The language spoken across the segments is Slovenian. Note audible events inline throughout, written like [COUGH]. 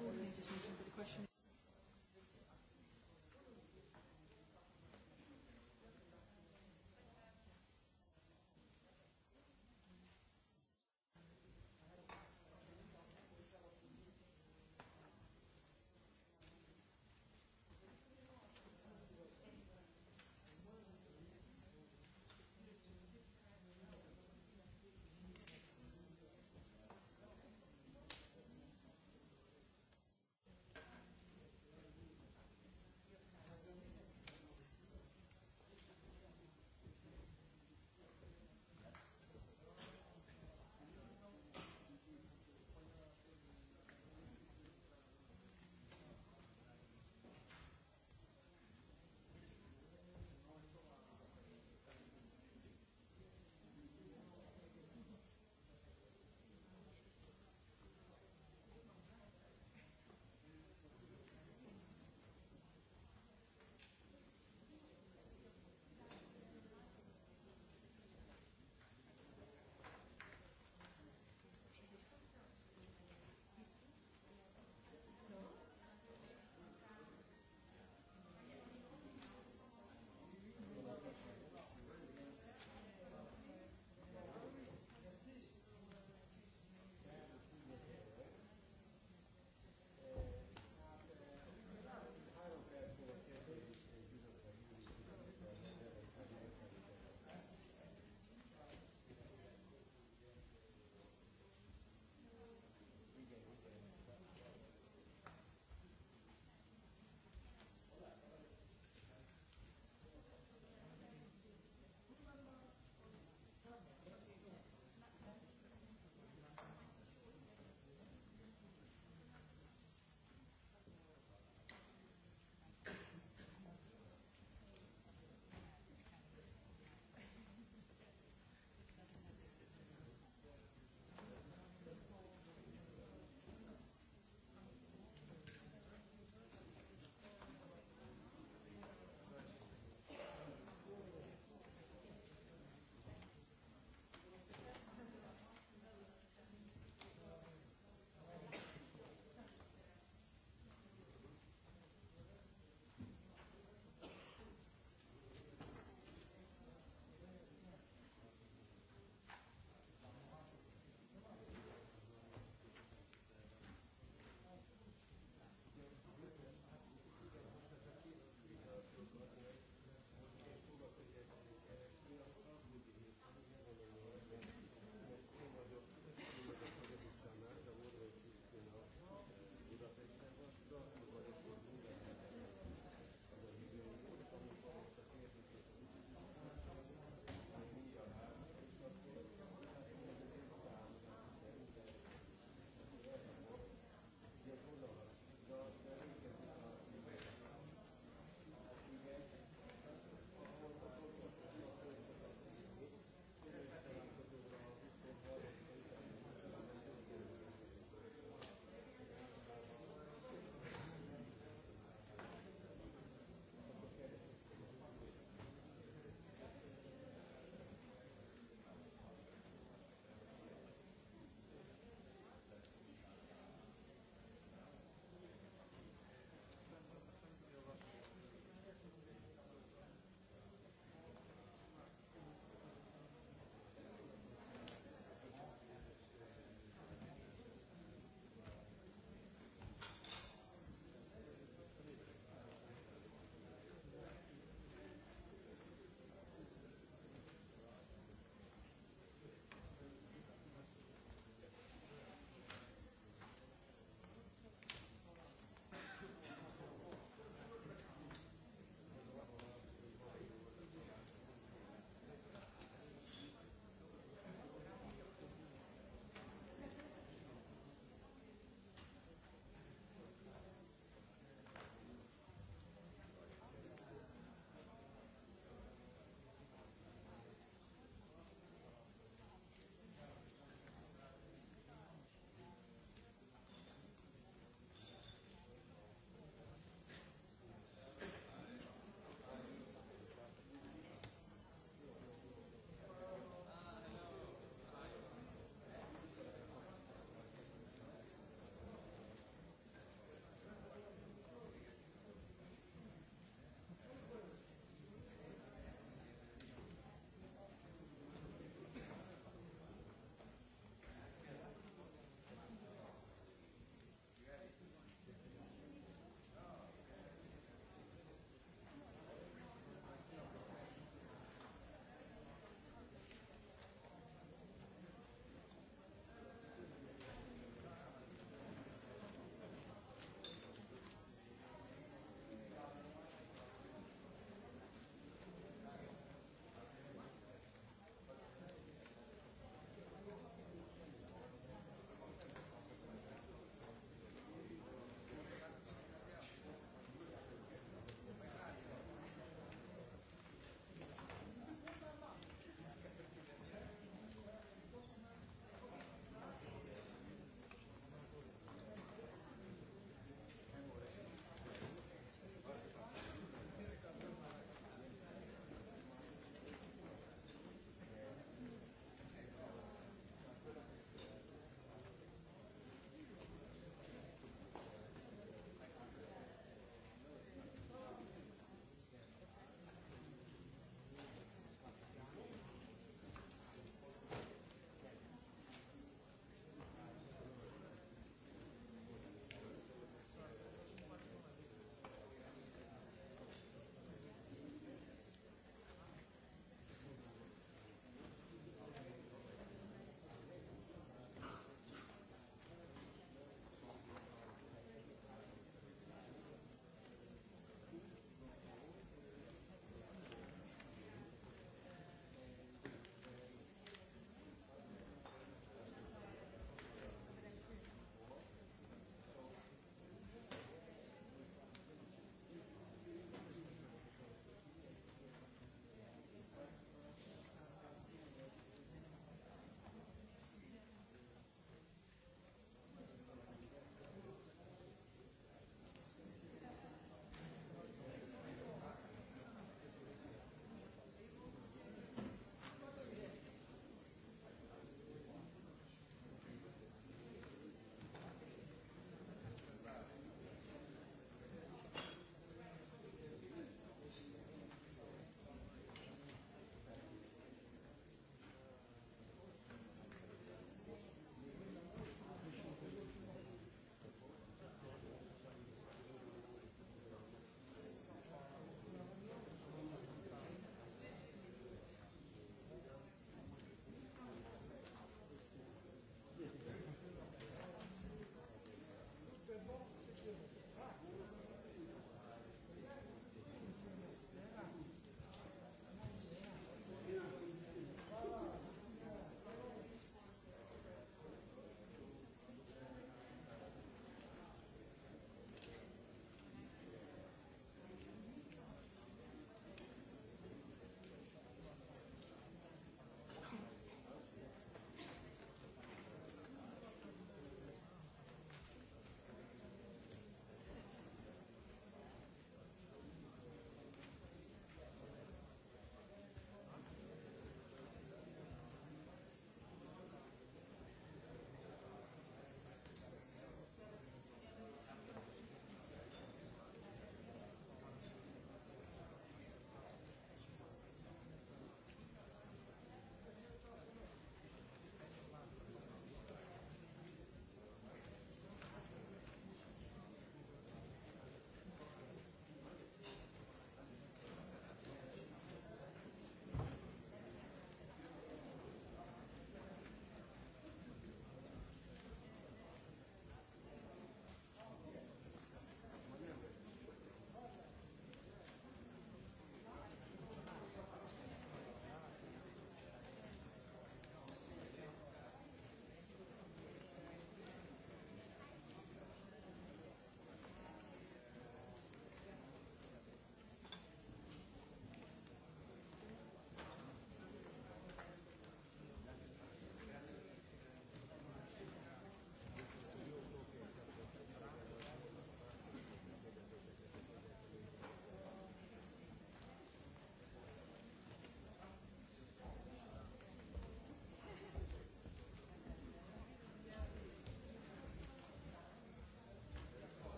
coordinators meeting, but the question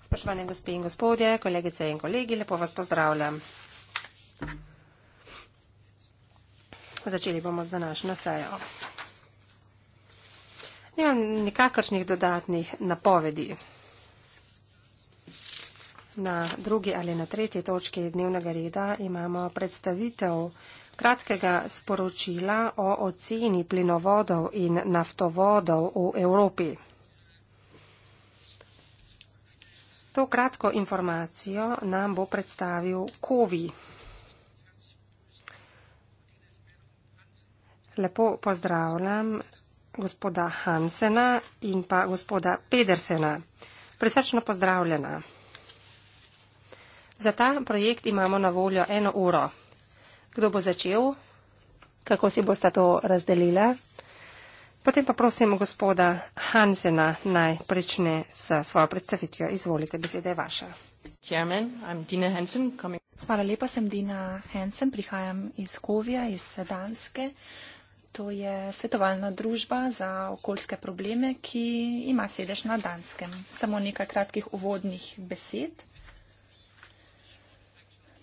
spoštovane gospe in gospodje kolegice in kolegi lepo vas pozdravljam začeli bomo z današnjo sejo nimam nikakršnih dodatnih napovedi na drugi ali na tretji točki dnevnega reda imamo predstavitev kratkega sporočila o oceni plinovodov in naftovodov v Evropi. to kratko informacijo nam bo predstavil Kovi. Lepo pozdravljam gospoda Hansena in pa gospoda Pedersena. Presrčno pozdravljena. Za ta projekt imamo na voljo eno uro. Kdo bo začel? Kako si boste to razdelila? Potem pa prosim gospoda Hansena naj prične s svojo predstavitvijo. Izvolite, beseda je vaša. Chairman, I'm Dina Hansen, coming... Hvala lepa, sem Dina Hansen, prihajam iz Kovija, iz Danske. To je svetovalna družba za okoljske probleme, ki ima sedež na Danskem. Samo nekaj kratkih uvodnih besed.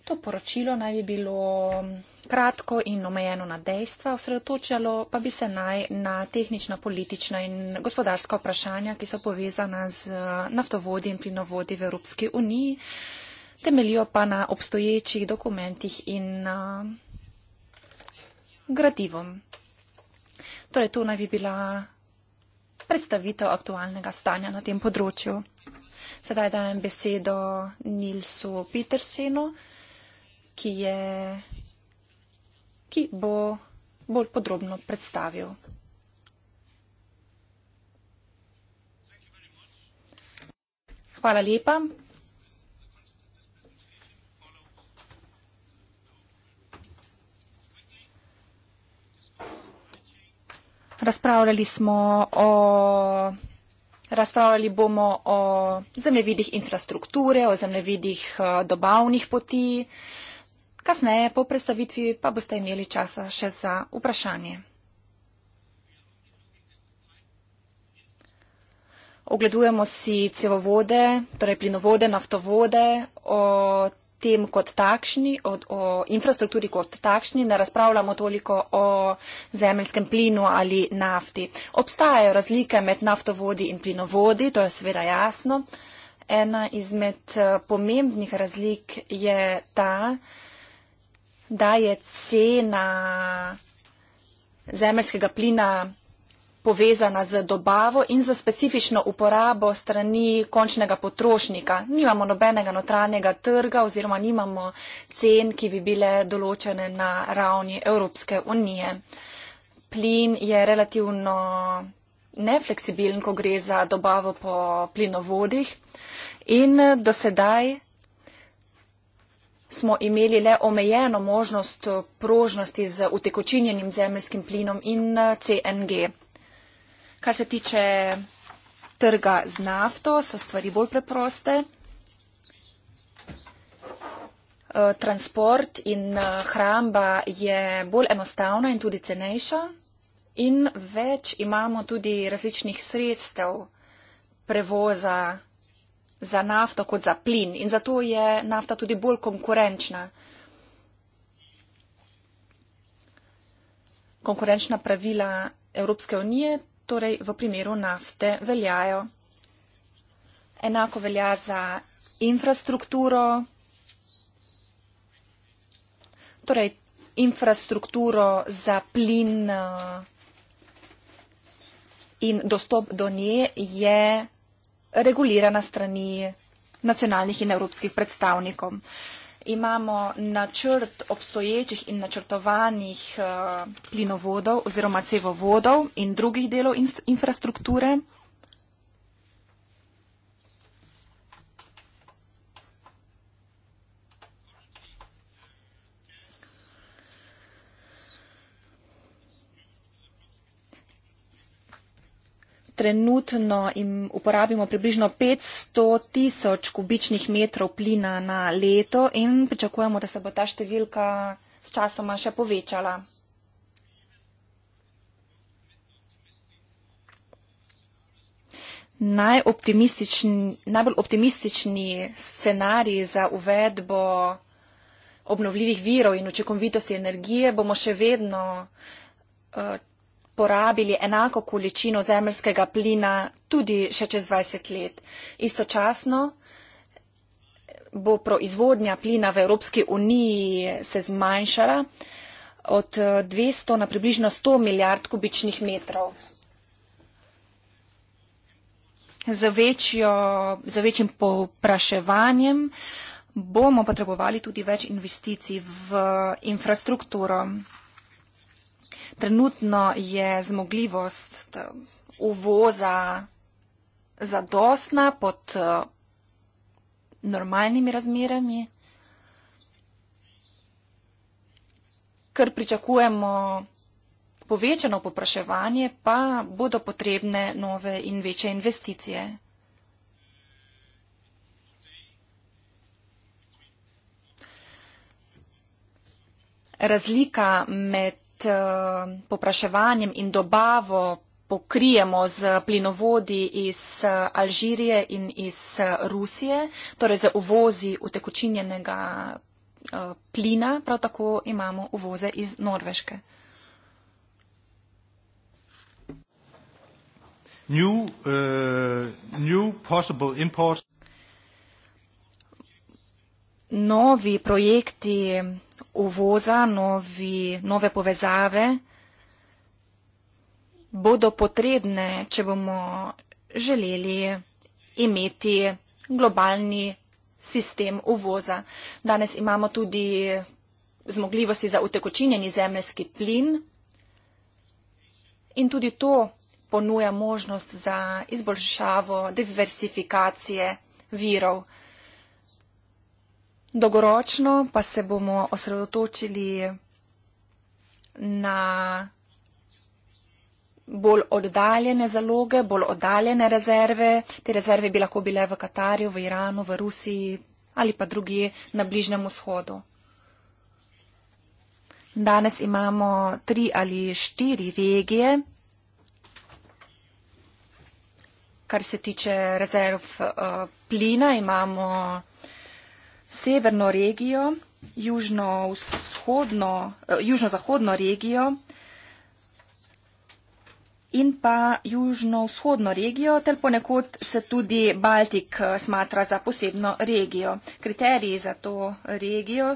To poročilo naj bi bilo mm, kratko in omejeno na dejstva, osredotočalo pa bi se naj na tehnična, politična in gospodarska vprašanja, ki so povezana z eh, naftovodi in plinovodi v Evropski uniji, temeljijo pa na obstoječih dokumentih in eh, gradivom. Torej, to naj bi bila predstavitev aktualnega stanja na tem področju. Sedaj dajem besedo Nilsu Petersenu ki, je, ki bo bolj podrobno predstavil. Hvala lepa. Razpravljali smo o Razpravljali bomo o zemljevidih infrastrukture, o zemljevidih eh, dobavnih poti. Kasneje, po predstavitvi, pa boste imeli časa še za vprašanje. Ogledujemo si cevovode, torej plinovode, naftovode, o tem kot takšni, o, o infrastrukturi kot takšni, ne razpravljamo toliko o zemeljskem plinu ali nafti. Obstajajo razlike med naftovodi in plinovodi, to je seveda jasno. Ena izmed eh, pomembnih razlik je ta, da da je cena zemljskega plina povezana z dobavo in z specifično uporabo strani končnega potrošnika. Nimamo nobenega notranjega trga oziroma nimamo cen, ki bi bile določene na ravni Evropske unije. Plin je relativno nefleksibilen, ko gre za dobavo po plinovodih in do sedaj smo imeli le omejeno možnost prožnosti z utekočinjenim zemljskim plinom in eh, CNG. Kar se tiče trga z nafto, so stvari bolj preproste. Eh, transport in eh, hramba je bolj enostavna in tudi cenejša in več imamo tudi različnih sredstev prevoza za nafto kot za plin in zato je nafta tudi bolj konkurenčna. Konkurenčna pravila Evropske unije torej v primeru nafte veljajo. Enako velja za infrastrukturo, torej infrastrukturo za plin eh, in dostop do nje je regulirana strani nacionalnih in evropskih predstavnikov. Imamo načrt obstoječih in načrtovanih eh, plinovodov oziroma cevovodov in drugih delov infrastrukture. Trenutno jim uporabimo približno 500 tisoč kubičnih metrov plina na leto in pričakujemo, da se bo ta številka s časoma še povečala. Optimistični, najbolj optimistični scenarij za uvedbo obnovljivih virov in učinkovitosti energije bomo še vedno eh, porabili enako količino zemljskega plina tudi še čez 20 let. Istočasno bo proizvodnja plina v Evropski uniji se zmanjšala od 200 eh, na približno 100 milijard kubičnih metrov. Z, večjo, z večjim popraševanjem bomo potrebovali tudi več investicij v infrastrukturo trenutno je zmogljivost eh, uvoza zadostna pod eh, normalnimi razmerami, ker pričakujemo povečano popraševanje, pa bodo potrebne nove in večje investicije. Razlika med med eh, popraševanjem in dobavo pokrijemo z plinovodi iz eh, Alžirije in iz eh, Rusije, torej z uvozi utekočinjenega plina, prav tako imamo uvoze iz Norveške. New, uh, new possible imports novi projekti uvoza, novi, nove povezave bodo potrebne, če bomo želeli imeti globalni sistem uvoza. Danes imamo tudi zmogljivosti za utekočinjeni zemljski plin in tudi to ponuja možnost za izboljšavo diversifikacije virov. Dolgoročno pa se bomo osredotočili na bolj oddaljene zaloge, bolj oddaljene rezerve. Te rezerve bi lahko bile v Katarju, v Iranu, v Rusiji ali pa drugi na Bližnjem vzhodu. Danes imamo tri ali štiri regije, kar se tiče rezerv uh, plina. Imamo severno regijo, eh, južno-zahodno južno regijo in pa južno-vzhodno regijo, ter ponekod se tudi Baltik eh, smatra za posebno regijo. Kriteriji za to regijo,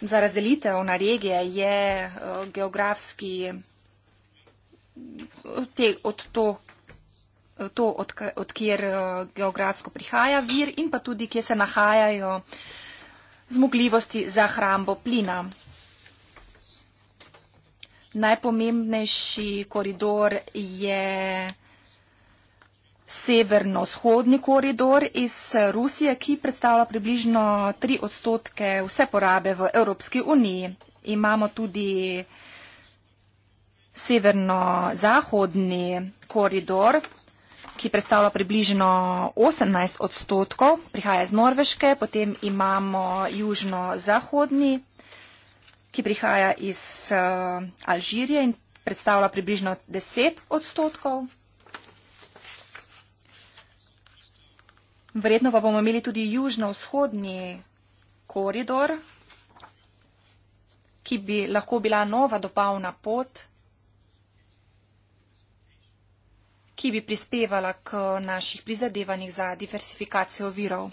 za razdelitev na regije je eh, geografski, te, od to, to, od, od kjer eh, geografsko prihaja vir in pa tudi, kje se nahajajo zmogljivosti za hrambo plina. Najpomembnejši koridor je severno-shodni koridor iz Rusije, ki predstavlja približno 3 odstotke vse porabe v Evropski uniji. Imamo tudi severno-zahodni koridor, ki predstavlja približno 18 odstotkov, prihaja iz Norveške, potem imamo južno-zahodni, ki prihaja iz eh, Alžirije in predstavlja približno 10 odstotkov. Verjetno pa bomo imeli tudi južno-vzhodni koridor, ki bi lahko bila nova dopavna pot vsega. ki bi prispevala k naših prizadevanjih za diversifikacijo virov.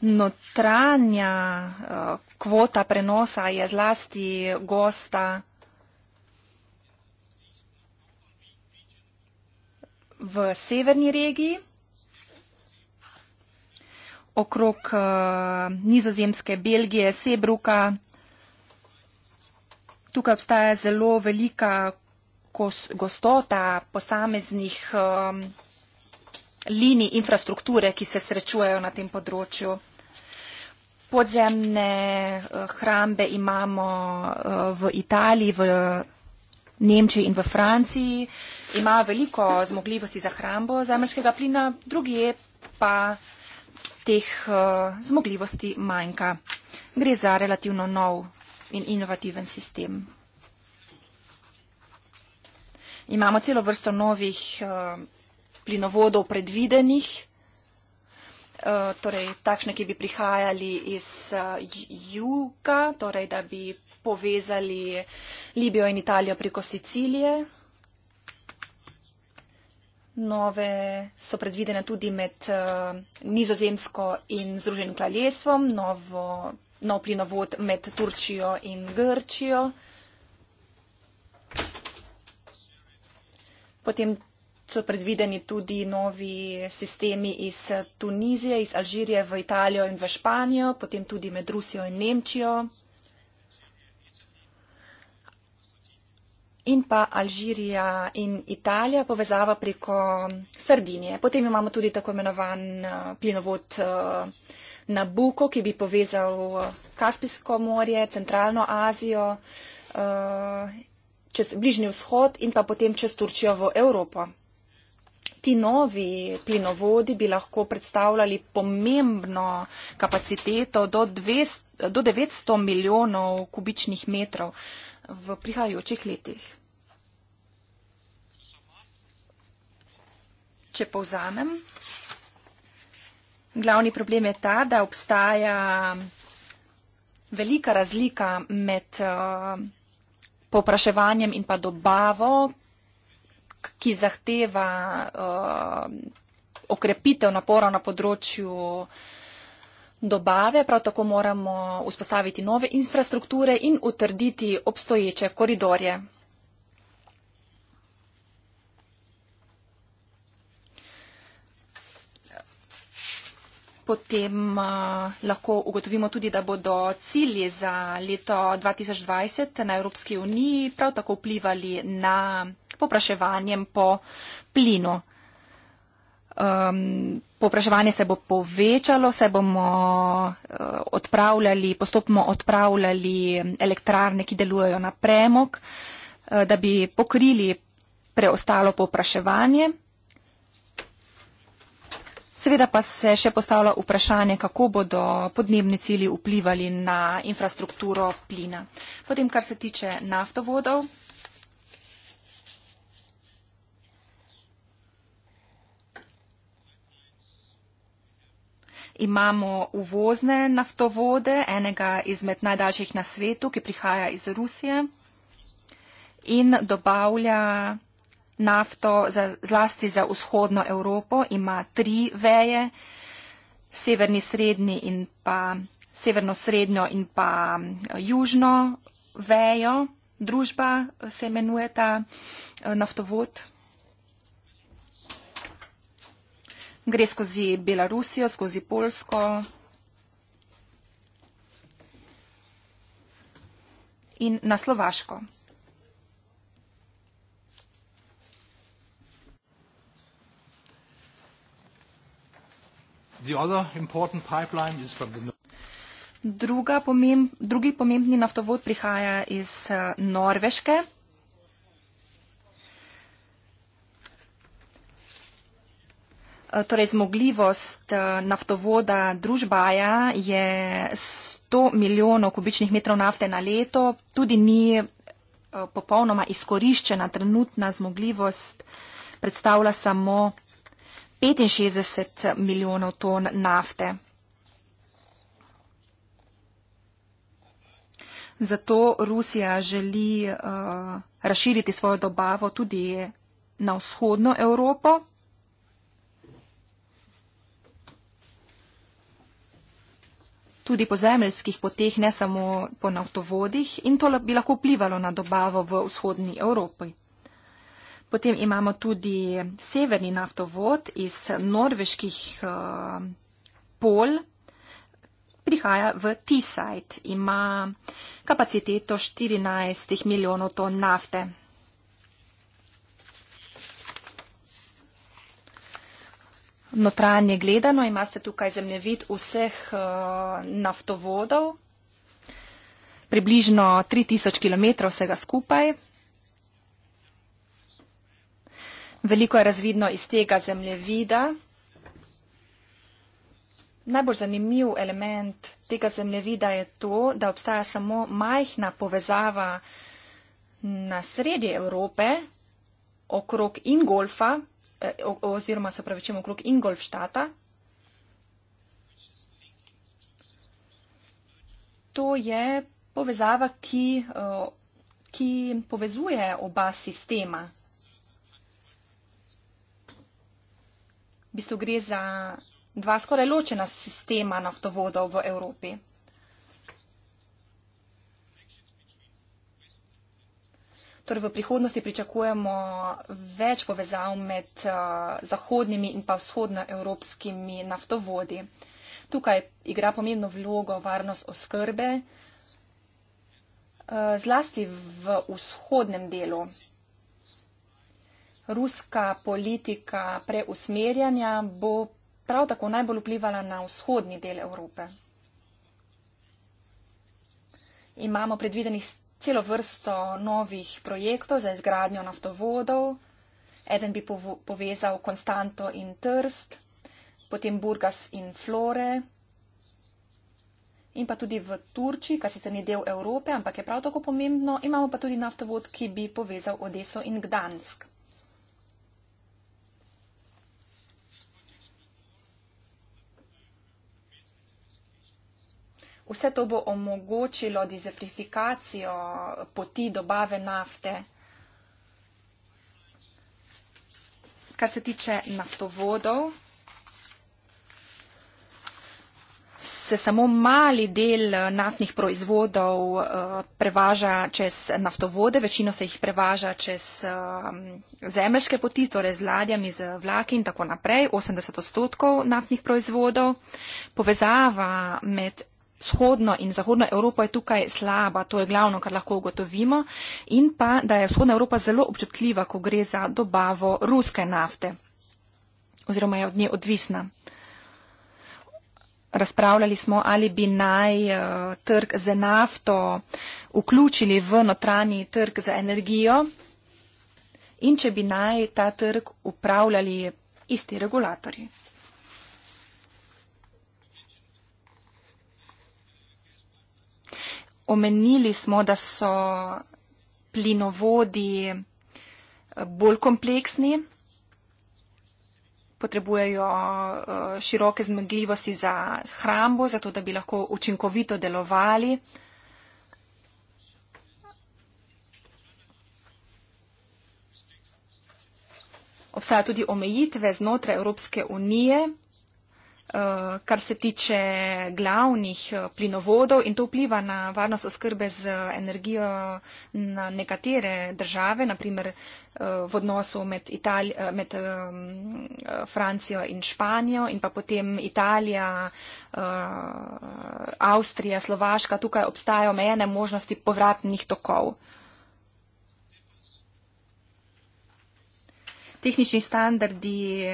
Notranja eh, kvota prenosa je zlasti gosta v severni regiji okrog uh, nizozemske Belgije, Sebruka. Tukaj obstaja zelo velika gostota posameznih um, linij infrastrukture, ki se srečujejo na tem področju. Podzemne eh, hrambe imamo v Italiji, v Nemčiji in v Franciji. Imajo veliko zmogljivosti za hrambo zemljskega plina, drugi pa teh uh, zmogljivosti manjka. Gre za relativno nov in inovativen sistem. Imamo celo vrsto novih uh, plinovodov predvidenih, uh, torej takšne, ki bi prihajali iz uh, juga, torej da bi povezali Libijo in Italijo preko Sicilije nove so predvidene tudi med uh, Nizozemsko in Združenim kraljestvom, novo, nov plinovod med Turčijo in Grčijo. Potem so predvideni tudi novi sistemi iz Tunizije, iz Alžirije v Italijo in v Španijo, potem tudi med Rusijo in Nemčijo. in pa Alžirija in Italija, povezava preko Sardinije. Potem imamo tudi tako imenovan eh, plinovod eh, Nabuko, ki bi povezal eh, Kaspijsko morje, Centralno Azijo, čez Bližnji vzhod in pa potem čez Turčijo v Evropo. Ti novi plinovodi bi lahko predstavljali pomembno kapaciteto do, 200, do 900 milijonov kubičnih metrov. Uh, v prihajajočih letih. Če povzamem, glavni problem je ta, da obstaja velika razlika med eh, povpraševanjem in pa dobavo, ki zahteva eh, okrepitev naporov na področju vsega, dobave, prav tako moramo vzpostaviti nove infrastrukture in utrditi obstoječe koridorje. Potem uh, lahko ugotovimo tudi, da bodo cilji za leto 2020 na Evropski uniji prav tako vplivali na popraševanjem po plinu. Um, Popraševanje se bo povečalo, se bomo eh, odpravljali, postopno odpravljali elektrarne, ki delujejo na premog, eh, da bi pokrili preostalo popraševanje. Seveda pa se še postavlja vprašanje, kako bodo podnebni cilji vplivali na infrastrukturo plina. Potem, kar se tiče naftovodov. Imamo uvozne naftovode, enega izmed najdaljših na svetu, ki prihaja iz Rusije in dobavlja nafto za, zlasti za vzhodno Evropo. Ima tri veje, severni, srednji in pa severno, srednjo in pa južno vejo. Družba se imenuje ta eh, naftovod. gre skozi Belarusijo, skozi Polsko. In na Slovaško. Druga pomemb, drugi pomembni naftovod prihaja iz eh, Norveške. Eh, torej zmogljivost eh, naftovoda družbaja je 100 milijonov kubičnih metrov nafte na leto, tudi ni eh, popolnoma izkoriščena trenutna zmogljivost, predstavlja samo 65 milijonov ton nafte. Zato Rusija želi uh, razširiti svojo dobavo tudi na vzhodno Evropo. tudi po zemeljskih poteh, ne samo po naftovodih in to bi lahko vplivalo na dobavo v vzhodnji Evropi. Potem imamo tudi severni naftovod iz norveških eh, pol, prihaja v T-Site, ima kapaciteto 14 milijonov ton nafte. notranje gledano, imate tukaj zemljevid vseh eh, naftovodov, približno 3000 km vsega skupaj. Veliko je razvidno iz tega zemljevida. Najbolj zanimiv element tega zemljevida je to, da obstaja samo majhna povezava na sredje Evrope okrog Ingolfa, Eh, oziroma se pravičujem okrog Ingolfštata. To je povezava, ki, eh, ki povezuje oba sistema. V bistvu gre za dva skoraj ločena sistema naftovodov v Evropi. Torej v prihodnosti pričakujemo več povezav med eh, zahodnimi in pa vzhodnoevropskimi naftovodi. Tukaj igra pomembno vlogo varnost oskrbe, eh, zlasti v vzhodnem delu. Ruska politika preusmerjanja bo prav tako najbolj vplivala na vzhodni del Evrope. Imamo predvidenih celo vrsto novih projektov za izgradnjo naftovodov. Eden bi povezal Konstanto in Trst, potem Burgas in Flore. In pa tudi v Turčiji, kar sicer ni del Evrope, ampak je prav tako pomembno, imamo pa tudi naftovod, ki bi povezal Odeso in Gdansk. Vse to bo omogočilo dizertifikacijo poti dobave nafte. Kar se tiče naftovodov, se samo mali del eh, naftnih proizvodov eh, prevaža čez naftovode, večino se jih prevaža čez ehm, zemljske poti, torej z ladjami, z vlaki in tako naprej, 80 odstotkov naftnih proizvodov. Povezava med vzhodno in zahodno Evropo je tukaj slaba, to je glavno, kar lahko ugotovimo, in pa, da je vzhodna Evropa zelo občutljiva, ko gre za dobavo ruske nafte oziroma je od nje odvisna. Razpravljali smo, ali bi naj eh, trg za nafto vključili v notranji trg za energijo in če bi naj ta trg upravljali isti regulatorji. omenili smo, da so plinovodi eh, bolj kompleksni, potrebujejo eh, široke zmogljivosti za hrambo, zato da bi lahko učinkovito delovali. Obstaja tudi omejitve znotraj Evropske unije, Eh, kar se tiče glavnih eh, plinovodov in to vpliva na varnost oskrbe z energijo na nekatere države, naprimer eh, v odnosu med, Italij, med Francijo in Španijo in pa potem Italija, Avstrija, Slovaška. Tukaj obstajajo omejene možnosti povratnih tokov. Tehnični standardi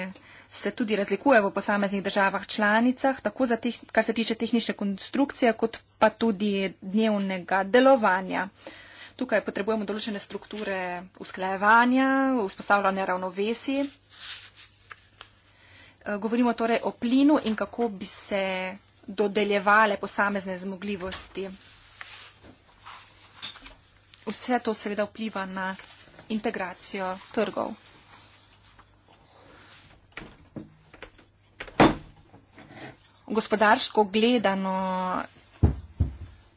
se tudi razlikuje v posameznih državah članicah, tako za teh, kar se tiče tehnične konstrukcije, kot pa tudi dnevnega delovanja. Tukaj potrebujemo določene strukture usklajevanja, vzpostavljanja ravnovesi. Eh, govorimo torej o plinu in kako bi se dodeljevale posamezne zmogljivosti. Vse to seveda vpliva na integracijo trgov. gospodarsko gledano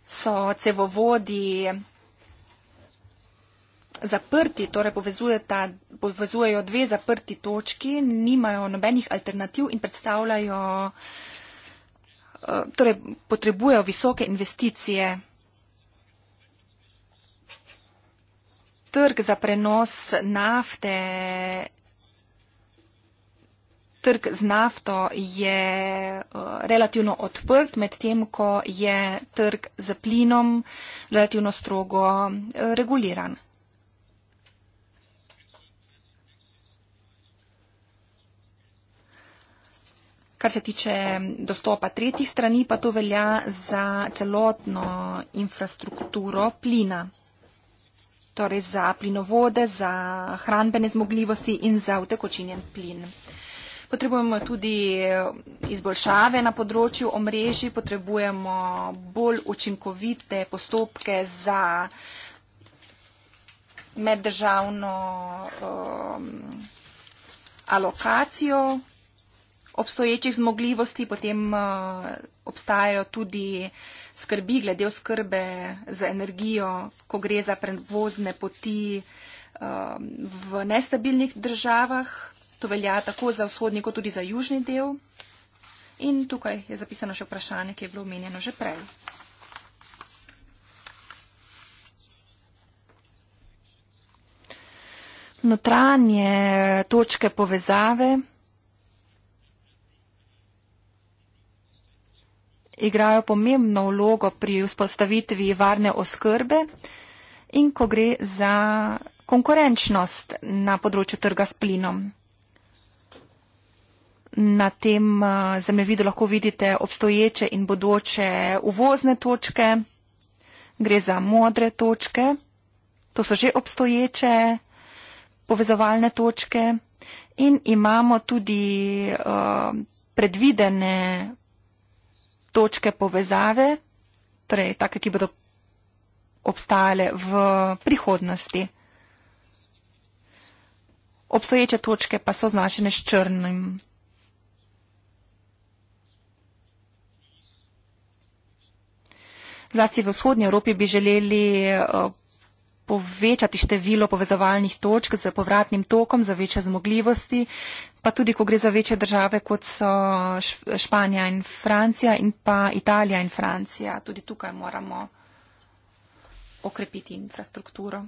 so cevovodi zaprti, torej povezujeta, povezujejo dve zaprti točki, nimajo nobenih alternativ in predstavljajo, eh, torej potrebujejo visoke investicije. Trg za prenos nafte trg z nafto je uh, relativno odprt, medtem ko je trg z plinom relativno strogo uh, reguliran. Kar se tiče dostopa tretjih strani, pa to velja za celotno infrastrukturo plina, torej za plinovode, za hranbene zmogljivosti in za utekočinjen plin. Uh, Potrebujemo tudi eh, izboljšave na področju omrežji, potrebujemo bolj učinkovite postopke za meddržavno um, alokacijo obstoječih zmogljivosti, potem uh, obstajajo tudi skrbi glede oskrbe za energijo, ko gre za prevozne poti um, v nestabilnih državah. To velja tako za vzhodni, kot tudi za južni del. In tukaj je zapisano še vprašanje, ki je bilo omenjeno že prej. Notranje točke povezave igrajo pomembno vlogo pri vzpostavitvi varne oskrbe in ko gre za konkurenčnost na področju trga s plinom na tem eh, zemljevidu lahko vidite obstoječe in bodoče uvozne točke. Gre za modre točke. To so že obstoječe povezovalne točke. In imamo tudi uh, predvidene točke povezave, torej take, ki bodo obstajale v prihodnosti. Obstoječe točke pa so označene s črnim Zlasti v vzhodnji Evropi bi želeli eh, povečati število povezovalnih točk z povratnim tokom, za večje zmogljivosti, pa tudi, ko gre za večje države, kot so Španija in Francija in pa Italija in Francija. Tudi tukaj moramo okrepiti infrastrukturo.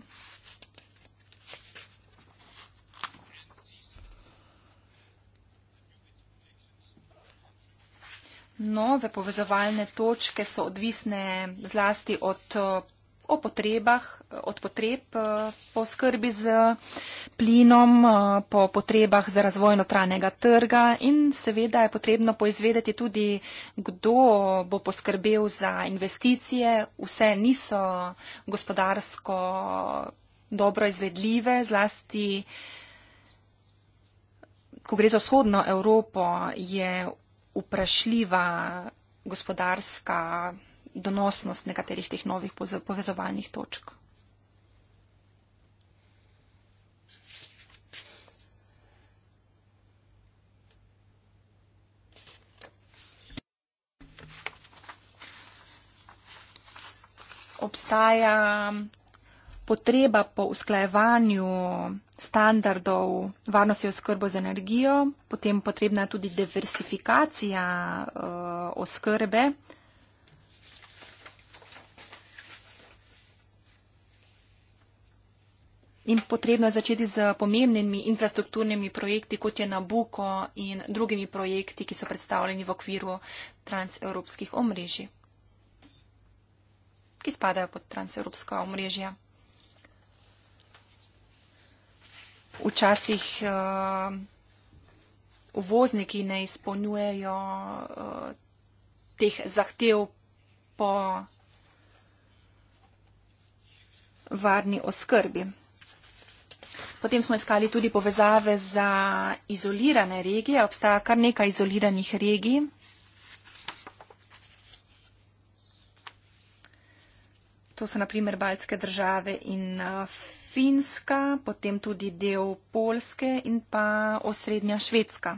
nove povezovalne točke so odvisne zlasti od eh, o potrebah, eh, od potreb eh, po skrbi z plinom, po potrebah za razvoj notranjega trga in seveda je potrebno poizvedeti tudi, kdo bo poskrbel za investicije. Vse niso gospodarsko dobro izvedljive, zlasti, ko gre za vzhodno Evropo, je vprašljiva gospodarska donosnost nekaterih teh novih povezovalnih točk? Obstaja potreba po usklajevanju standardov varnosti oskrbo z energijo, potem potrebna je tudi diversifikacija uh, oskrbe. In potrebno je začeti z pomembnimi infrastrukturnimi projekti, kot je Nabuko in drugimi projekti, ki so predstavljeni v okviru transevropskih omrežij, ki spadajo pod transevropska omrežja. včasih uh, uvozniki ne izpolnjujejo uh, teh zahtev po varni oskrbi. Potem smo iskali tudi povezave za izolirane regije. Obstaja kar nekaj izoliranih regij. To so naprimer Baltske države in uh, Finska, potem tudi del Polske in pa osrednja Švedska.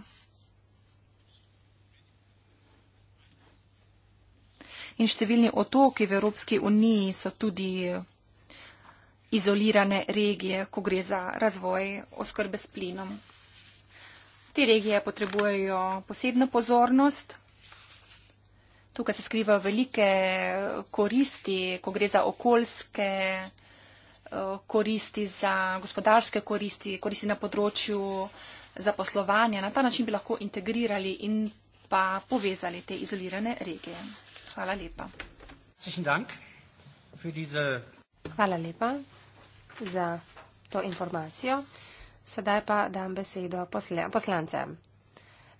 In številni otoki v Evropski uniji so tudi izolirane regije, ko gre za razvoj oskrbe s plinom. Te regije potrebujejo posebno pozornost. Tukaj se skrivajo velike koristi, ko gre za okoljske. Eh, koristi za gospodarske koristi, koristi na področju zaposlovanja. Na ta način bi lahko integrirali in pa povezali te izolirane regije. Hvala lepa. Hvala lepa za to informacijo. Sedaj pa dam besedo poslancem.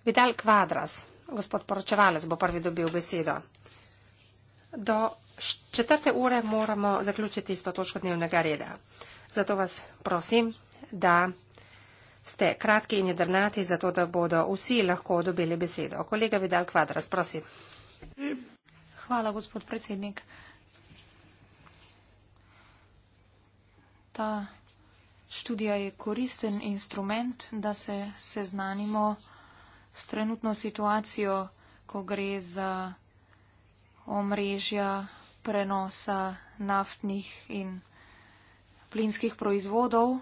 Vital Kvadras, gospod poročevalec, bo prvi dobil besedo. Do četrte ure moramo zaključiti s to točko dnevnega reda. Zato vas prosim, da ste kratki in jedrnati, zato da bodo vsi lahko dobili besedo. Kolega Vidal Kvadras, prosim. Hvala, gospod predsednik. Ta študija je koristen instrument, da se seznanimo s trenutno situacijo, ko gre za omrežja prenosa naftnih in plinskih proizvodov,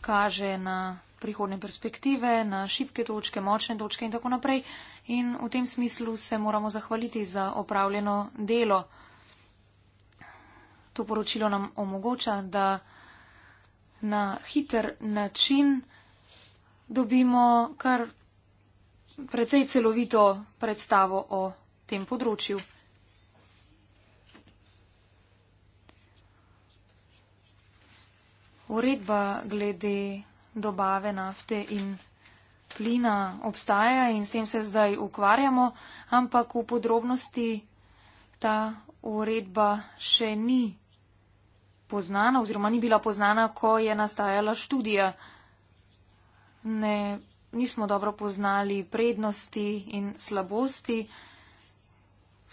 kaže na prihodne perspektive, na šibke točke, močne točke in tako naprej. In v tem smislu se moramo zahvaliti za opravljeno delo. To poročilo nam omogoča, da na hiter način dobimo kar precej celovito predstavo o tem področju. uredba glede dobave nafte in plina obstaja in s tem se zdaj ukvarjamo, ampak v podrobnosti ta uredba še ni poznana oziroma ni bila poznana, ko je nastajala študija. Ne, nismo dobro poznali prednosti in slabosti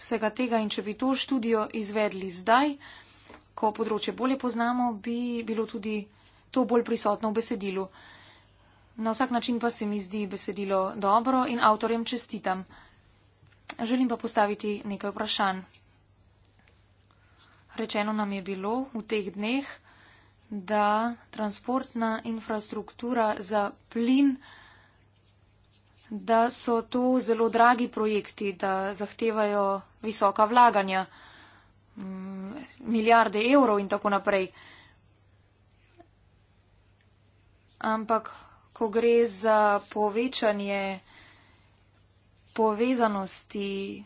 vsega tega in če bi to študijo izvedli zdaj, ko področje bolje poznamo, bi bilo tudi to bolj prisotno v besedilu. Na vsak način pa se mi zdi besedilo dobro in avtorjem čestitam. Želim pa postaviti nekaj vprašanj. Rečeno nam je bilo v teh dneh, da transportna infrastruktura za plin, da so to zelo dragi projekti, da zahtevajo visoka vlaganja. Mm, milijarde evrov in tako naprej. Ampak, ko gre za povečanje povezanosti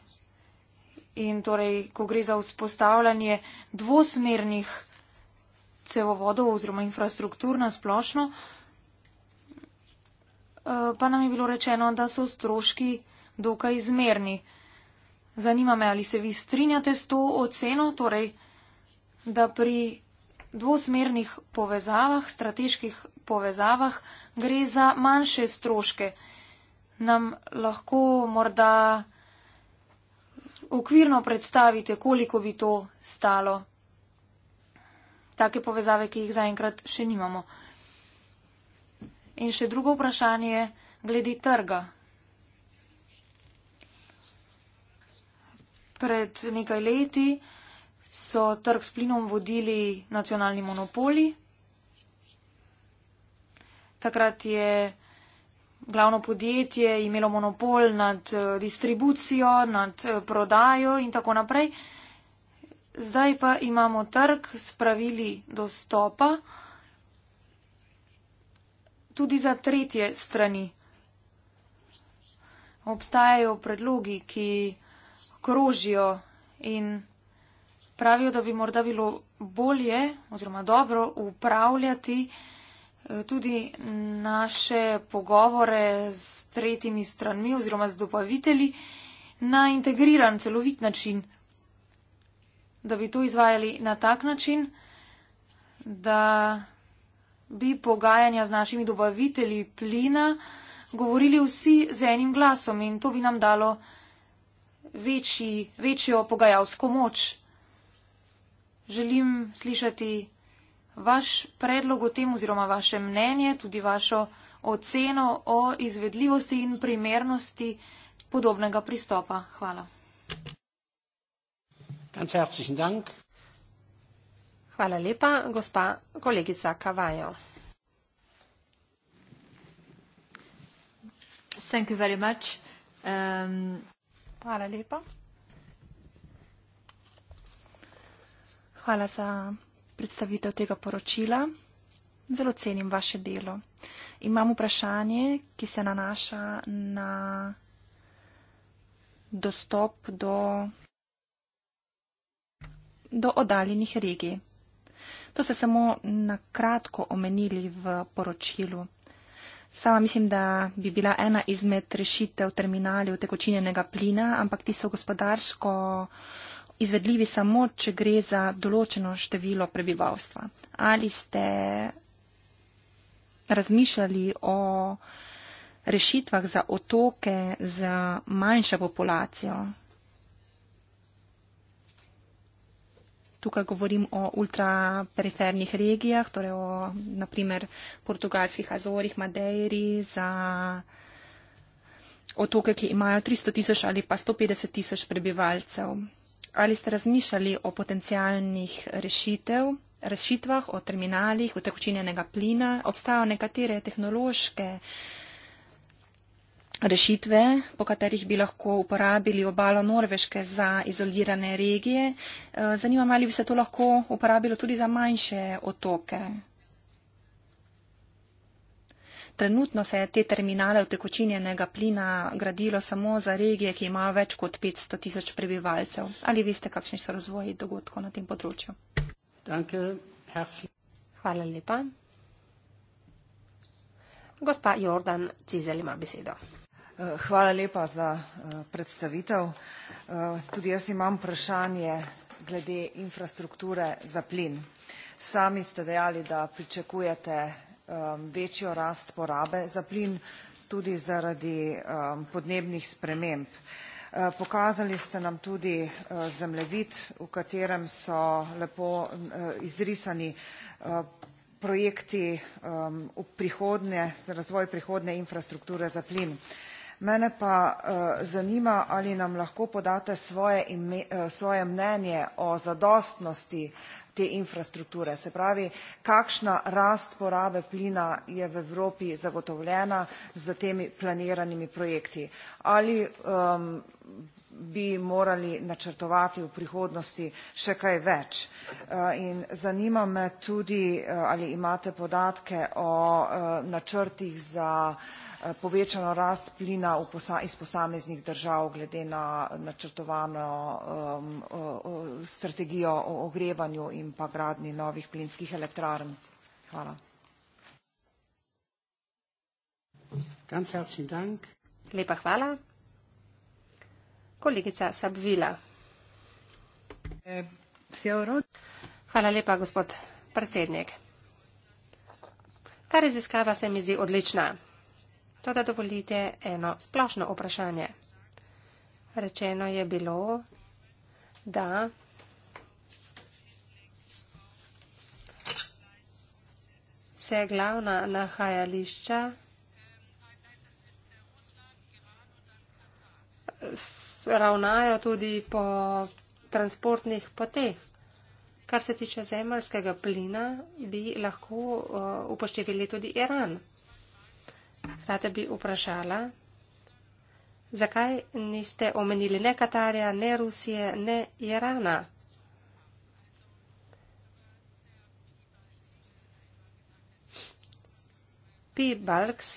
in torej, ko gre za vzpostavljanje dvosmernih cevovodov oziroma infrastruktur na splošno, eh, pa nam je bilo rečeno, da so stroški dokaj izmerni. Zanima me, ali se vi strinjate s to oceno, torej, da pri dvosmernih povezavah, strateških povezavah, gre za manjše stroške. Nam lahko morda okvirno predstavite, koliko bi to stalo. Take povezave, ki jih zaenkrat še nimamo. In še drugo vprašanje glede trga. pred nekaj leti so trg s plinom vodili nacionalni monopoli. Takrat je glavno podjetje imelo monopol nad eh, distribucijo, nad eh, prodajo in tako naprej. Zdaj pa imamo trg s pravili dostopa tudi za tretje strani. Obstajajo predlogi, ki krožijo in pravijo, da bi morda bilo bolje oziroma dobro upravljati eh, tudi naše pogovore s tretjimi stranmi oziroma z dobavitelji na integriran, celovit način, da bi to izvajali na tak način, da bi pogajanja z našimi dobavitelji plina govorili vsi z enim glasom in to bi nam dalo večji, večjo pogajalsko moč. Želim slišati vaš predlog o tem oziroma vaše mnenje, tudi vašo oceno o izvedljivosti in primernosti podobnega pristopa. Hvala. Hvala lepa, gospa kolegica Kavajo. Thank you very much. Um, Hvala lepa. Hvala za predstavitev tega poročila. Zelo cenim vaše delo. Imam vprašanje, ki se nanaša na dostop do, do odaljenih regij. To ste samo na kratko omenili v poročilu. Sama mislim, da bi bila ena izmed rešitev terminalov tekočinjenega plina, ampak ti so gospodarsko izvedljivi samo, če gre za določeno število prebivalstva. Ali ste razmišljali o rešitvah za otoke z manjšo populacijo, Tukaj govorim o ultrapernih regijah, torej o naprimer portugalskih Azorih, Madeiri, za otoke, ki imajo 300 tisoč ali pa 150 tisoč prebivalcev. Ali ste razmišljali o potencijalnih rešitev, rešitvah, o terminalih, o tekočinjenega plina? Obstajajo nekatere tehnološke rešitve? rešitve, po katerih bi lahko uporabili obalo Norveške za izolirane regije. Eh, zanima me, ali bi se to lahko uporabilo tudi za manjše otoke. Trenutno se je te terminale vtekočinjenega plina gradilo samo za regije, ki imajo več kot 500 tisoč prebivalcev. Ali veste, kakšni so razvoji dogodkov na tem področju? Danke, Hvala lepa. Gospa Jordan Cizel ima besedo. Hvala lepa za eh, predstavitev. Eh, tudi jaz imam vprašanje glede infrastrukture za plin. Sami ste dejali, da pričakujete eh, večjo rast porabe za plin tudi zaradi podnebnih sprememb. Pokazali ste nam tudi zemljevid, v katerem so lepo izrisani projekti v prihodnje, za razvoj prihodnje infrastrukture za plin. Mene pa eh, zanima, ali nam lahko podate svoje, eh, svoje mnenje o zadostnosti te infrastrukture. Se pravi, kakšna rast porabe plina je v Evropi zagotovljena z temi planiranimi projekti. Ali um, bi morali načrtovati v prihodnosti še kaj več. Eh, in zanima me tudi, ali imate podatke o načrtih za uh, povečano rast plina posa, iz posameznih držav glede na načrtovano um, uh, strategijo o ogrevanju in pa gradni novih plinskih elektrarn. Hvala. Ganz herzlichen Dank. Lepa hvala. Kolegica Sabvila. Hvala lepa, gospod predsednik. Ta raziskava se mi zdi odlična. Toda dovolite eno splošno vprašanje. Rečeno je bilo, da se glavna nahajališča ravnajo tudi po transportnih poteh. Kar se tiče zemljskega plina, bi lahko uh, eh, upoštevili tudi Iran. Rada bi vprašala, zakaj niste omenili ne Katarja, ne Rusije, ne Irana? P. Balks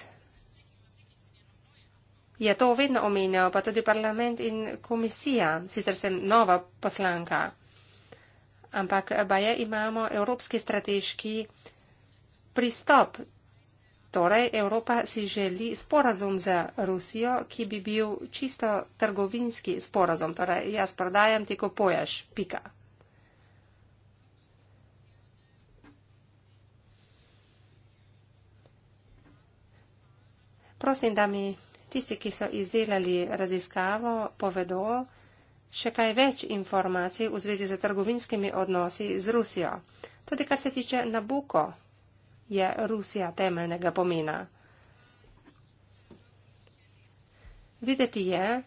je to vedno omenjal, pa tudi parlament in komisija, sicer sem nova poslanka, ampak baje imamo evropski strateški pristop Torej, Evropa si želi sporazum z Rusijo, ki bi bil čisto trgovinski sporazum. Torej, jaz prodajam, ti kupuješ. Pika. Prosim, da mi tisti, ki so izdelali raziskavo, povedo še kaj več informacij v zvezi z trgovinskimi odnosi z Rusijo. Tudi kar se tiče Nabuko, je Rusija temeljnega pomena. Videti je,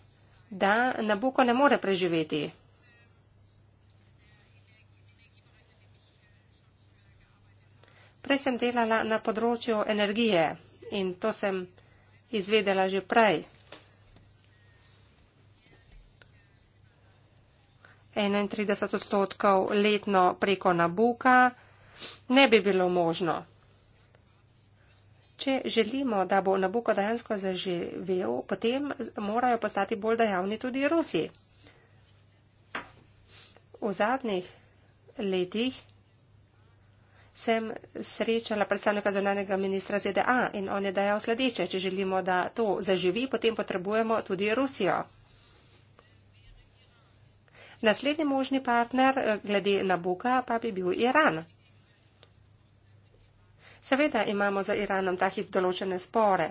da Nabuko ne more preživeti. Prej sem delala na področju energije in to sem izvedela že prej. Enaintrideset odstotkov letno preko Nabuka ne bi bilo možno. Če želimo, da bo Nabuko dejansko zaživel, potem morajo postati bolj dejavni tudi Rusi. V zadnjih letih sem srečala predstavnika zunanega ministra ZDA in on je dejal sledeče, če želimo, da to zaživi, potem potrebujemo tudi Rusijo. Naslednji možni partner eh, glede Nabuka pa bi bil Iran. Seveda imamo za Iranom takih določene spore.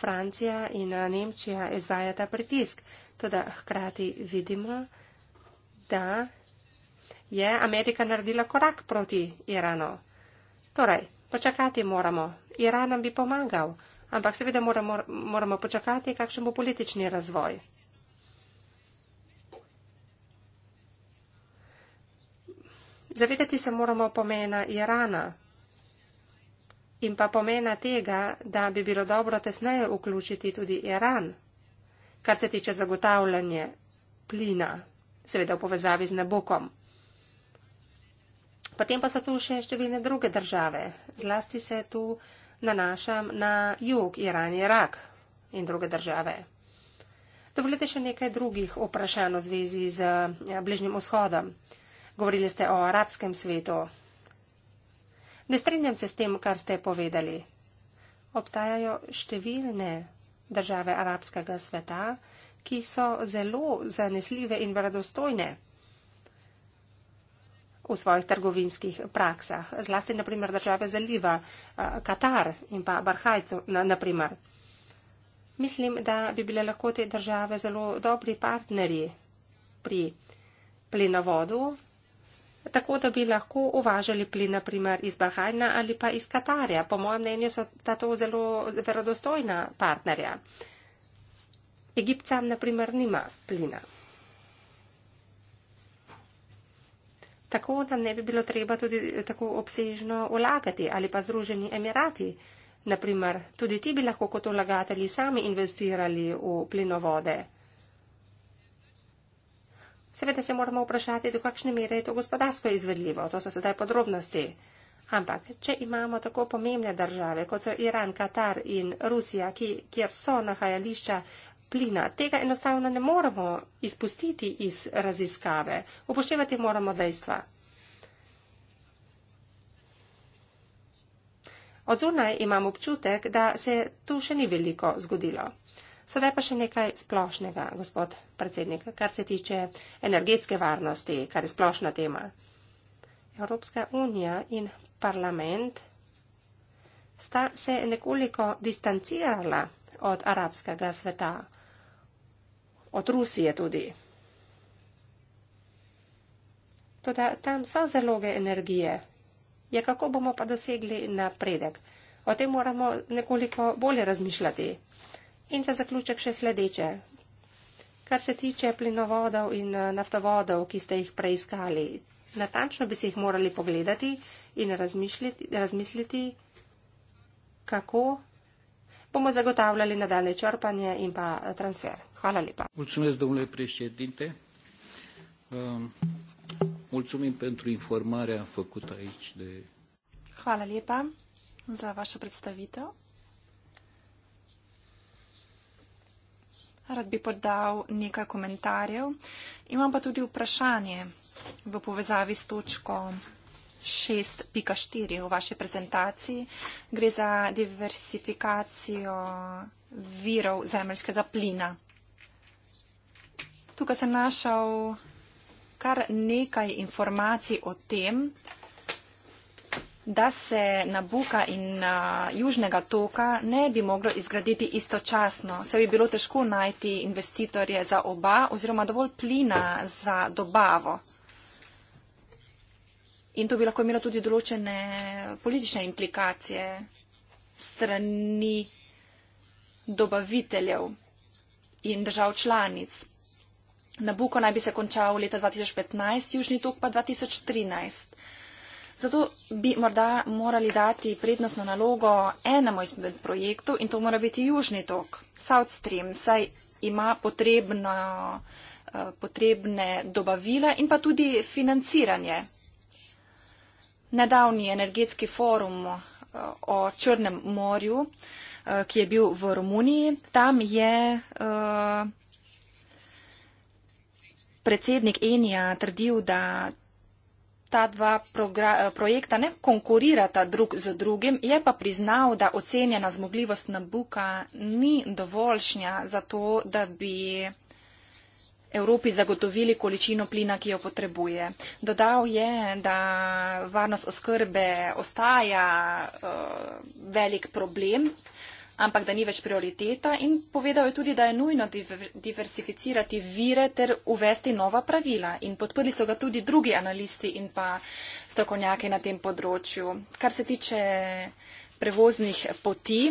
Francija in eh, Nemčija izvajata pritisk, tudi hkrati vidimo, da je Amerika naredila korak proti Iranu. Torej, počakati moramo. Iran nam bi pomagal, ampak seveda moramo, moramo počakati, kakšen bo politični razvoj. Zavedati se moramo pomena Irana in pa pomena tega, da bi bilo dobro tesneje vključiti tudi Iran, kar se tiče zagotavljanje plina, seveda v povezavi z nebokom. Potem pa so tu še številne druge države, zlasti se tu nanašam na jug, Iran, Irak in druge države. Dovolite še nekaj drugih vprašanj v zvezi z ja, Bližnjim vzhodom. Govorili ste o arabskem svetu. Ne strinjam se s tem, kar ste povedali. Obstajajo številne države arabskega sveta, ki so zelo zanesljive in verodostojne v svojih trgovinskih praksah. Zlasti, naprimer, države zaliva Katar in pa Barhajcu, naprimer. Mislim, da bi bile lahko te države zelo dobri partnerji pri plinovodu tako da bi lahko uvažali plin, naprimer, iz Bahajna ali pa iz Katarja. Po mojem mnenju so ta to zelo verodostojna partnerja. Egipcam, naprimer, nima plina. Tako nam ne bi bilo treba tudi tako obsežno vlagati ali pa Združeni Emirati. Naprimer, tudi ti bi lahko kot vlagatelji sami investirali v plinovode. Seveda se moramo vprašati, do kakšne mere je to gospodarsko izvedljivo, to so sedaj podrobnosti. Ampak, če imamo tako pomembne države, kot so Iran, Katar in Rusija, ki, kjer so nahajališča plina, tega enostavno ne moremo izpustiti iz raziskave. Upoštevati moramo dejstva. Od zunaj imam občutek, da se tu še ni veliko zgodilo. Sedaj pa še nekaj splošnega, gospod predsednik, kar se tiče energetske varnosti, kar je splošna tema. Evropska unija in parlament sta se nekoliko distancirala od arabskega sveta, od Rusije tudi. Toda tam so zaloge energije. Ja, kako bomo pa dosegli napredek? O tem moramo nekoliko bolje razmišljati. In za zaključek še sledeče. Kar se tiče plinovodov in eh, naftovodov, ki ste jih preiskali, natančno bi si jih morali pogledati in razmisliti, kako bomo zagotavljali nadaljne črpanje in pa eh, transfer. Hvala lepa. Ehm, Hvala lepa za vašo predstavitev. rad bi podal nekaj komentarjev. Imam pa tudi vprašanje v povezavi s točko 6.4 v vaši prezentaciji. Gre za diversifikacijo virov zemljskega plina. Tukaj sem našel kar nekaj informacij o tem, da se Nabuka in a, uh, Južnega toka ne bi moglo izgraditi istočasno. Se bi bilo težko najti investitorje za oba oziroma dovolj plina za dobavo. In to bi lahko imelo tudi določene politične implikacije strani dobaviteljev in držav članic. Nabuko naj bi se končal leta 2015, južni tok pa 2013. Zato bi morda morali dati prednostno nalogo enemu izmed projektov in to mora biti južni tok, South Stream, saj ima potrebno, eh, potrebne dobavila in pa tudi financiranje. Nedavni energetski forum eh, o Črnem morju, eh, ki je bil v Romuniji, tam je predsednik Enija trdil, da ta dva eh, projekta ne konkurirata drug z drugim, je pa priznal, da ocenjena zmogljivost Nabuka ni dovoljšnja za to, da bi Evropi zagotovili količino plina, ki jo potrebuje. Dodal je, da varnost oskrbe ostaja uh, velik problem ampak da ni več prioriteta in povedal je tudi, da je nujno diversificirati vire ter uvesti nova pravila. In podprli so ga tudi drugi analisti in pa strokovnjaki na tem področju. Kar se tiče prevoznih poti,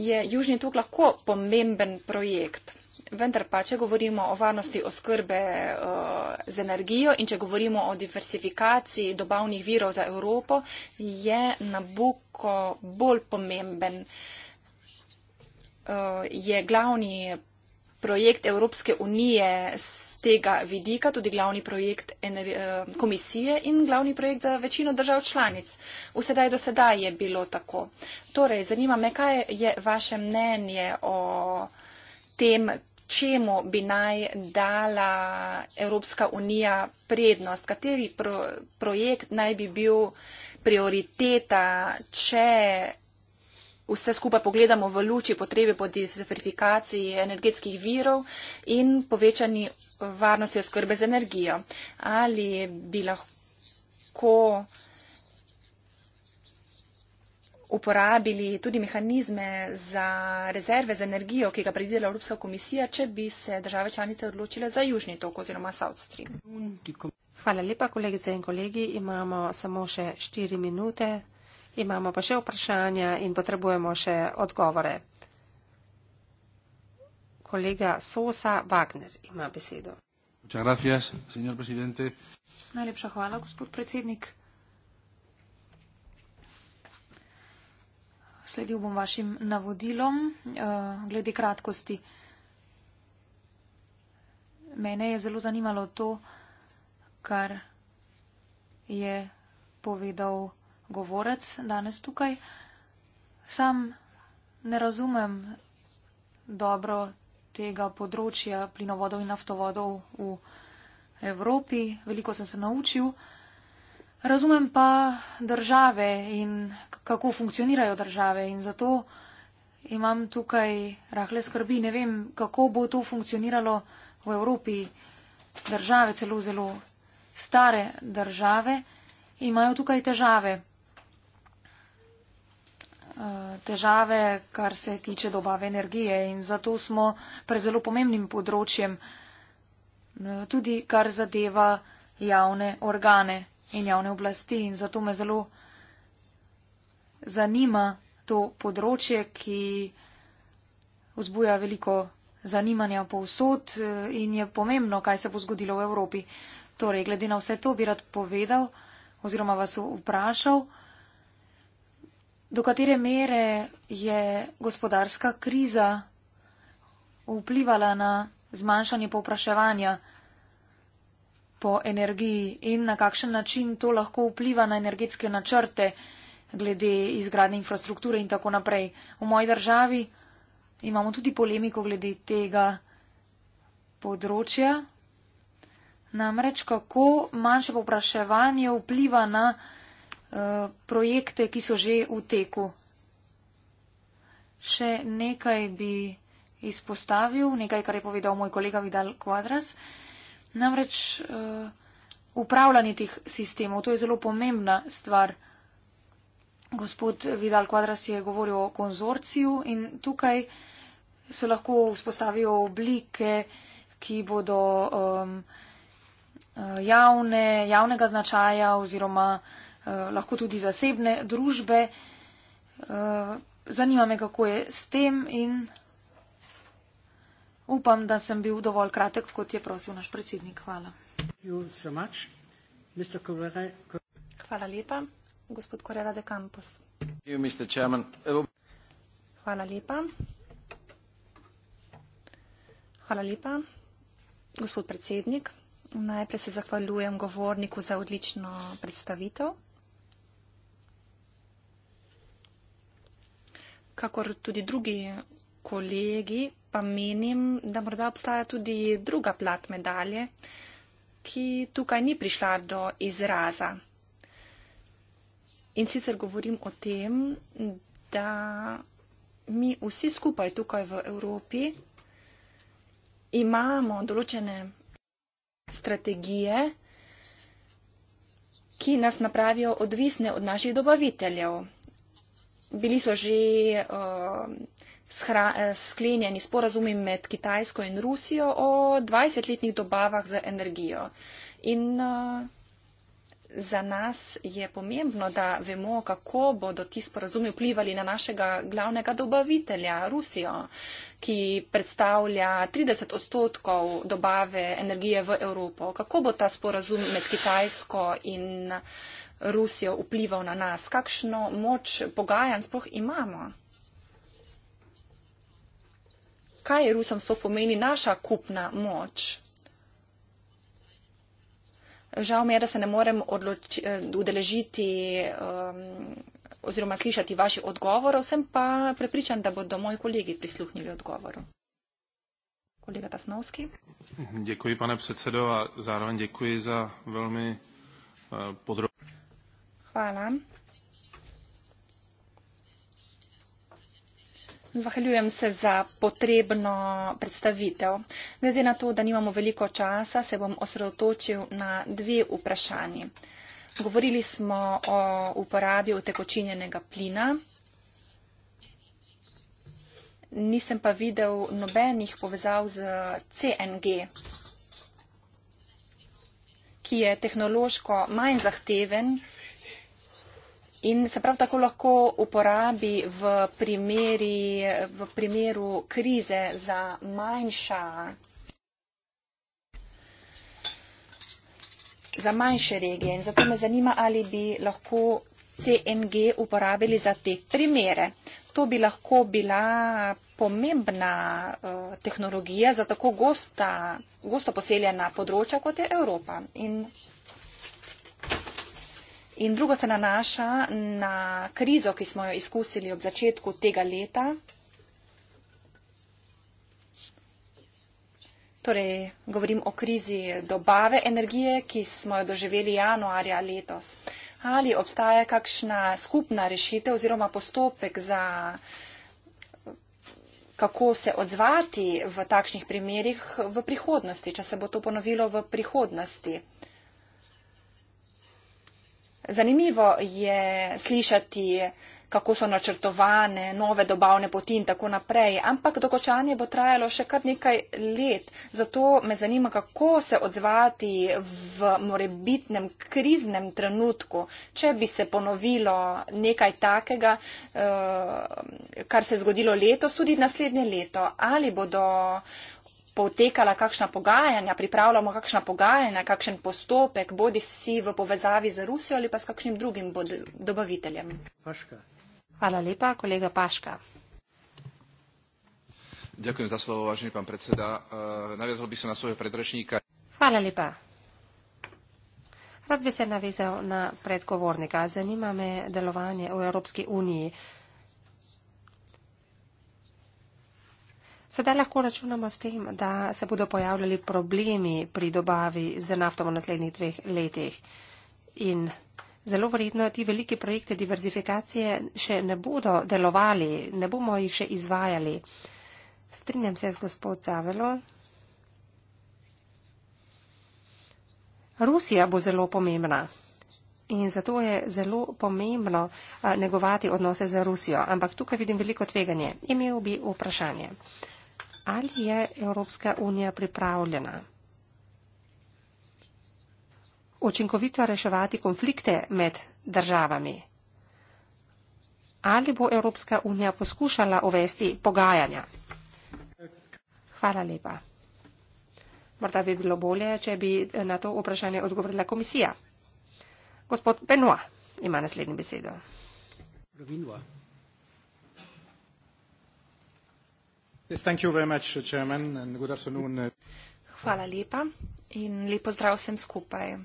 je Južni tok lahko pomemben projekt. Vendar pa, če govorimo o varnosti oskrbe uh, z energijo in če govorimo o diversifikaciji dobavnih virov za Evropo, je Nabuko bolj pomemben uh, Eh, je glavni projekt Evropske unije s tega vidika, tudi glavni projekt eh, komisije in glavni projekt za večino držav članic. Vsedaj do sedaj je bilo tako. Torej, zanima me, kaj je vaše mnenje o tem, čemu bi naj dala Evropska unija prednost, kateri pro, projekt naj bi bil prioriteta, če vse skupaj pogledamo v luči potrebe po diversifikaciji energetskih virov in povečani varnosti oskrbe z energijo. Ali bi lahko uporabili tudi mehanizme za rezerve z energijo, ki ga predvidela Evropska komisija, če bi se države članice odločile za južni tok oziroma South Stream. Hvala lepa, kolegice in kolegi. Imamo samo še štiri minute. Imamo pa še vprašanja in potrebujemo še odgovore. Kolega Sosa Wagner ima besedo. Gracias, Najlepša hvala, gospod predsednik. Sledil bom vašim navodilom uh, glede kratkosti. Mene je zelo zanimalo to, kar je povedal govorec danes tukaj. Sam ne razumem dobro tega področja plinovodov in naftovodov v Evropi. Veliko sem se naučil. Razumem pa države in kako funkcionirajo države in zato imam tukaj rahle skrbi. Ne vem, kako bo to funkcioniralo v Evropi. Države, celo zelo stare države, imajo tukaj težave. Eh, težave, kar se tiče dobave energije in zato smo pred zelo pomembnim področjem, eh, tudi kar zadeva javne organe in javne oblasti in zato me zelo zanima to področje, ki vzbuja veliko zanimanja povsod eh, in je pomembno, kaj se bo zgodilo v Evropi. Torej, glede na vse to bi rad povedal oziroma vas vprašal do katere mere je gospodarska kriza vplivala na zmanjšanje povpraševanja po energiji in na kakšen način to lahko vpliva na energetske načrte glede izgradnje infrastrukture in tako naprej. V moji državi imamo tudi polemiko glede tega področja, namreč kako manjše povpraševanje vpliva na projekte, ki so že v teku. Še nekaj bi izpostavil, nekaj, kar je povedal moj kolega Vidal Quadras. Namreč uh, upravljanje teh sistemov, to je zelo pomembna stvar. Gospod Vidal Quadras je govoril o konzorciju in tukaj se lahko vzpostavijo oblike, ki bodo um, javne, javnega značaja oziroma uh, Eh, lahko tudi zasebne družbe. Eh, zanima me, kako je s tem in upam, da sem bil dovolj kratek, kot je prosil naš predsednik. Hvala. Hvala lepa. Gospod Korera de Campos. Hvala lepa. Hvala lepa, gospod predsednik. Najprej se zahvaljujem govorniku za odlično predstavitev. kakor tudi drugi kolegi, pa menim, da morda obstaja tudi druga plat medalje, ki tukaj ni prišla do izraza. In sicer govorim o tem, da mi vsi skupaj tukaj v Evropi imamo določene strategije, ki nas napravijo odvisne od naših dobaviteljev bili so že uh, sklenjeni sporazumi med Kitajsko in Rusijo o 20-letnih dobavah za energijo. In uh, za nas je pomembno, da vemo, kako bodo ti sporazumi vplivali na našega glavnega dobavitelja, Rusijo, ki predstavlja 30 odstotkov dobave energije v Evropo. Kako bo ta sporazum med Kitajsko in Rusijo vplival na nas, kakšno moč pogajanj sploh imamo. Kaj Rusom sploh pomeni naša kupna moč? Žal mi je, da se ne morem eh, udeležiti um, oziroma slišati vaših odgovorov, sem pa prepričan, da bodo moji kolegi prisluhnili odgovoru. Kolega Tasnovski. Děkuji, pane předsedo, a zároveň děkuji za velmi uh, eh, podrobné. Hvala. Zahvaljujem se za potrebno predstavitev. Glede na to, da nimamo veliko časa, se bom osredotočil na dve vprašanji. Govorili smo o uporabi utekočinjenega plina. Nisem pa videl nobenih povezav z CNG, ki je tehnološko manj zahteven, In se prav tako lahko uporabi v, primeri, v primeru krize za manjša. za manjše regije. In zato me zanima, ali bi lahko CNG uporabili za te primere. To bi lahko bila pomembna uh, tehnologija za tako gosta, gosto poseljena področja, kot je Evropa. In In drugo se nanaša na krizo, ki smo jo izkusili ob začetku tega leta. Torej, govorim o krizi dobave energije, ki smo jo doživeli januarja letos. Ali obstaja kakšna skupna rešitev oziroma postopek za kako se odzvati v takšnih primerih v prihodnosti, če se bo to ponovilo v prihodnosti? Zanimivo je slišati, kako so načrtovane nove dobavne poti in tako naprej, ampak dokočanje bo trajalo še kar nekaj let. Zato me zanima, kako se odzvati v morebitnem kriznem trenutku, če bi se ponovilo nekaj takega, eh, kar se je zgodilo letos, tudi naslednje leto. Ali bodo potekala kakšna pogajanja, pripravljamo kakšna pogajanja, kakšen postopek, bodi si v povezavi z Rusijo ali pa s kakšnim drugim dobaviteljem. Paška. Hvala lepa, kolega Paška. Ďakujem za slovo, vážený pán predseda. Uh, naviazal by som na svojho predrečníka. Hvala lepa. Rad bi se navezal na predgovornika. Zanima me delovanje v Evropski uniji. Sedaj lahko računamo s tem, da se bodo pojavljali problemi pri dobavi z nafto v naslednjih dveh letih. In zelo verjetno ti veliki projekti diverzifikacije še ne bodo delovali, ne bomo jih še izvajali. Strinjam se z gospod Zavelo. Rusija bo zelo pomembna. In zato je zelo pomembno negovati odnose z Rusijo. Ampak tukaj vidim veliko tveganje. Imel bi vprašanje ali je Evropska unija pripravljena učinkovito reševati konflikte med državami? Ali bo Evropska unija poskušala uvesti pogajanja? Hvala lepa. Morda bi bilo bolje, če bi na to vprašanje odgovorila komisija. Gospod Benoit ima naslednjo besedo. Benoit. Uh, uh, Hvala lepa in lep pozdrav vsem skupaj.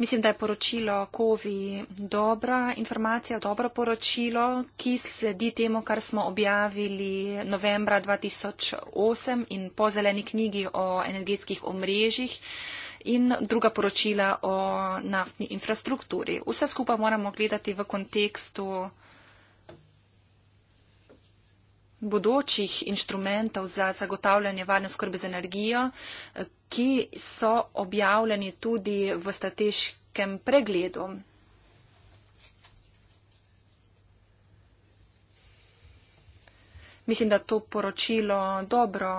Mislim, da je poročilo Kovi dobra informacija, dobro poročilo, ki sledi temu, kar smo objavili novembra 2008 in po zeleni knjigi o energetskih omrežjih in druga poročila o naftni infrastrukturi. Vse skupaj moramo gledati v kontekstu bodočih inštrumentov za zagotavljanje varne skrbe z energijo, eh, ki so objavljeni tudi v strateškem pregledu. Mislim, da to poročilo dobro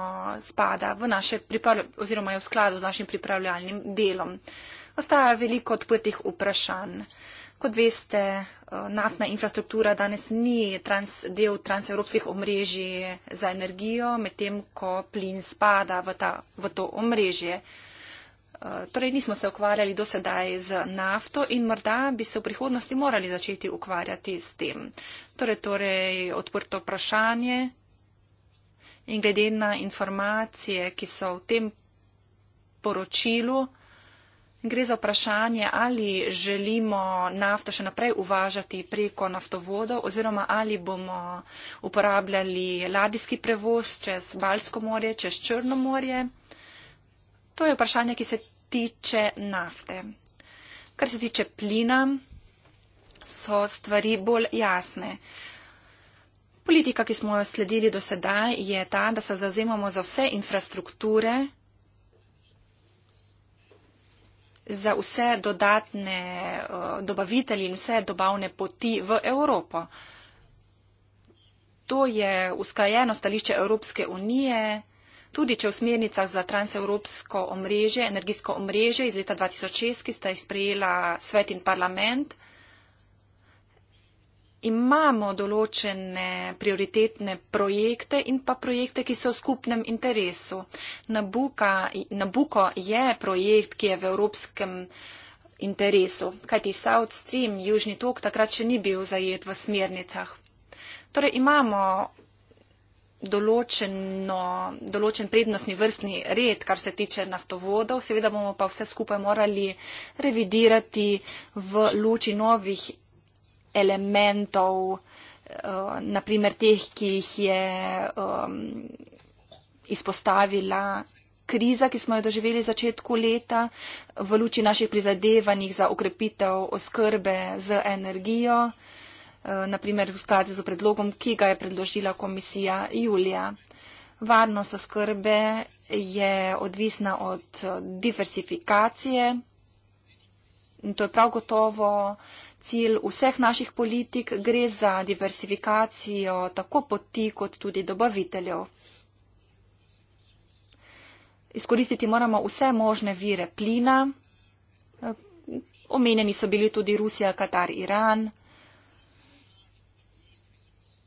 spada v naše oziroma je v skladu z našim pripravljalnim delom. Ostaja veliko odprtih vprašanj. Kot veste, eh, naftna infrastruktura danes ni trans, del transevropskih omrežij za energijo, medtem ko plin spada v, ta, v to omrežje. Eh, torej, nismo se ukvarjali dosedaj z nafto in morda bi se v prihodnosti morali začeti ukvarjati s tem. Torej, torej odprto vprašanje in glede na informacije, ki so v tem poročilu. Gre za vprašanje, ali želimo nafto še naprej uvažati preko naftovodov oziroma ali bomo uporabljali ladijski prevoz čez Balsko morje, čez Črno morje. To je vprašanje, ki se tiče nafte. Kar se tiče plina, so stvari bolj jasne. Politika, ki smo jo sledili do sedaj, je ta, da se zazemamo za vse infrastrukture za vse dodatne eh, dobavitelji in vse dobavne poti v Evropo. To je usklajeno stališče Evropske unije, tudi če v smernicah za transevropsko omrežje, energijsko omrežje iz leta 2006, ki sta jih sprejela svet in parlament, imamo določene prioritetne projekte in pa projekte, ki so v skupnem interesu. Nabuka, Nabuko je projekt, ki je v evropskem interesu, kajti South Stream, Južni tok, takrat še ni bil zajet v smernicah. Torej imamo določeno, določen prednostni vrstni red, kar se tiče naftovodov, seveda bomo pa vse skupaj morali revidirati v luči novih elementov, eh, naprimer teh, ki jih je um, izpostavila kriza, ki smo jo doživeli začetku leta, v luči naših prizadevanjih za okrepitev oskrbe z energijo, eh, naprimer v skladi z predlogom, ki ga je predložila komisija Julija. Varnost oskrbe je odvisna od eh, diversifikacije in to je prav gotovo uh, cilj vseh naših politik, gre za diversifikacijo tako poti kot tudi dobaviteljev. Izkoristiti moramo vse možne vire plina. Omenjeni so bili tudi Rusija, Katar, Iran.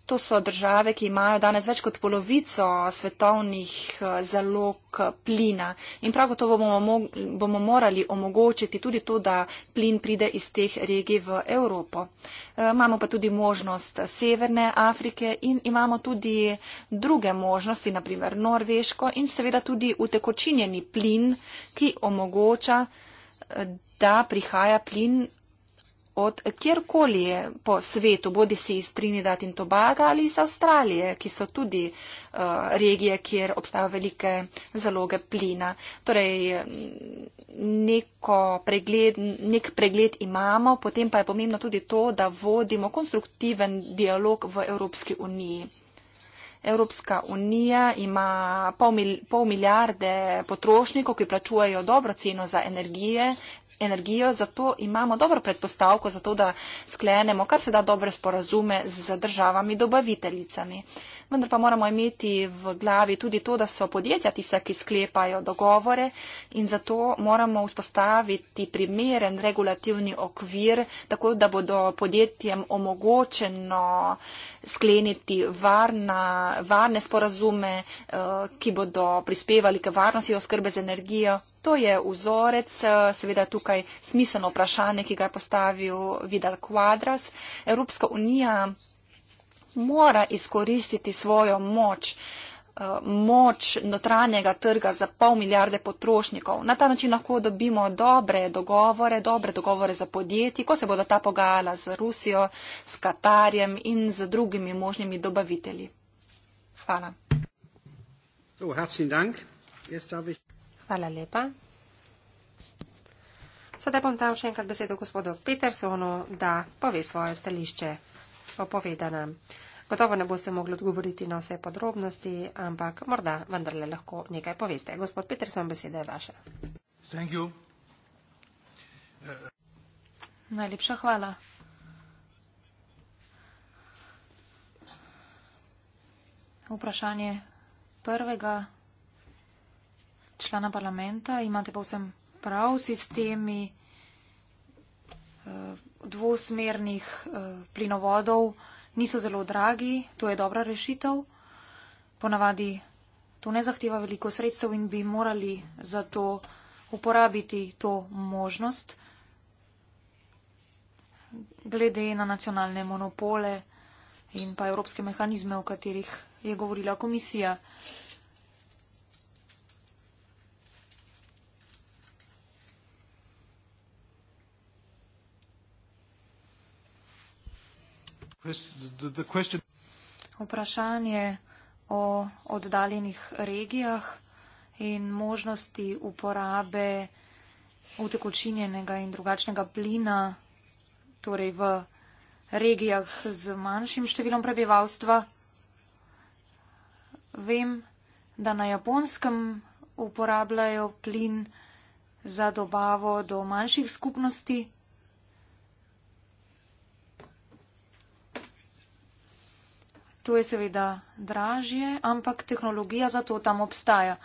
To so države, ki imajo danes več kot polovico svetovnih eh, zalog eh, plina in prav gotovo bomo, bomo morali omogočiti tudi to, da plin pride iz teh regij v Evropo. E, imamo pa tudi možnost Severne Afrike in imamo tudi druge možnosti, naprimer Norveško in seveda tudi utekočinjeni plin, ki omogoča, da prihaja plin od kjerkoli po svetu, bodi si iz Trinidad in Tobaga ali iz Avstralije, ki so tudi uh, regije, kjer obstajajo velike zaloge plina. Torej, pregled, nek pregled imamo, potem pa je pomembno tudi to, da vodimo konstruktiven dialog v Evropski uniji. Evropska unija ima pol milijarde potrošnikov, ki plačujejo dobro ceno za energije, energijo, zato imamo dobro predpostavko za to, da sklenemo kar se da dobre sporazume z državami dobaviteljicami. Vendar pa moramo imeti v glavi tudi to, da so podjetja tista, ki sklepajo dogovore in zato moramo vzpostaviti primeren regulativni okvir, tako da bodo podjetjem omogočeno skleniti varna, varne sporazume, eh, ki bodo prispevali k varnosti oskrbe z energijo To je vzorec, eh, seveda tukaj smiselno vprašanje, ki ga je postavil Vidal Quadras. Evropska unija mora izkoristiti svojo moč eh, moč notranjega trga za pol milijarde potrošnikov. Na ta način lahko dobimo dobre dogovore, dobre dogovore za podjetji, ko se bodo ta pogajala z Rusijo, s Katarjem in z drugimi možnimi dobavitelji. Hvala. So, Hvala lepa. Sedaj bom dal še enkrat besedo gospodu Petersonu, da pove svoje stališče o povedanem. Gotovo ne boste mogli odgovoriti na vse podrobnosti, ampak morda vendarle lahko nekaj poveste. Gospod Peterson, beseda je vaša. Najlepša hvala. Vprašanje prvega člana parlamenta, imate pa vsem prav sistemi eh, dvosmernih eh, plinovodov, niso zelo dragi, to je dobra rešitev. Ponavadi to ne zahteva veliko sredstev in bi morali za to uporabiti to možnost. Glede na nacionalne monopole in pa evropske mehanizme, o katerih je govorila komisija. Vprašanje o oddaljenih regijah in možnosti uporabe utekočinjenega in drugačnega plina, torej v regijah z manjšim številom prebivalstva. Vem, da na japonskem uporabljajo plin za dobavo do manjših skupnosti. To je seveda dražje, ampak tehnologija za to tam obstaja.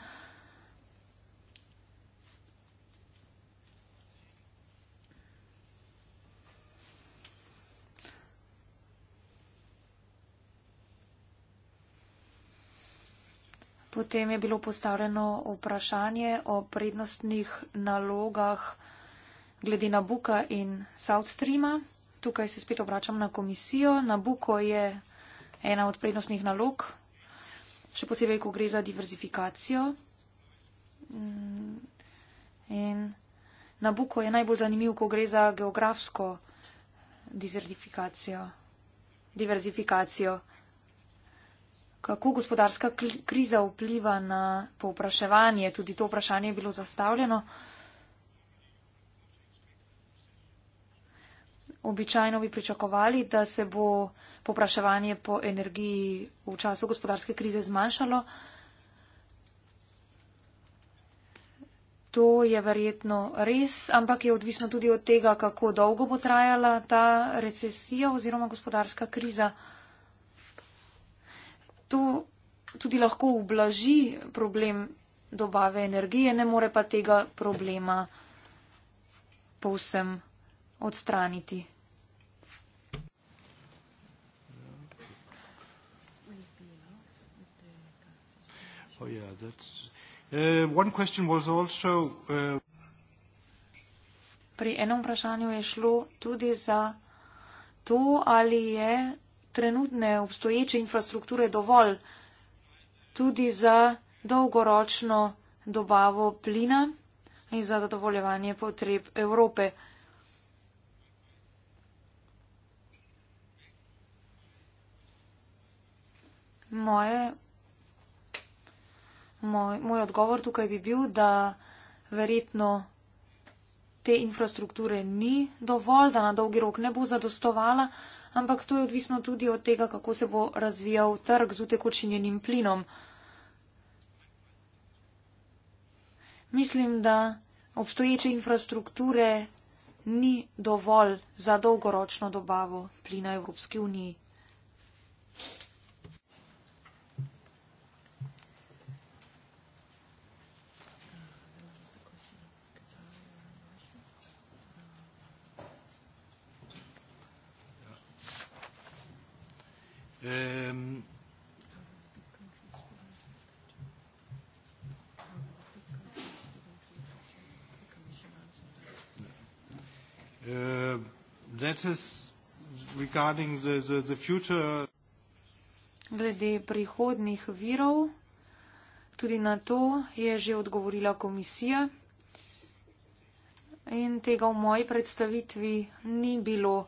Potem je bilo postavljeno vprašanje o prednostnih nalogah glede Nabuka in South Streama. Tukaj se spet obračam na komisijo. Nabuko je ena od prednostnih nalog, še posebej, ko gre za diverzifikacijo. Mm, in Nabuko je najbolj zanimiv, ko gre za geografsko diverzifikacijo. Kako gospodarska kriza vpliva na povpraševanje, tudi to vprašanje je bilo zastavljeno. Običajno bi pričakovali, da se bo popraševanje po energiji v času gospodarske krize zmanjšalo. To je verjetno res, ampak je odvisno tudi od tega, kako dolgo bo trajala ta recesija oziroma gospodarska kriza. To tudi lahko ublaži problem dobave energije, ne more pa tega problema povsem odstraniti. Oh, yeah, that's, uh, one question was also, uh... Pri enem vprašanju je šlo tudi za to, ali je trenutne obstoječe infrastrukture dovolj tudi za dolgoročno dobavo plina in za zadovoljevanje potreb Evrope. moje, moj, moj odgovor tukaj bi bil, da verjetno te infrastrukture ni dovolj, da na dolgi rok ne bo zadostovala, ampak to je odvisno tudi od tega, kako se bo razvijal trg z utekočinjenim plinom. Mislim, da obstoječe infrastrukture ni dovolj za dolgoročno dobavo plina Evropske unije. Um, uh, that is regarding the, the, the future. Glede prihodnih virov, tudi na to je že odgovorila komisija. In tega v moji predstavitvi ni bilo.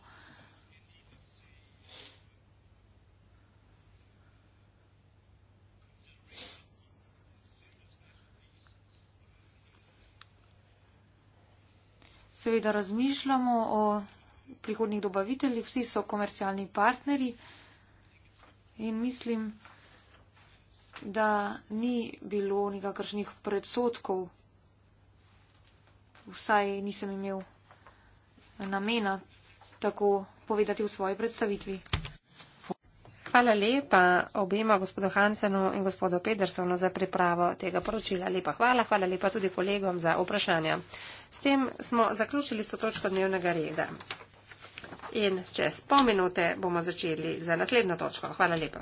seveda razmišljamo o prihodnih dobaviteljih, vsi so komercialni partneri in mislim, da ni bilo nikakršnih predsotkov, vsaj nisem imel namena tako povedati v svoji predstavitvi. Hvala lepa obima gospodu Hansenu in gospodu Pedersonu za pripravo tega poročila. Lepa hvala, hvala lepa tudi kolegom za vprašanja. S tem smo zaključili to točko dnevnega reda. In čez pol minute bomo začeli za naslednjo točko. Hvala lepa.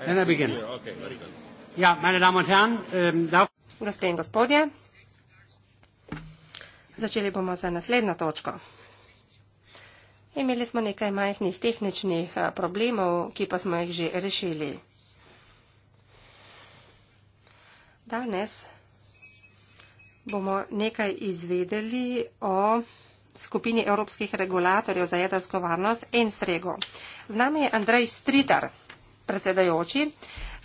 Then I begin. Ja, meine Damen und Herren, ähm, da... Gospe in gospodje, začeli bomo za naslednjo točko. Imeli smo nekaj majhnih tehničnih eh, problemov, ki pa smo jih že rešili. Danes bomo nekaj izvedeli o skupini evropskih regulatorjev za jedrsko varnost in srego. Z nami je Andrej Stritar predsedajoči.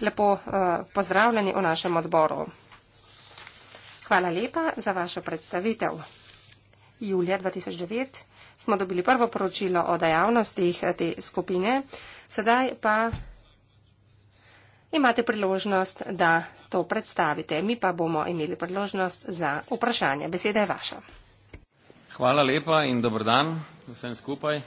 Lepo eh, pozdravljeni v našem odboru. Hvala lepa za vašo predstavitev. Julija 2009 smo dobili prvo poročilo o dejavnostih eh, te skupine, sedaj pa imate priložnost, da to predstavite. Mi pa bomo imeli priložnost za vprašanje. Beseda je vaša. Hvala lepa in dobrodan vsem skupaj.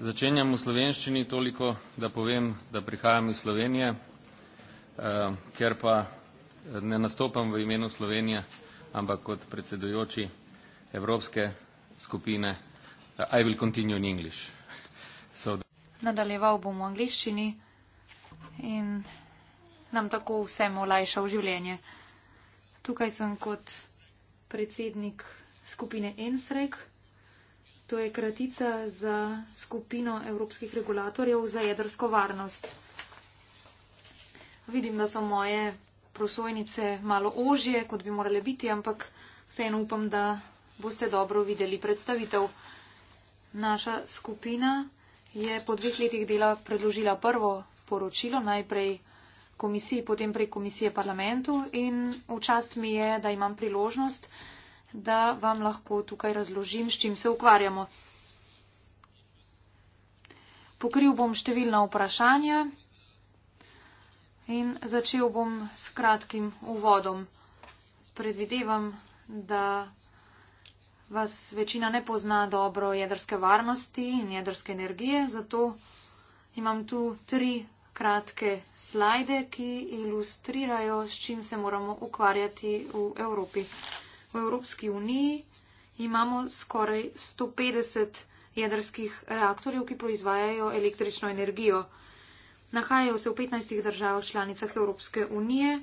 Začenjam v slovenščini toliko, da povem, da prihajam iz Slovenije, eh, ker pa eh, ne nastopam v imenu Slovenije, ampak kot predsedujoči Evropske skupine. Eh, I will continue in English. [LAUGHS] So... Nadaljeval bom v angliščini in nam tako vsem olajšal življenje. Tukaj sem kot predsednik skupine Ensrek to je kratica za skupino evropskih regulatorjev za jedrsko varnost. Vidim, da so moje prosojnice malo ožje, kot bi morale biti, ampak vseeno upam, da boste dobro videli predstavitev. Naša skupina je po dveh letih dela predložila prvo poročilo, najprej komisiji, potem prej komisije parlamentu in v čast mi je, da imam priložnost, da vam lahko tukaj razložim, s čim se ukvarjamo. Pokril bom številna vprašanja in začel bom s kratkim uvodom. Predvidevam, da vas večina ne pozna dobro jedrske varnosti in jedrske energije, zato imam tu tri kratke slajde, ki ilustrirajo, s čim se moramo ukvarjati v Evropi v Evropski uniji imamo skoraj 150 jedrskih reaktorjev, ki proizvajajo električno energijo. Nahajajo se v 15 državah članicah Evropske unije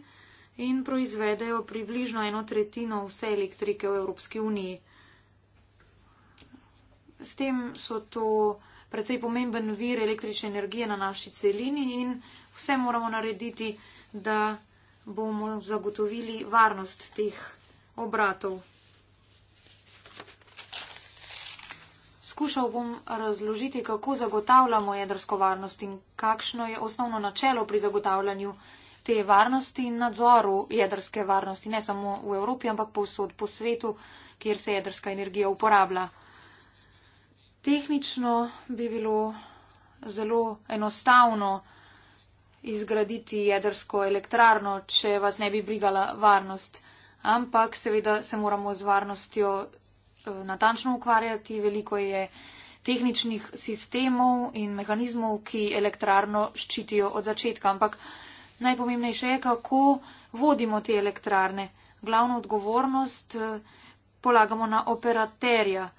in proizvedejo približno eno tretjino vse elektrike v Evropski uniji. S tem so to predvsej pomemben vir električne energije na naši celini in vse moramo narediti, da bomo zagotovili varnost teh obratov. Skušal bom razložiti, kako zagotavljamo jedrsko varnost in kakšno je osnovno načelo pri zagotavljanju te varnosti in nadzoru jedrske varnosti, ne samo v Evropi, ampak povsod po svetu, kjer se jedrska energija uporablja. Tehnično bi bilo zelo enostavno izgraditi jedrsko elektrarno, če vas ne bi brigala varnost ampak seveda se moramo z varnostjo eh, natančno ukvarjati. Veliko je tehničnih sistemov in mehanizmov, ki elektrarno ščitijo od začetka. Ampak najpomembnejše je, kako vodimo te elektrarne. Glavno odgovornost eh, polagamo na operaterja.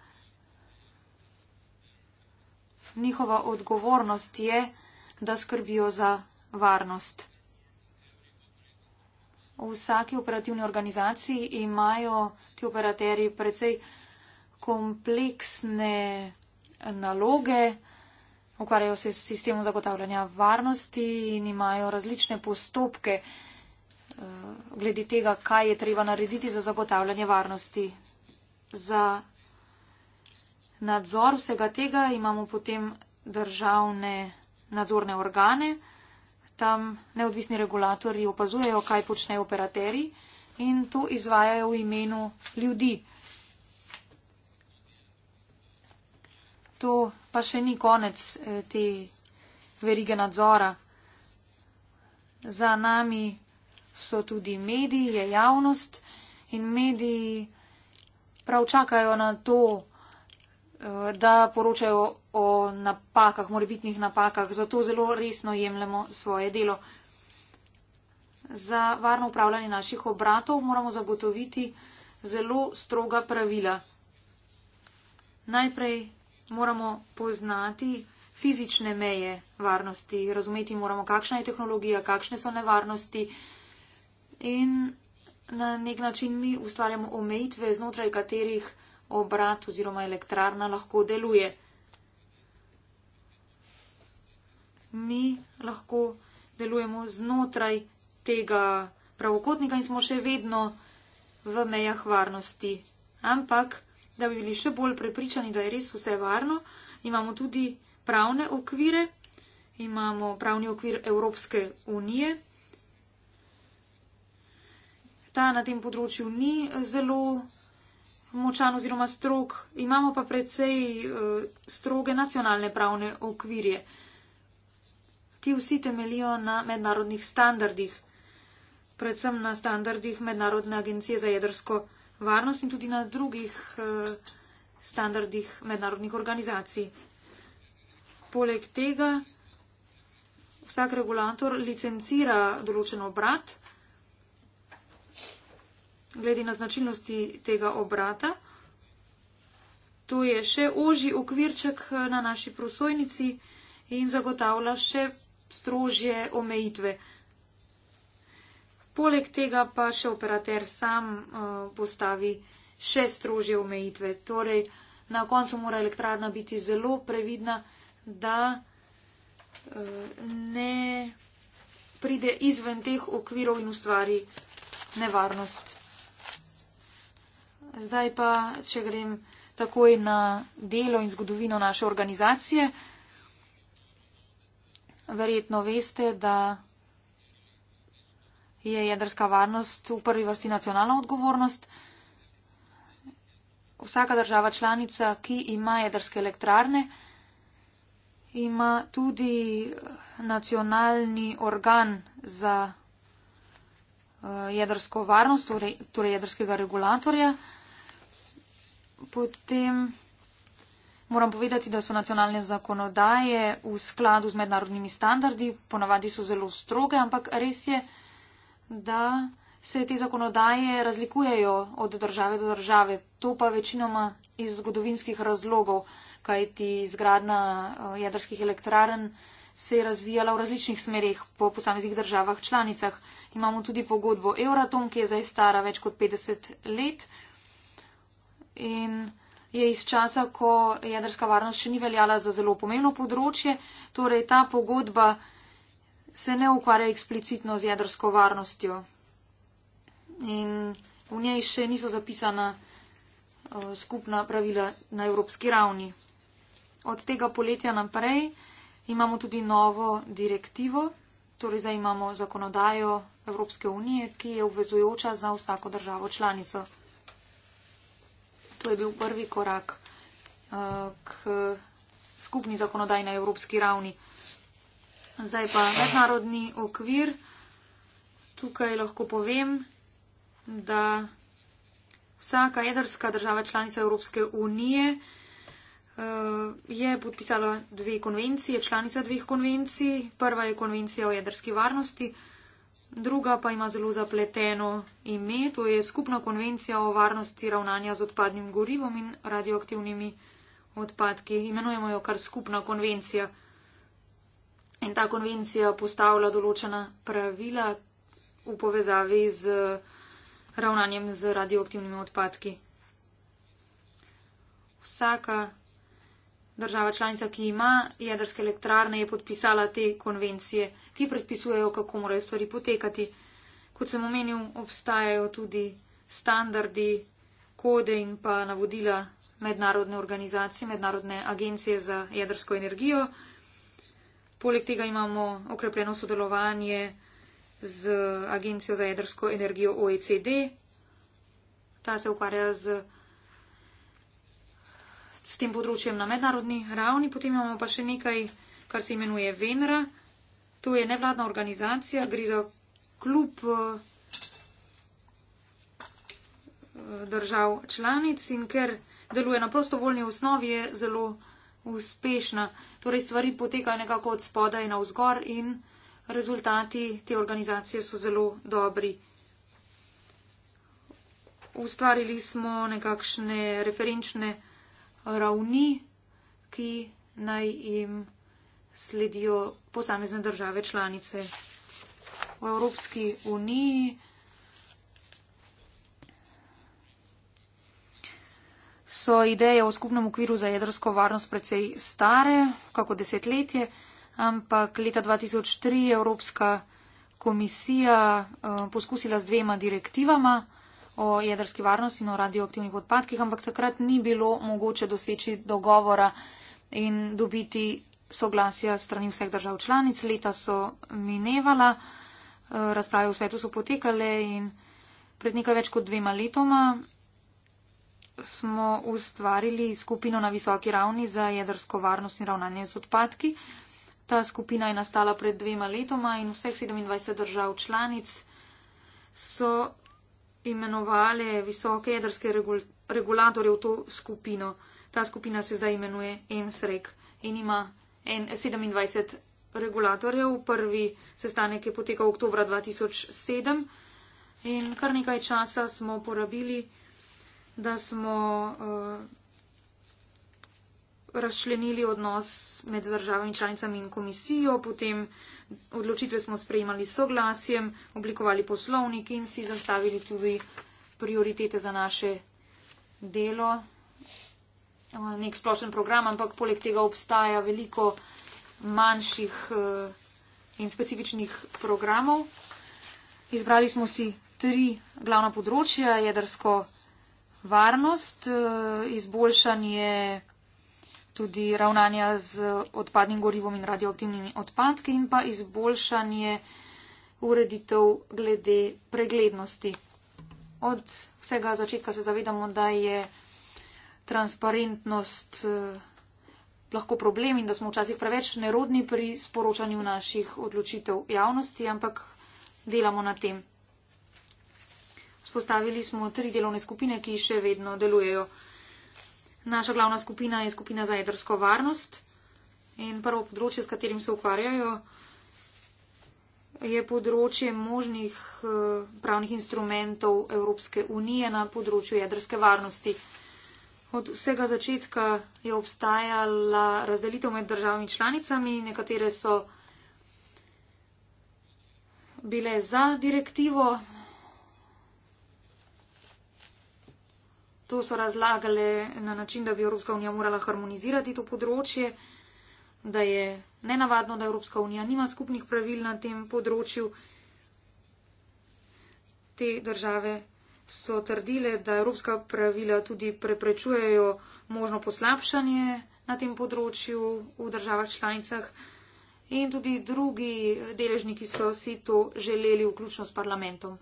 Njihova odgovornost je, da skrbijo za varnost. V vsaki operativni organizaciji imajo ti operaterji precej kompleksne naloge, ukvarjajo se s sistemom zagotavljanja varnosti in imajo različne postopke eh, glede tega, kaj je treba narediti za zagotavljanje varnosti. Za nadzor vsega tega imamo potem državne nadzorne organe tam neodvisni regulatori opazujejo, kaj počnejo operateri in to izvajajo v imenu ljudi. To pa še ni konec eh, te verige nadzora. Za nami so tudi mediji, je javnost in mediji prav čakajo na to, Eh, da poročajo o napakah, morebitnih napakah. Zato zelo resno jemljemo svoje delo. Za varno upravljanje naših obratov moramo zagotoviti zelo stroga pravila. Najprej moramo poznati fizične meje varnosti, razumeti moramo, kakšna je tehnologija, kakšne so nevarnosti in na nek način mi ustvarjamo omejitve, znotraj katerih obrat oziroma elektrarna lahko deluje. Mi lahko delujemo znotraj tega pravokotnika in smo še vedno v mejah varnosti. Ampak, da bi bili še bolj prepričani, da je res vse varno, imamo tudi pravne okvire, imamo pravni okvir Evropske unije. Ta na tem področju ni zelo močan oziroma strok, imamo pa predvsej eh, stroge nacionalne pravne okvirje. Ti vsi temelijo na mednarodnih standardih, predvsem na standardih Mednarodne agencije za jedrsko varnost in tudi na drugih eh, standardih mednarodnih organizacij. Poleg tega vsak regulator licencira določen obrat, glede na značilnosti tega obrata. To je še ožji okvirček eh, na naši prosojnici in zagotavlja še strožje omejitve. Poleg tega pa še operater sam uh, postavi še strožje omejitve. Torej, na koncu mora elektrarna biti zelo previdna, da uh, ne pride izven teh okvirov in ustvari nevarnost. Zdaj pa, če grem takoj na delo in zgodovino naše organizacije, verjetno veste, da je jedrska varnost v prvi vrsti nacionalna odgovornost. Vsaka država članica, ki ima jedrske elektrarne, ima tudi nacionalni organ za eh, jedrsko varnost, torej, torej jedrskega regulatorja. Potem moram povedati, da so nacionalne zakonodaje v skladu z mednarodnimi standardi, ponavadi so zelo stroge, ampak res je, da se te zakonodaje razlikujejo od države do države. To pa večinoma iz zgodovinskih razlogov, kajti izgradna eh, jedrskih elektraren se je razvijala v različnih smerih po posameznih državah članicah. Imamo tudi pogodbo Euratom, ki je zdaj stara več kot 50 let in je iz časa, ko jedrska varnost še ni veljala za zelo pomembno področje. Torej, ta pogodba se ne ukvarja eksplicitno z jedrsko varnostjo. In v njej še niso zapisana eh, skupna pravila na evropski ravni. Od tega poletja naprej imamo tudi novo direktivo, torej zdaj imamo zakonodajo Evropske unije, ki je obvezujoča za vsako državo članico to je bil prvi korak uh, k skupni zakonodaji na evropski ravni. Zdaj pa mednarodni okvir. Tukaj lahko povem, da vsaka jedrska država članica Evropske unije eh, je podpisala dve konvencije, članica dveh konvencij. Prva je konvencija o jedrski varnosti, druga pa ima zelo zapleteno ime, to je skupna konvencija o varnosti ravnanja z odpadnim gorivom in radioaktivnimi odpadki. Imenujemo jo kar skupna konvencija. In ta konvencija postavlja določena pravila v povezavi z ravnanjem z radioaktivnimi odpadki. Vsaka država članica, ki ima jedrske elektrarne, je podpisala te konvencije, ki predpisujejo, kako morajo stvari potekati. Kot sem omenil, obstajajo tudi standardi, kode in pa navodila mednarodne organizacije, mednarodne agencije za jedrsko energijo. Poleg tega imamo okrepljeno sodelovanje z agencijo za jedrsko energijo OECD. Ta se ukvarja z s tem področjem na mednarodni ravni. Potem imamo pa še nekaj, kar se imenuje Venra. To je nevladna organizacija, gre za klub eh, držav članic in ker deluje na prostovoljni osnovi, je zelo uspešna. Torej stvari potekajo nekako od spodaj na vzgor in rezultati te organizacije so zelo dobri. Ustvarili smo nekakšne referenčne ravni, ki naj jim sledijo posamezne države članice. V Evropski uniji so ideje o skupnem okviru za jedrsko varnost precej stare, kako desetletje, ampak leta 2003 je Evropska komisija eh, poskusila z dvema direktivama o jedrski varnosti in o radioaktivnih odpadkih, ampak takrat ni bilo mogoče doseči dogovora in dobiti soglasja strani vseh držav članic. Leta so minevala, eh, razprave v svetu so potekale in pred nekaj več kot dvema letoma smo ustvarili skupino na visoki ravni za jedrsko varnost in ravnanje z odpadki. Ta skupina je nastala pred dvema letoma in vseh 27 držav članic so imenovale visoke jedrske regul regulatorje v to skupino. Ta skupina se zdaj imenuje NSREK in ima 27 regulatorjev. Prvi sestanek je potekal v oktobra 2007 in kar nekaj časa smo porabili, da smo. Uh, razčlenili odnos med državami članicami in komisijo, potem odločitve smo sprejemali soglasjem, oblikovali poslovnik in si zastavili tudi prioritete za naše delo. Eh, nek splošen program, ampak poleg tega obstaja veliko manjših eh, in specifičnih programov. Izbrali smo si tri glavna področja. Jedrsko varnost, eh, izboljšanje tudi ravnanja z odpadnim gorivom in radioaktivnimi odpadki in pa izboljšanje ureditev glede preglednosti. Od vsega začetka se zavedamo, da je transparentnost eh, lahko problem in da smo včasih preveč nerodni pri sporočanju naših odločitev javnosti, ampak delamo na tem. Spostavili smo tri delovne skupine, ki še vedno delujejo. Naša glavna skupina je skupina za jedrsko varnost in prvo področje, s katerim se ukvarjajo, je področje možnih eh, pravnih instrumentov Evropske unije na področju jedrske varnosti. Od vsega začetka je obstajala razdelitev med državami članicami, nekatere so bile za direktivo, To so razlagali na način, da bi Evropska unija morala harmonizirati to področje, da je nenavadno, da Evropska unija nima skupnih pravil na tem področju. Te države so trdile, da Evropska pravila tudi preprečujejo možno poslabšanje na tem področju v državah članicah in tudi drugi deležniki so si to želeli, vključno s parlamentom.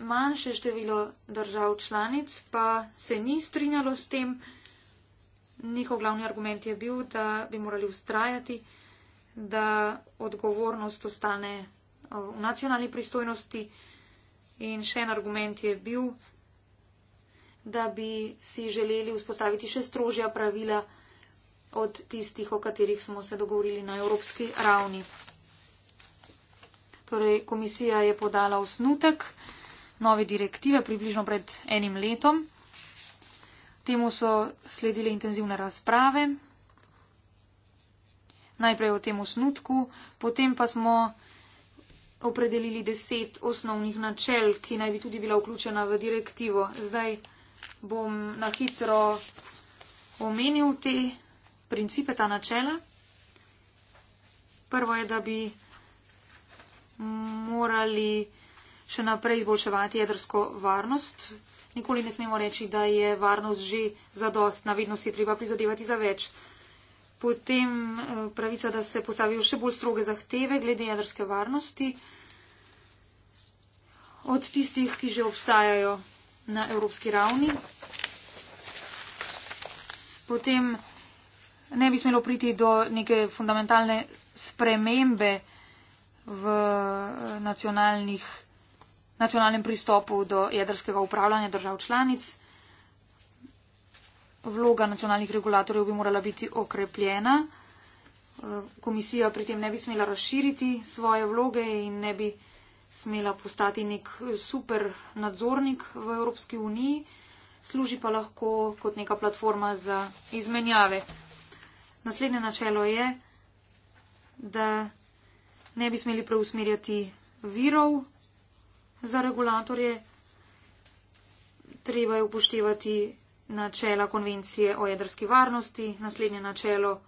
manjše število držav članic pa se ni strinjalo s tem. Njihov glavni argument je bil, da bi morali ustrajati, da odgovornost ostane v nacionalni pristojnosti. In še en argument je bil, da bi si želeli vzpostaviti še strožja pravila od tistih, o katerih smo se dogovorili na evropski ravni. Torej, komisija je podala osnutek nove direktive približno pred enim letom. Temu so sledile intenzivne razprave. Najprej o tem osnutku, potem pa smo opredelili deset osnovnih načel, ki naj bi tudi bila vključena v direktivo. Zdaj bom na hitro omenil te principe, ta načela. Prvo je, da bi morali še naprej izboljševati jedrsko varnost. Nikoli ne smemo reči, da je varnost že zadost, navedno si je treba prizadevati za več. Potem eh, pravica, da se postavijo še bolj stroge zahteve glede jedrske varnosti od tistih, ki že obstajajo na evropski ravni. Potem ne bi smelo priti do neke fundamentalne spremembe v eh, nacionalnih nacionalnem pristopu do jedrskega upravljanja držav članic. Vloga nacionalnih regulatorjev bi morala biti okrepljena. Komisija pri tem ne bi smela razširiti svoje vloge in ne bi smela postati nek super nadzornik v Evropski uniji, služi pa lahko kot neka platforma za izmenjave. Naslednje načelo je, da ne bi smeli preusmerjati virov za regulatorje, treba je upoštevati načela konvencije o jedrski varnosti. Naslednje načelo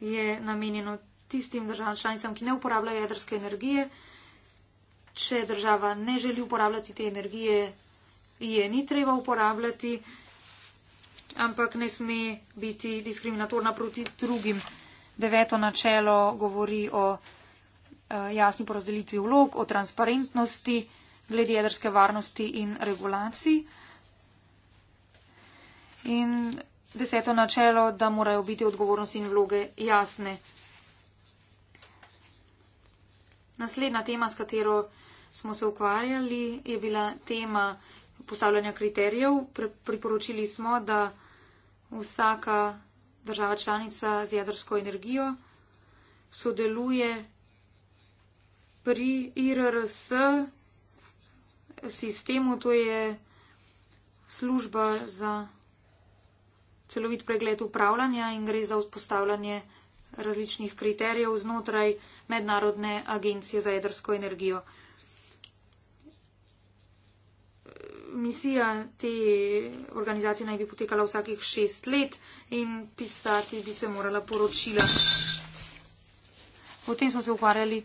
je namenjeno tistim državam članicam, ki ne uporabljajo jedrske energije. Če država ne želi uporabljati te energije, je ni treba uporabljati, ampak ne sme biti diskriminatorna proti drugim. Deveto načelo govori o Eh, jasni porazdelitvi vlog, o transparentnosti glede jedrske varnosti in regulacij. In deseto načelo, da morajo biti odgovornosti in vloge jasne. Naslednja tema, s katero smo se ukvarjali, je bila tema postavljanja kriterijev. Priporočili smo, da vsaka država članica z jedrsko energijo sodeluje pri IRRS sistemu, to je služba za celovit pregled upravljanja in gre za vzpostavljanje različnih kriterijev znotraj Mednarodne agencije za jedrsko energijo. Misija te organizacije naj bi potekala vsakih šest let in pisati bi se morala poročila. O tem smo se ukvarjali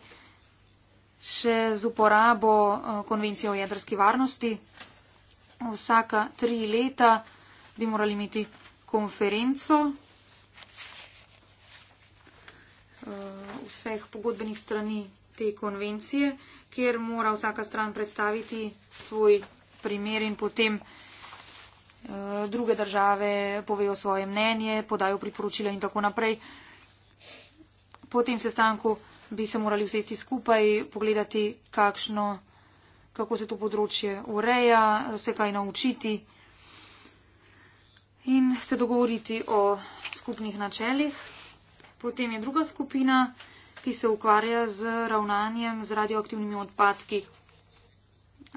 še z uporabo eh, konvencije o jedrski varnosti. Vsaka tri leta bi morali imeti konferenco eh, vseh pogodbenih strani te konvencije, kjer mora vsaka stran predstaviti svoj primer in potem eh, druge države povejo svoje mnenje, podajo priporočila in tako naprej. Po tem sestanku bi se morali vsesti skupaj, pogledati, kakšno, kako se to področje ureja, se kaj naučiti in se dogovoriti o skupnih načelih. Potem je druga skupina, ki se ukvarja z ravnanjem z radioaktivnimi odpadki.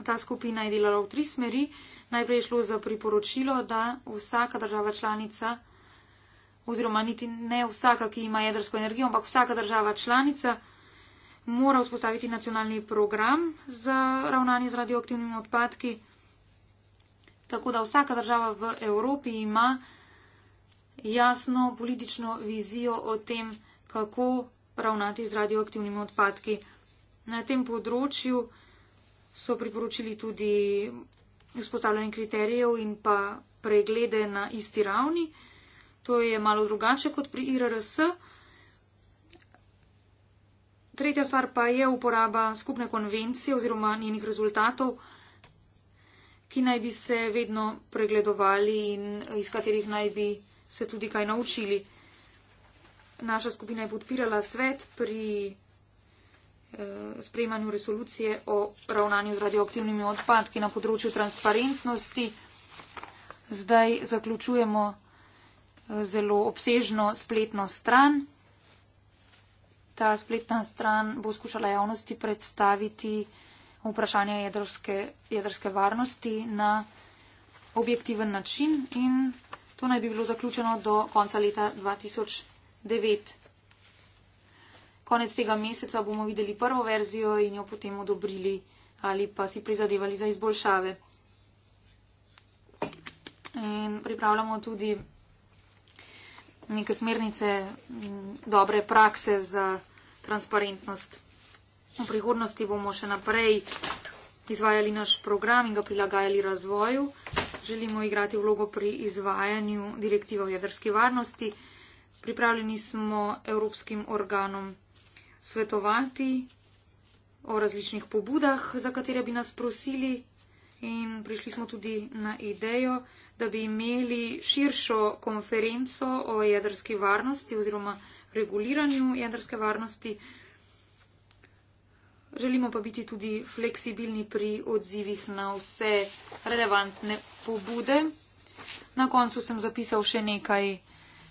Ta skupina je delala v tri smeri. Najprej je šlo za priporočilo, da vsaka država članica oziroma niti ne vsaka, ki ima jedrsko energijo, ampak vsaka država članica mora vzpostaviti nacionalni program za ravnanje z radioaktivnimi odpadki. Tako da vsaka država v Evropi ima jasno politično vizijo o tem, kako ravnati z radioaktivnimi odpadki. Na tem področju so priporočili tudi vzpostavljanje kriterijev in pa preglede na isti ravni. To je malo drugače kot pri IRRS. Tretja stvar pa je uporaba skupne konvencije oziroma njenih rezultatov, ki naj bi se vedno pregledovali in iz katerih naj bi se tudi kaj naučili. Naša skupina je podpirala svet pri eh, sprejmanju resolucije o ravnanju z radioaktivnimi odpadki na področju transparentnosti. Zdaj zaključujemo zelo obsežno spletno stran. Ta spletna stran bo skušala javnosti predstaviti vprašanje jedrske, jedrske varnosti na objektiven način in to naj bi bilo zaključeno do konca leta 2009. Konec tega meseca bomo videli prvo verzijo in jo potem odobrili ali pa si prizadevali za izboljšave. In pripravljamo tudi neke smernice mm, dobre prakse za transparentnost. V prihodnosti bomo še naprej izvajali naš program in ga prilagajali razvoju. Želimo igrati vlogo pri izvajanju direktive o jedrski varnosti. Pripravljeni smo evropskim organom svetovati o različnih pobudah, za katere bi nas prosili in prišli smo tudi na idejo, da bi imeli širšo konferenco o jedrski varnosti oziroma reguliranju jedrske varnosti. Želimo pa biti tudi fleksibilni pri odzivih na vse relevantne pobude. Na koncu sem zapisal še nekaj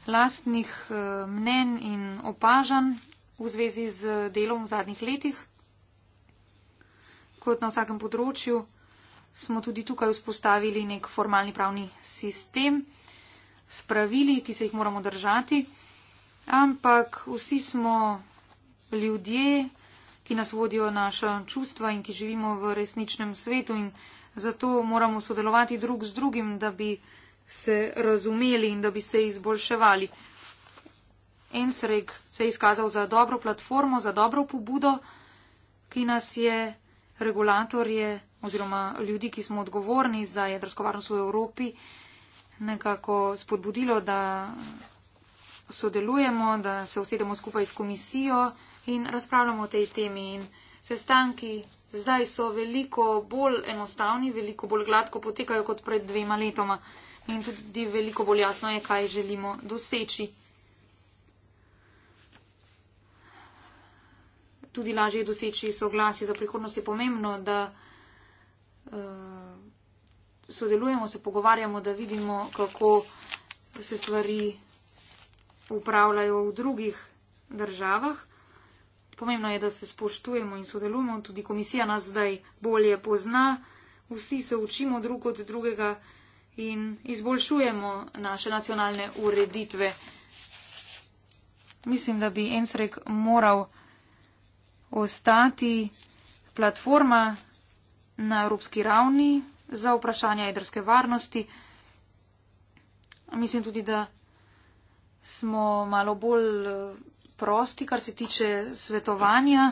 lastnih eh, mnen in opažanj v zvezi z delom v zadnjih letih. Kot na vsakem področju smo tudi tukaj vzpostavili nek formalni pravni sistem s pravili, ki se jih moramo držati, ampak vsi smo ljudje, ki nas vodijo naša čustva in ki živimo v resničnem svetu in zato moramo sodelovati drug z drugim, da bi se razumeli in da bi se izboljševali. Ensreg se je izkazal za dobro platformo, za dobro pobudo, ki nas je regulatorje. Je oziroma ljudi, ki smo odgovorni za jedrsko varnost v Evropi, nekako spodbudilo, da sodelujemo, da se usedemo skupaj s komisijo in razpravljamo o tej temi. In sestanki zdaj so veliko bolj enostavni, veliko bolj gladko potekajo kot pred dvema letoma in tudi veliko bolj jasno je, kaj želimo doseči. Tudi lažje doseči soglasje za prihodnost je pomembno, da uh, sodelujemo, se pogovarjamo, da vidimo, kako se stvari upravljajo v drugih državah. Pomembno je, da se spoštujemo in sodelujemo. Tudi komisija nas zdaj bolje pozna. Vsi se učimo drug od drugega in izboljšujemo naše nacionalne ureditve. Mislim, da bi Ensrek moral ostati platforma na evropski ravni za vprašanje jedrske varnosti. Mislim tudi, da smo malo bolj eh, prosti, kar se tiče svetovanja.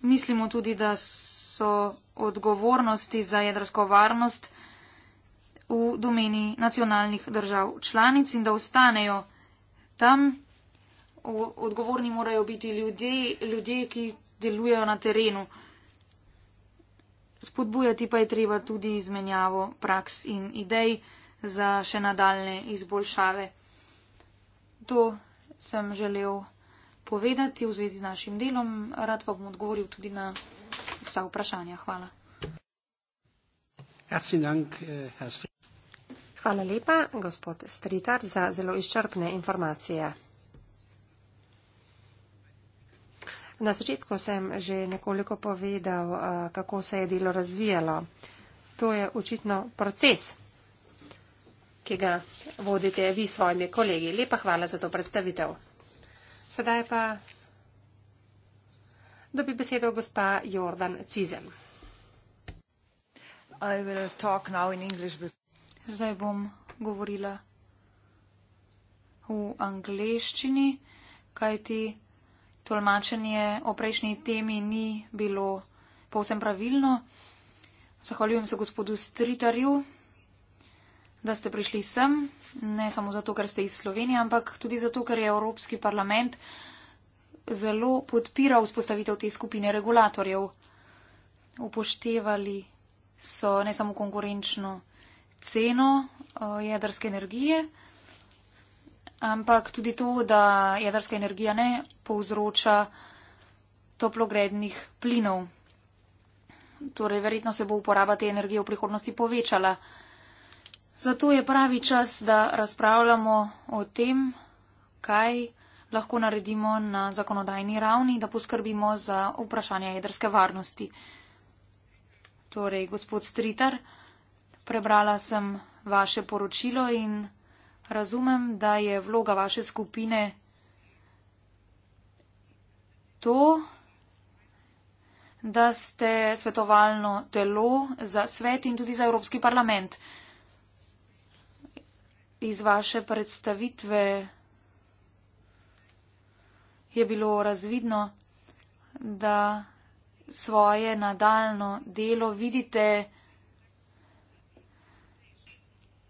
Mislimo tudi, da so odgovornosti za jedrsko varnost v domeni nacionalnih držav članic in da ostanejo tam. Odgovorni morajo biti ljudje, ljudje ki delujejo na terenu. Spodbujati pa je treba tudi izmenjavo praks in idej za še nadaljne izboljšave. To sem želel povedati v zvezi z našim delom. Rad pa bom odgovoril tudi na vsa vprašanja. Hvala. Eh, Hvala lepa, gospod Stritar, za zelo izčrpne informacije. Na začetku sem že nekoliko povedal, eh, kako se je delo razvijalo. To je očitno proces, ki ga vodite vi s svojimi kolegi. Lepa hvala za to predstavitev. Sedaj pa dobi besedo gospa Jordan Cizel. Zdaj bom govorila v angleščini, kajti tolmačenje o prejšnji temi ni bilo povsem pravilno. Zahvaljujem se gospodu Stritarju, da ste prišli sem, ne samo zato, ker ste iz Slovenije, ampak tudi zato, ker je Evropski parlament zelo podpiral vzpostavitev te skupine regulatorjev. Upoštevali so ne samo konkurenčno ceno eh, jedrske energije, ampak tudi to, da jedrska energija ne povzroča toplogrednih plinov. Torej, verjetno se bo uporaba te energije v prihodnosti povečala. Zato je pravi čas, da razpravljamo o tem, kaj lahko naredimo na zakonodajni ravni, da poskrbimo za vprašanje jedrske varnosti. Torej, gospod Stritar, prebrala sem vaše poročilo in. Razumem, da je vloga vaše skupine to, da ste svetovalno telo za svet in tudi za Evropski parlament. Iz vaše predstavitve je bilo razvidno, da svoje nadaljno delo vidite,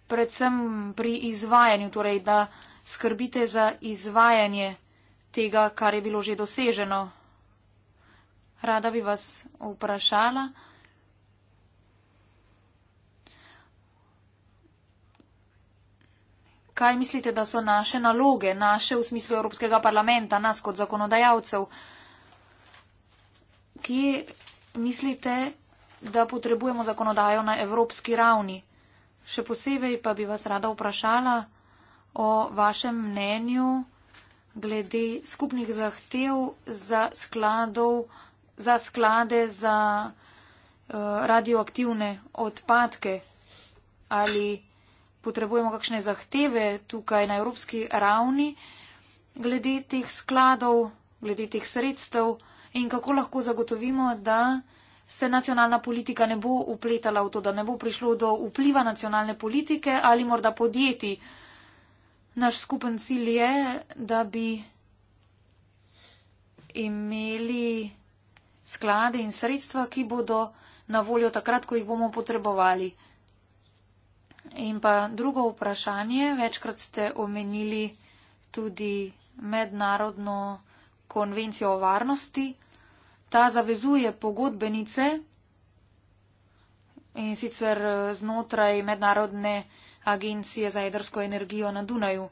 predvsem pri izvajanju, torej da skrbite za izvajanje tega, kar je bilo že doseženo. Rada bi vas vprašala, kaj mislite, da so naše naloge, naše v smislu Evropskega parlamenta, nas kot zakonodajalcev, kje mislite, da potrebujemo zakonodajo na evropski ravni? Še posebej pa bi vas rada vprašala o vašem mnenju glede skupnih zahtev za, skladov, za sklade za eh, radioaktivne odpadke. Ali potrebujemo kakšne zahteve tukaj na evropski ravni glede teh skladov, glede teh sredstev in kako lahko zagotovimo, da se nacionalna politika ne bo upletala v to, da ne bo prišlo do vpliva nacionalne politike ali morda podjetij. Naš skupen cilj je, da bi imeli sklade in sredstva, ki bodo na voljo takrat, ko jih bomo potrebovali. In pa drugo vprašanje, večkrat ste omenili tudi mednarodno konvencijo o varnosti. Ta zavezuje pogodbenice in sicer znotraj mednarodne agencije za jedrsko energijo na Dunaju.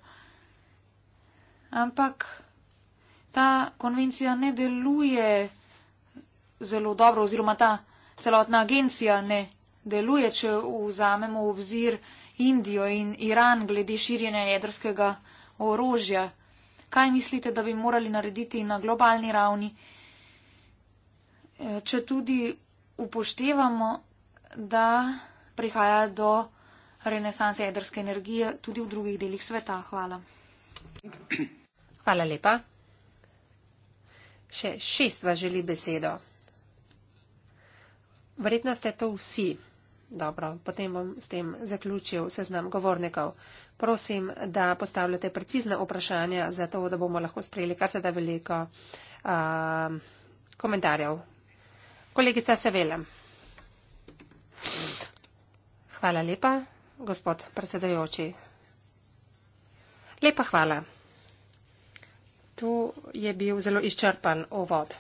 Ampak ta konvencija ne deluje zelo dobro oziroma ta celotna agencija ne deluje, če vzamemo v vzir Indijo in Iran glede širjenja jedrskega orožja. Kaj mislite, da bi morali narediti na globalni ravni? če tudi upoštevamo, da prihaja do renesanse jedrske energije tudi v drugih delih sveta. Hvala. Hvala lepa. Še šest vas želi besedo. Verjetno ste to vsi. Dobro, potem bom s tem zaključil seznam govornikov. Prosim, da postavljate precizne vprašanja, zato da bomo lahko sprejeli kar se da veliko uh, komentarjev. Kolegica Sevela. Hvala lepa, gospod predsedajoči. Lepa hvala. Tu je bil zelo izčrpan uvod.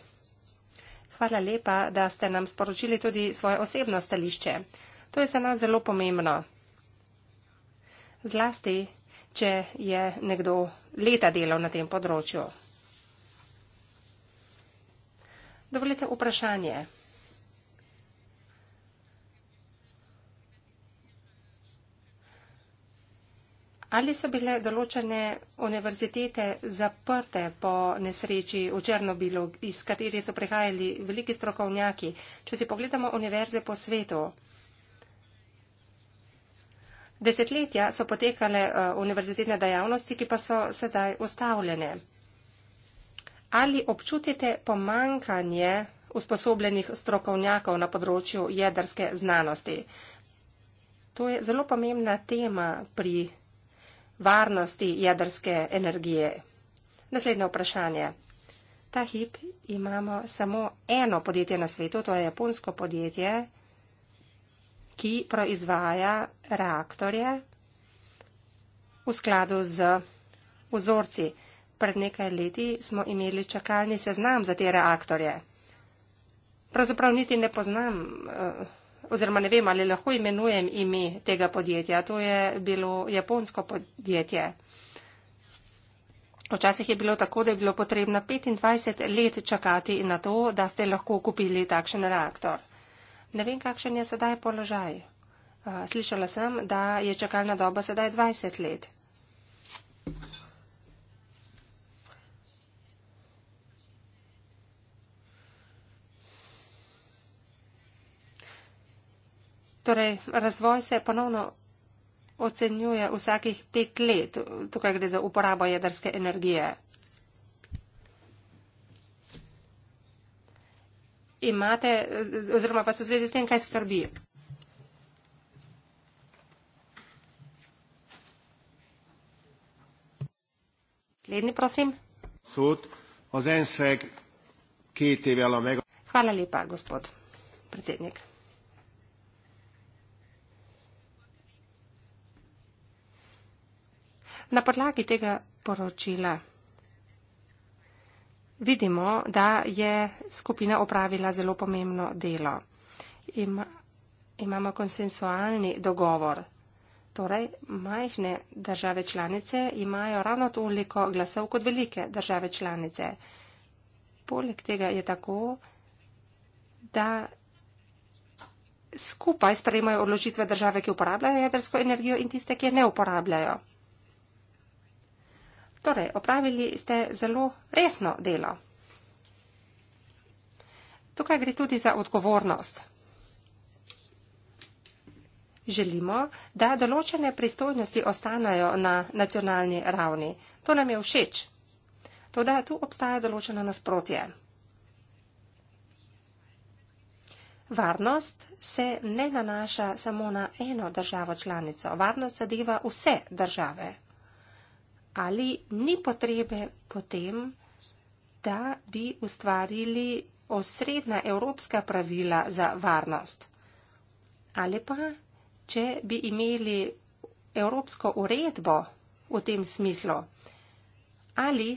Hvala lepa, da ste nam sporočili tudi svoje osebno stališče. To je za nas zelo pomembno. Zlasti, če je nekdo leta delal na tem področju. Dovolite vprašanje. Ali so bile določene univerzitete zaprte po nesreči v Černobilu, iz katerih so prihajali veliki strokovnjaki? Če si pogledamo univerze po svetu, desetletja so potekale eh, univerzitetne dejavnosti, ki pa so sedaj ustavljene. Ali občutite pomankanje usposobljenih strokovnjakov na področju jedrske znanosti? To je zelo pomembna tema pri varnosti jedrske energije. Naslednje vprašanje. Ta hip imamo samo eno podjetje na svetu, to je japonsko podjetje, ki proizvaja reaktorje v skladu z vzorci. Pred nekaj leti smo imeli čakalni seznam za te reaktorje. Pravzaprav niti ne poznam. Uh, oziroma ne vem, ali lahko imenujem ime tega podjetja. To je bilo japonsko podjetje. Včasih je bilo tako, da je bilo potrebno 25 let čakati na to, da ste lahko kupili takšen reaktor. Ne vem, kakšen je sedaj položaj. Uh, slišala sem, da je čakalna doba sedaj 20 let. Torej, razvoj se ponovno ocenjuje vsakih pet let, tukaj gre za uporabo jedrske energije. Imate, oziroma vas v zvezi s tem, kaj skrbi? Slednji, prosim. Sud, ozen sveg, ki ti velo mega. Hvala lepa, gospod predsednik. Na podlagi tega poročila vidimo, da je skupina opravila zelo pomembno delo. Ima, imamo konsensualni dogovor. Torej, majhne države članice imajo ravno toliko glasov kot velike države članice. Poleg tega je tako, da skupaj sprejmajo odložitve države, ki uporabljajo jedrsko energijo in tiste, ki je ne uporabljajo. Torej, opravili ste zelo resno delo. Tukaj gre tudi za odgovornost. Želimo, da določene pristojnosti ostanajo na nacionalni ravni. To nam je všeč. Toda tu obstaja določeno nasprotje. Varnost se ne nanaša samo na eno državo članico. Varnost zadeva vse države ali ni potrebe potem, da bi ustvarili osredna evropska pravila za varnost. Ali pa, če bi imeli evropsko uredbo v tem smislu, ali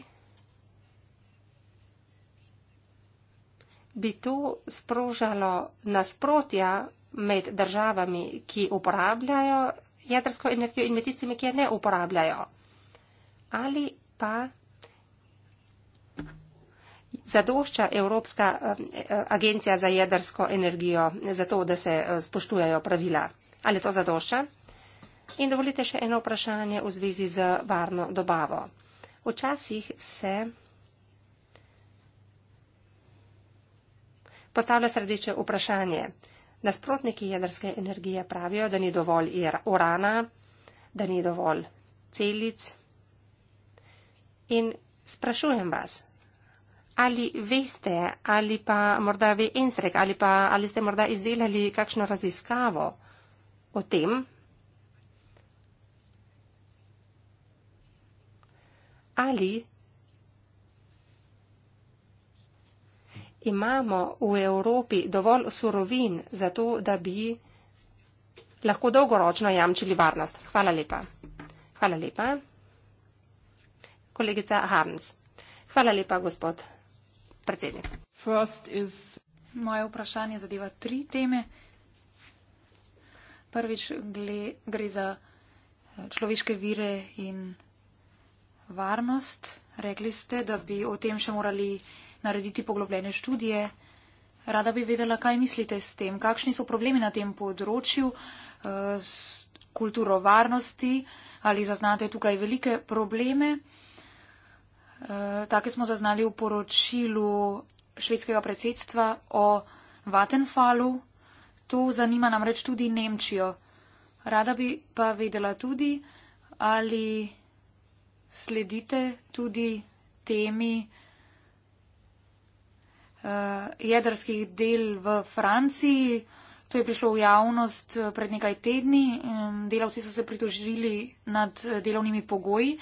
bi to sprožalo nasprotja med državami, ki uporabljajo jedrsko energijo in med tistimi, ki je ne uporabljajo ali pa zadošča Evropska eh, eh, agencija za jedrsko energijo za to, da se eh, spoštujajo pravila. Ali to zadošča? In dovolite še eno vprašanje v zvezi z varno dobavo. Včasih se postavlja središče vprašanje. Nasprotniki jedrske energije pravijo, da ni dovolj urana, da ni dovolj celic, In sprašujem vas, ali veste, ali pa morda ve Ensrek, ali pa ali ste morda izdelali kakšno raziskavo o tem, ali imamo v Evropi dovolj surovin za to, da bi lahko dolgoročno jamčili varnost. Hvala lepa. Hvala lepa kolegica Harms. Hvala lepa, gospod predsednik. Is... Moje vprašanje zadeva tri teme. Prvič gle, gre za eh, človeške vire in varnost. Rekli ste, da bi o tem še morali narediti poglobljene študije. Rada bi vedela, kaj mislite s tem, kakšni so problemi na tem področju eh, s kulturo varnosti ali zaznate tukaj velike probleme. Eh, take smo zaznali v poročilu švedskega predsedstva o Vatenfalu. To zanima namreč tudi Nemčijo. Rada bi pa vedela tudi, ali sledite tudi temi uh, jedrskih del v Franciji. To je prišlo v javnost eh, pred nekaj tedni. Delavci so se pritožili nad delovnimi pogoji. Uh,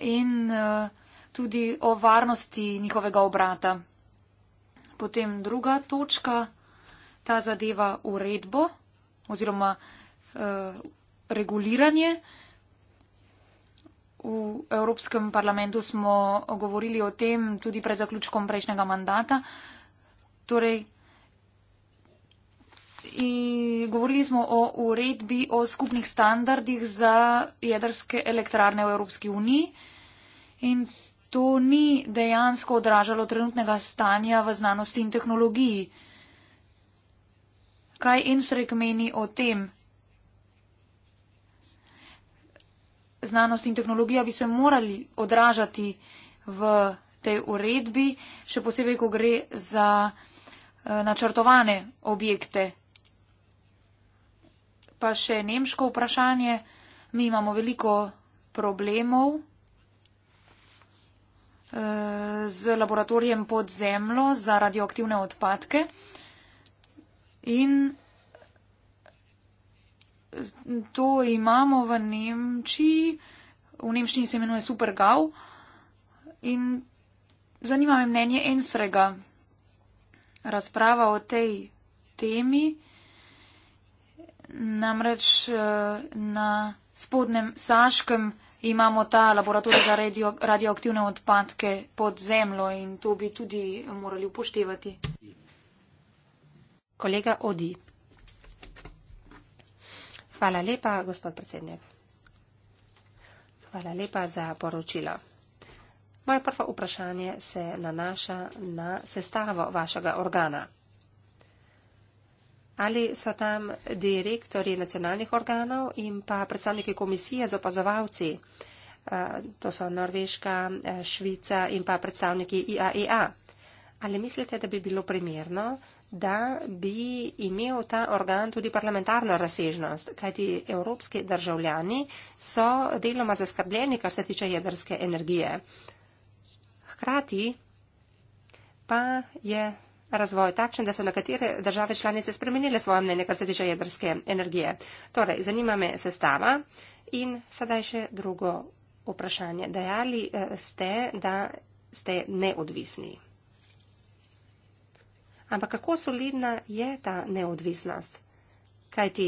in uh, tudi o varnosti njihovega obrata. Potem druga točka, ta zadeva uredbo oziroma uh, reguliranje. V Evropskem parlamentu smo govorili o tem tudi pred zaključkom prejšnjega mandata. Torej, govorili smo o uredbi o skupnih standardih za jedrske elektrarne v Evropski uniji in to ni dejansko odražalo trenutnega stanja v znanosti in tehnologiji. Kaj Insrek meni o tem? Znanost in tehnologija bi se morali odražati v tej uredbi, še posebej, ko gre za eh, načrtovane objekte pa še nemško vprašanje. Mi imamo veliko problemov eh, z laboratorijem pod zemljo za radioaktivne odpadke in eh, to imamo v Nemčiji, v Nemščini se imenuje Supergau in zanima me mnenje Ensrega. Razprava o tej temi namreč eh, na spodnem Saškem imamo ta laboratorij za radio, radioaktivne odpadke pod zemljo in to bi tudi morali upoštevati. Kolega Odi. Hvala lepa, gospod predsednik. Hvala lepa za poročilo. Moje prvo vprašanje se nanaša na sestavo vašega organa. Ali so tam direktori nacionalnih organov in pa predstavniki komisije z opazovalci? Eh, to so Norveška, eh, Švica in pa predstavniki IAEA. E Ali mislite, da bi bilo primerno, da bi imel ta organ tudi parlamentarno razsežnost? Kajti evropski državljani so deloma zaskrbljeni, kar se tiče jedrske energije. Hkrati pa je Razvoj je takšen, da so nekatere države članice spremenile svoje mnenje, kar se tiče jedrske energije. Torej, zanima me sestava in sedaj še drugo vprašanje. Dajali eh, ste, da ste neodvisni. Ampak kako solidna je ta neodvisnost? Kaj ti?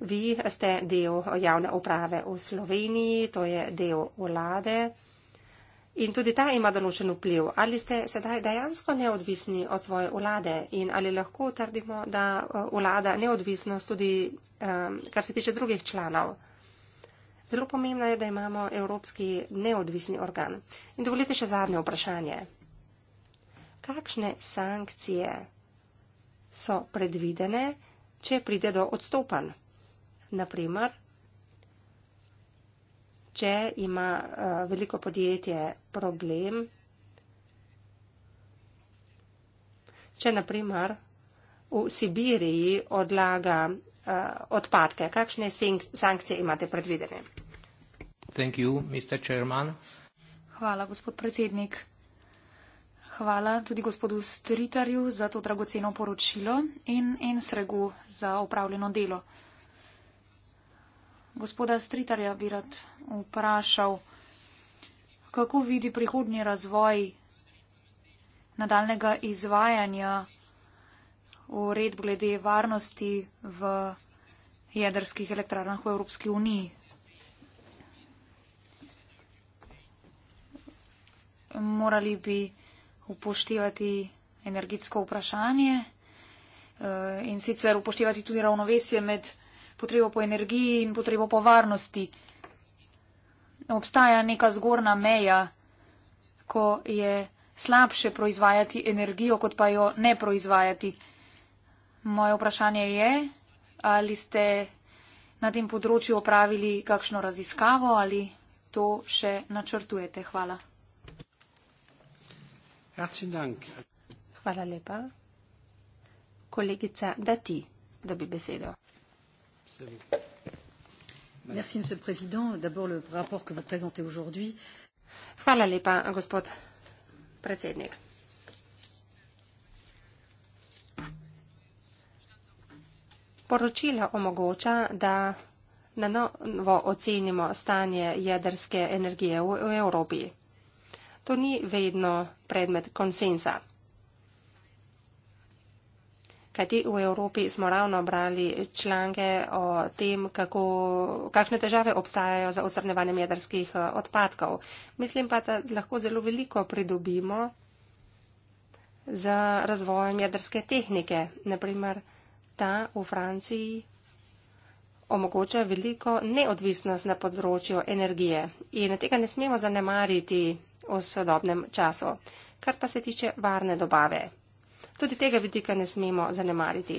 Vi ste del javne uprave v Sloveniji, to je del vlade. In tudi ta ima določen vpliv. Ali ste sedaj dejansko neodvisni od svoje vlade in ali lahko trdimo, da eh, vlada neodvisnost tudi, kar se tiče drugih članov. Zelo pomembno je, da imamo evropski neodvisni organ. In dovolite še zadnje vprašanje. Kakšne sankcije so predvidene, če pride do odstopanj? Naprimer, če ima uh, veliko podjetje problem, če naprimer v Sibiriji odlaga uh, odpadke, kakšne sankcije imate predvidene? Thank you, Mr. Chairman. Hvala, gospod predsednik. Hvala tudi gospodu Stritarju za to dragoceno poročilo in Ensregu za upravljeno delo. Gospoda Stritarja bi rad vprašal, kako vidi prihodnji razvoj nadaljnega izvajanja ured glede varnosti v jedrskih elektrarnah v Evropski uniji. Morali bi upoštevati energetsko vprašanje eh, in sicer upoštevati tudi ravnovesje med potrebo po energiji in potrebo po varnosti. Obstaja neka zgorna meja, ko je slabše proizvajati energijo, kot pa jo ne proizvajati. Moje vprašanje je, ali ste na tem področju opravili kakšno raziskavo ali to še načrtujete. Hvala. Hvala lepa. Kolegica, da ti dobi besedo. Merci, Monsieur le Président. D'abord, le rapport que vous présentez aujourd'hui. Hvala lepa, gospod predsednik. Poročilo omogoča, da na novo ocenimo stanje jedrske energije v Evropi. To ni vedno predmet konsensa kajti v Evropi smo ravno brali članke o tem, kako, kakšne težave obstajajo za osrnevanjem jedrskih eh, odpadkov. Mislim pa, da lahko zelo veliko pridobimo z razvojem jedrske tehnike. Naprimer, ta v Franciji omogoča veliko neodvisnost na področju energije in tega ne smemo zanemariti v sodobnem času. Kar pa se tiče varne dobave tudi tega vidika ne smemo zanemariti.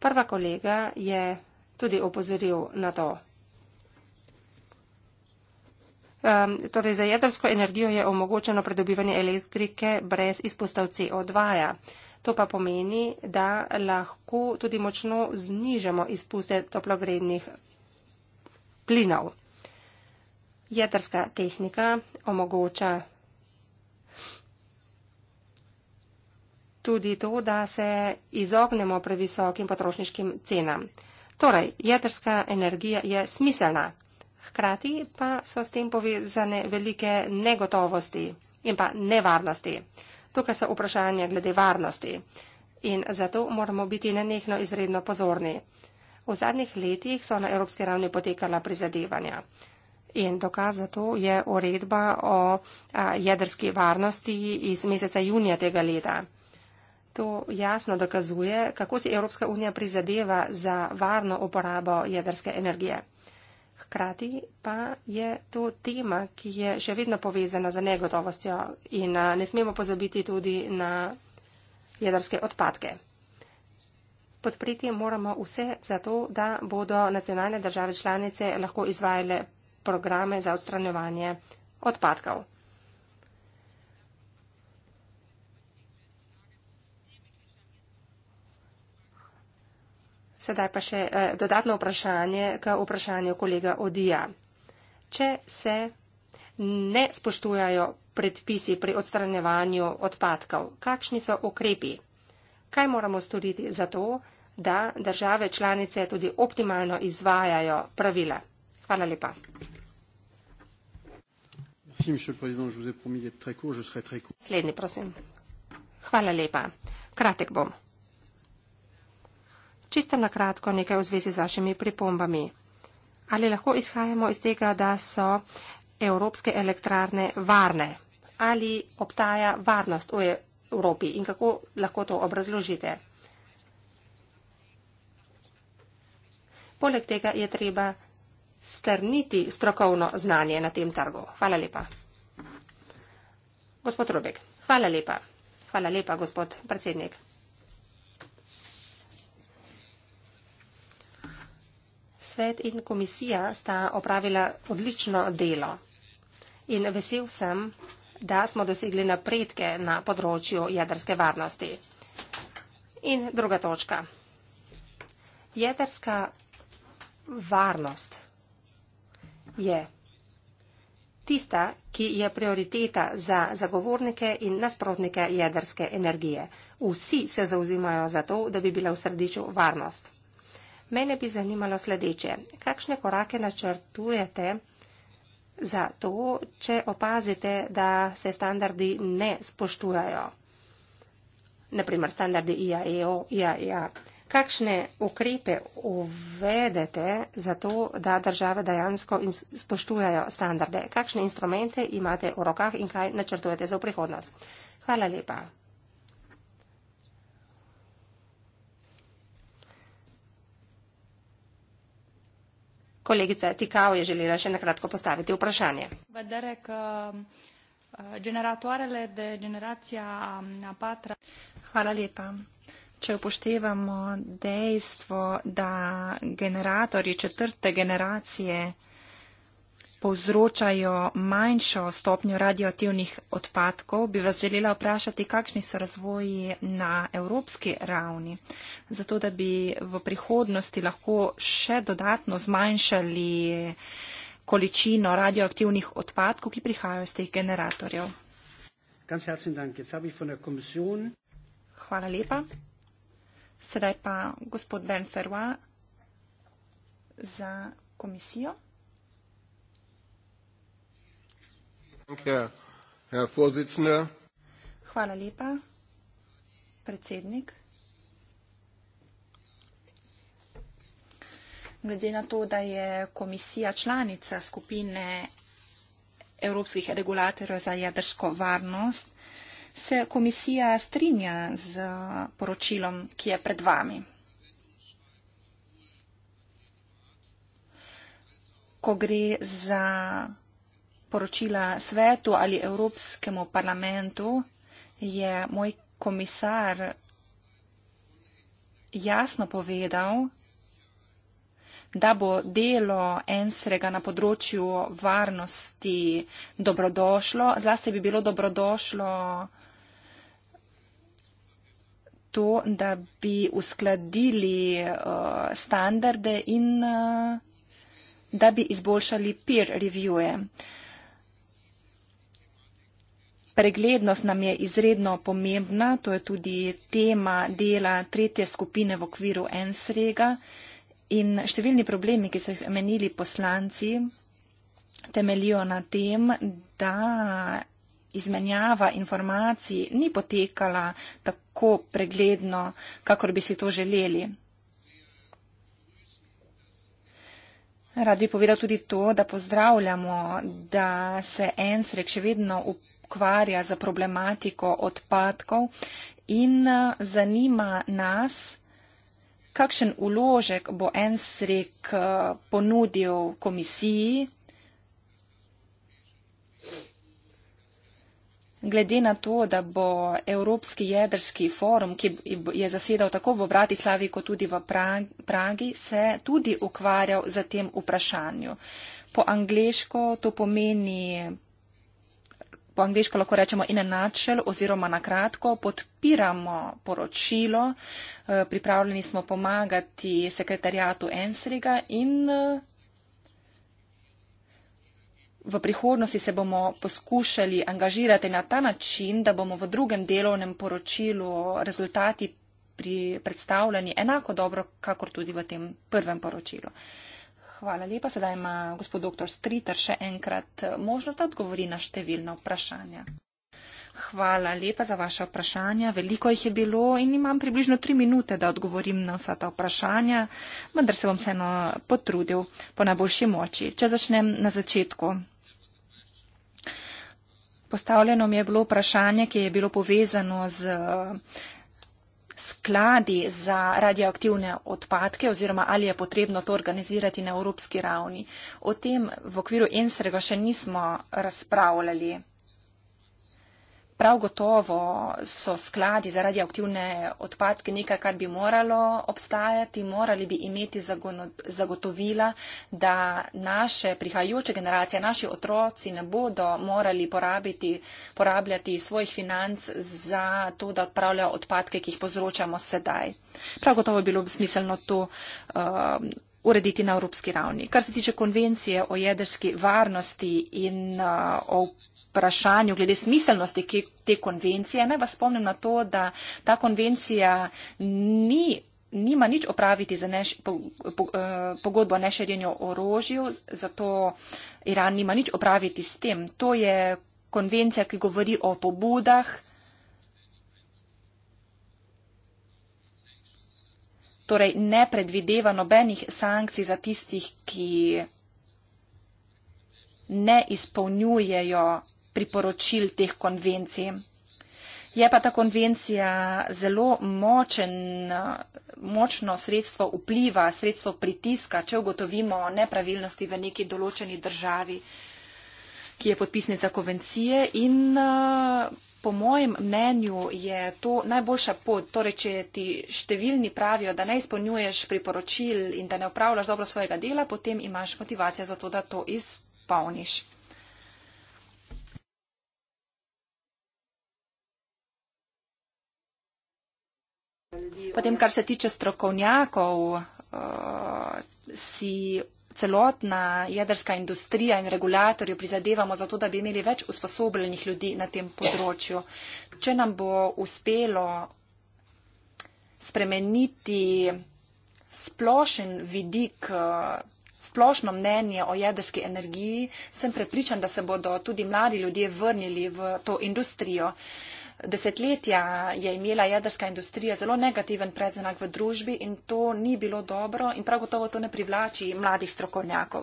Prva kolega je tudi opozoril na to. Um, torej za jedrsko energijo je omogočeno predobivanje elektrike brez izpustov CO2. -ja. To pa pomeni, da lahko tudi močno znižamo izpuste toplogrednih plinov. Jedrska tehnika omogoča tudi to, da se izognemo previsokim potrošniškim cenam. Torej, jedrska energija je smiselna, hkrati pa so s tem povezane velike negotovosti in pa nevarnosti. Tukaj so vprašanja glede varnosti in zato moramo biti nenehno izredno pozorni. V zadnjih letih so na evropski ravni potekala prizadevanja in dokaz za to je uredba o jedrski varnosti iz meseca junija tega leta. To jasno dokazuje, kako si Evropska unija prizadeva za varno uporabo jedrske energije. Hkrati pa je to tema, ki je še vedno povezana z negotovostjo in ne smemo pozabiti tudi na jedrske odpadke. Podpreti moramo vse za to, da bodo nacionalne države članice lahko izvajale programe za odstranjevanje odpadkov. Sedaj pa še eh, dodatno vprašanje k vprašanju kolega Odija. Če se ne spoštujajo predpisi pri odstranjevanju odpadkov, kakšni so ukrepi? Kaj moramo storiti za to, da države članice tudi optimalno izvajajo pravila? Hvala lepa. Slednji, prosim. Hvala lepa. Kratek bom. Čisto na kratko nekaj v zvezi z vašimi pripombami. Ali lahko izhajamo iz tega, da so evropske elektrarne varne? Ali obstaja varnost v Evropi in kako lahko to obrazložite? Poleg tega je treba strniti strokovno znanje na tem trgu. Hvala lepa. Gospod Rubek. Hvala lepa. Hvala lepa, gospod predsednik. Svet in komisija sta opravila odlično delo in vesel sem, da smo dosegli napredke na področju jedrske varnosti. In druga točka. Jedrska varnost je tista, ki je prioriteta za zagovornike in nasprotnike jedrske energije. Vsi se zauzimajo za to, da bi bila v središču varnost. Mene bi zanimalo sledeče. Kakšne korake načrtujete za to, če opazite, da se standardi ne spoštujajo? Naprimer, standardi IAEO, IAEA. E Kakšne ukrepe uvedete za to, da države dejansko spoštujajo standarde? Kakšne instrumente imate v rokah in kaj načrtujete za prihodnost? Hvala lepa. Kolegica Tikao je želela še nakratko postaviti vprašanje. Uh, uh, um, Hvala lepa. Če upoštevamo dejstvo, da generatorji četrte generacije povzročajo manjšo stopnjo radioaktivnih odpadkov, bi vas želela vprašati, kakšni so razvoji na evropski ravni, zato da bi v prihodnosti lahko še dodatno zmanjšali količino radioaktivnih odpadkov, ki prihajajo iz teh generatorjev. Hvala lepa. Sedaj pa gospod Ben Ferroa za komisijo. Hvala lepa, predsednik. Glede na to, da je komisija članica skupine evropskih regulatorjev za jedrsko varnost, se komisija strinja z poročilom, ki je pred vami. Ko gre za poročila svetu ali Evropskemu parlamentu, je moj komisar jasno povedal, da bo delo Ensrega na področju varnosti dobrodošlo. Zase bi bilo dobrodošlo to, da bi uskladili uh, standarde in uh, da bi izboljšali peer review. -e. Uh, Preglednost nam je izredno pomembna, to je tudi tema dela tretje skupine v okviru NSREGA in številni problemi, ki so jih menili poslanci, temelijo na tem, da izmenjava informacij ni potekala tako pregledno, kakor bi si to želeli. Rad bi povedal tudi to, da pozdravljamo, da se ENSREG še vedno upravlja ukvarja z problematiko odpadkov in eh, zanima nas, kakšen uložek bo Ensrek eh, ponudil komisiji. Glede na to, da bo Evropski jedrski forum, ki je zasedal tako v Bratislavi kot tudi v Pragi, se tudi ukvarjal z tem vprašanjem. Po angliško to pomeni po angliško lahko rečemo in enačel oziroma na kratko podpiramo poročilo, eh, pripravljeni smo pomagati sekretarijatu Ensriga in eh, v prihodnosti se bomo poskušali angažirati na ta način, da bomo v drugem delovnem poročilu rezultati pri predstavljanju enako dobro, kakor tudi v tem prvem poročilu. Hvala lepa. Sedaj ima gospod dr. Striter še enkrat možnost, da odgovori na številna vprašanja. Hvala lepa za vaše vprašanja. Veliko jih je bilo in imam približno tri minute, da odgovorim na vsa ta vprašanja, vendar se bom vseeno potrudil po najboljši moči. Če začnem na začetku. Postavljeno mi je bilo vprašanje, ki je bilo povezano z skladi za radioaktivne odpadke oziroma ali je potrebno to organizirati na evropski ravni. O tem v okviru ENSREGA še nismo razpravljali. Prav gotovo so skladi za radioaktivne odpadke nekaj, kar bi moralo obstajati, morali bi imeti zagotovila, da naše prihajajoče generacije, naši otroci ne bodo morali porabiti, porabljati svojih financ za to, da odpravljajo odpadke, ki jih povzročamo sedaj. Prav gotovo bi bilo smiselno to. Uh, urediti na evropski ravni. Kar se tiče konvencije o jedrski varnosti in uh, o vprašanju glede smiselnosti te konvencije. Naj vas spomnim na to, da ta konvencija ni, nima nič opraviti za neš, po, po, eh, pogodbo o neširjenju orožju, zato Iran nima nič opraviti s tem. To je konvencija, ki govori o pobudah. Torej, ne predvideva nobenih sankcij za tistih, ki ne izpolnjujejo priporočil teh konvencij. Je pa ta konvencija zelo močen, močno sredstvo vpliva, sredstvo pritiska, če ugotovimo nepravilnosti v neki določeni državi, ki je podpisnica konvencije. In po mojem mnenju je to najboljša pot. Torej, če ti številni pravijo, da ne izpolnjuješ priporočil in da ne upravljaš dobro svojega dela, potem imaš motivacijo za to, da to izpolniš. Potem, kar se tiče strokovnjakov, eh, si celotna jedrska industrija in regulatorju prizadevamo za to, da bi imeli več usposobljenih ljudi na tem področju. Če nam bo uspelo spremeniti splošen vidik, eh, splošno mnenje o jedrski energiji, sem prepričan, da se bodo tudi mladi ljudje vrnili v to industrijo. Uh, desetletja je imela jedrska industrija zelo negativen predznak v družbi in to ni bilo dobro in prav gotovo to ne privlači mladih strokovnjakov.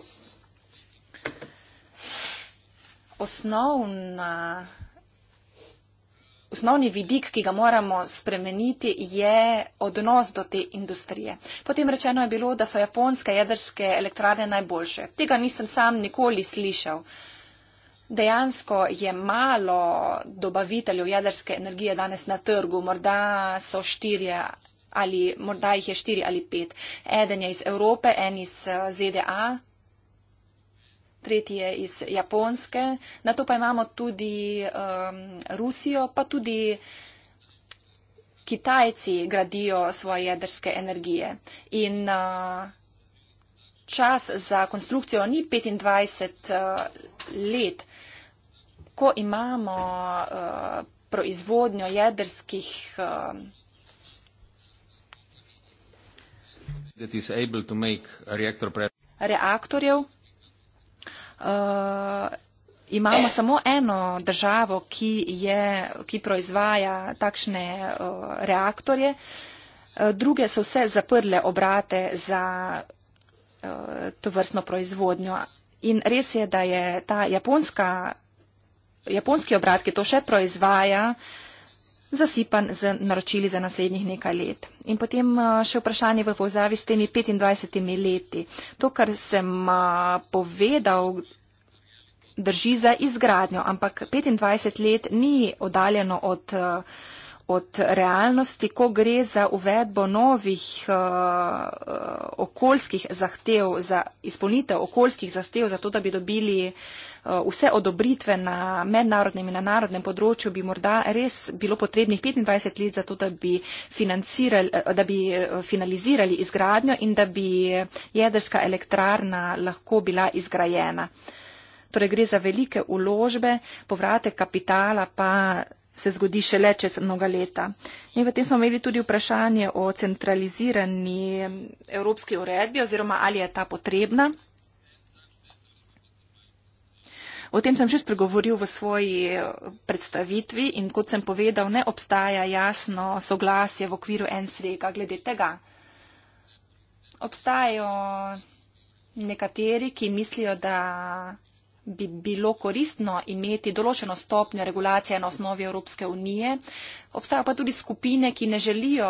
Osnovna, osnovni vidik, ki ga moramo spremeniti, je odnos do te industrije. Potem rečeno je bilo, da so japonske jedrske elektrarne najboljše. Tega nisem sam nikoli slišal. Uh, Dejansko je malo dobaviteljev jedrske energije danes na trgu, morda so štirje ali morda jih je štiri ali pet. Eden je iz Evrope, en iz eh, ZDA, tretji je iz Japonske, na to pa imamo tudi um, Rusijo, pa tudi Kitajci gradijo svoje jedrske energije. In uh, čas za konstrukcijo ni 25 eh, let, ko imamo eh, proizvodnjo jedrskih eh, reaktorjev. Imamo samo eno državo, ki proizvaja takšne reaktorje. Druge so vse zaprle obrate za proizvodnjo. Eh, to vrstno proizvodnjo. In res je, da je ta japonska, japonski obrat, ki to še proizvaja, zasipan z naročili za naslednjih nekaj let. In potem eh, še vprašanje v povzavi s temi 25 leti. To, kar sem eh, povedal, drži za izgradnjo, ampak 25 let ni oddaljeno od. Uh, od realnosti, ko gre za uvedbo novih uh, okoljskih zahtev, za izpolnitev okoljskih zahtev, za to, da bi dobili eh, Vse odobritve na mednarodnem in na narodnem področju bi morda res bilo potrebnih 25 let za to, da bi, da bi finalizirali izgradnjo in da bi jedrska elektrarna lahko bila izgrajena. Torej gre za velike uložbe, povratek kapitala pa se zgodi šele čez mnoga leta. In v tem smo imeli tudi vprašanje o centralizirani evropski uredbi oziroma ali je ta potrebna. O tem sem že spregovoril v svoji eh, predstavitvi in kot sem povedal, ne obstaja jasno soglasje v okviru ensrega glede tega. Obstajajo nekateri, ki mislijo, da bi bilo koristno imeti določeno stopnjo regulacije na osnovi Evropske unije. Obstajajo pa tudi skupine, ki ne želijo,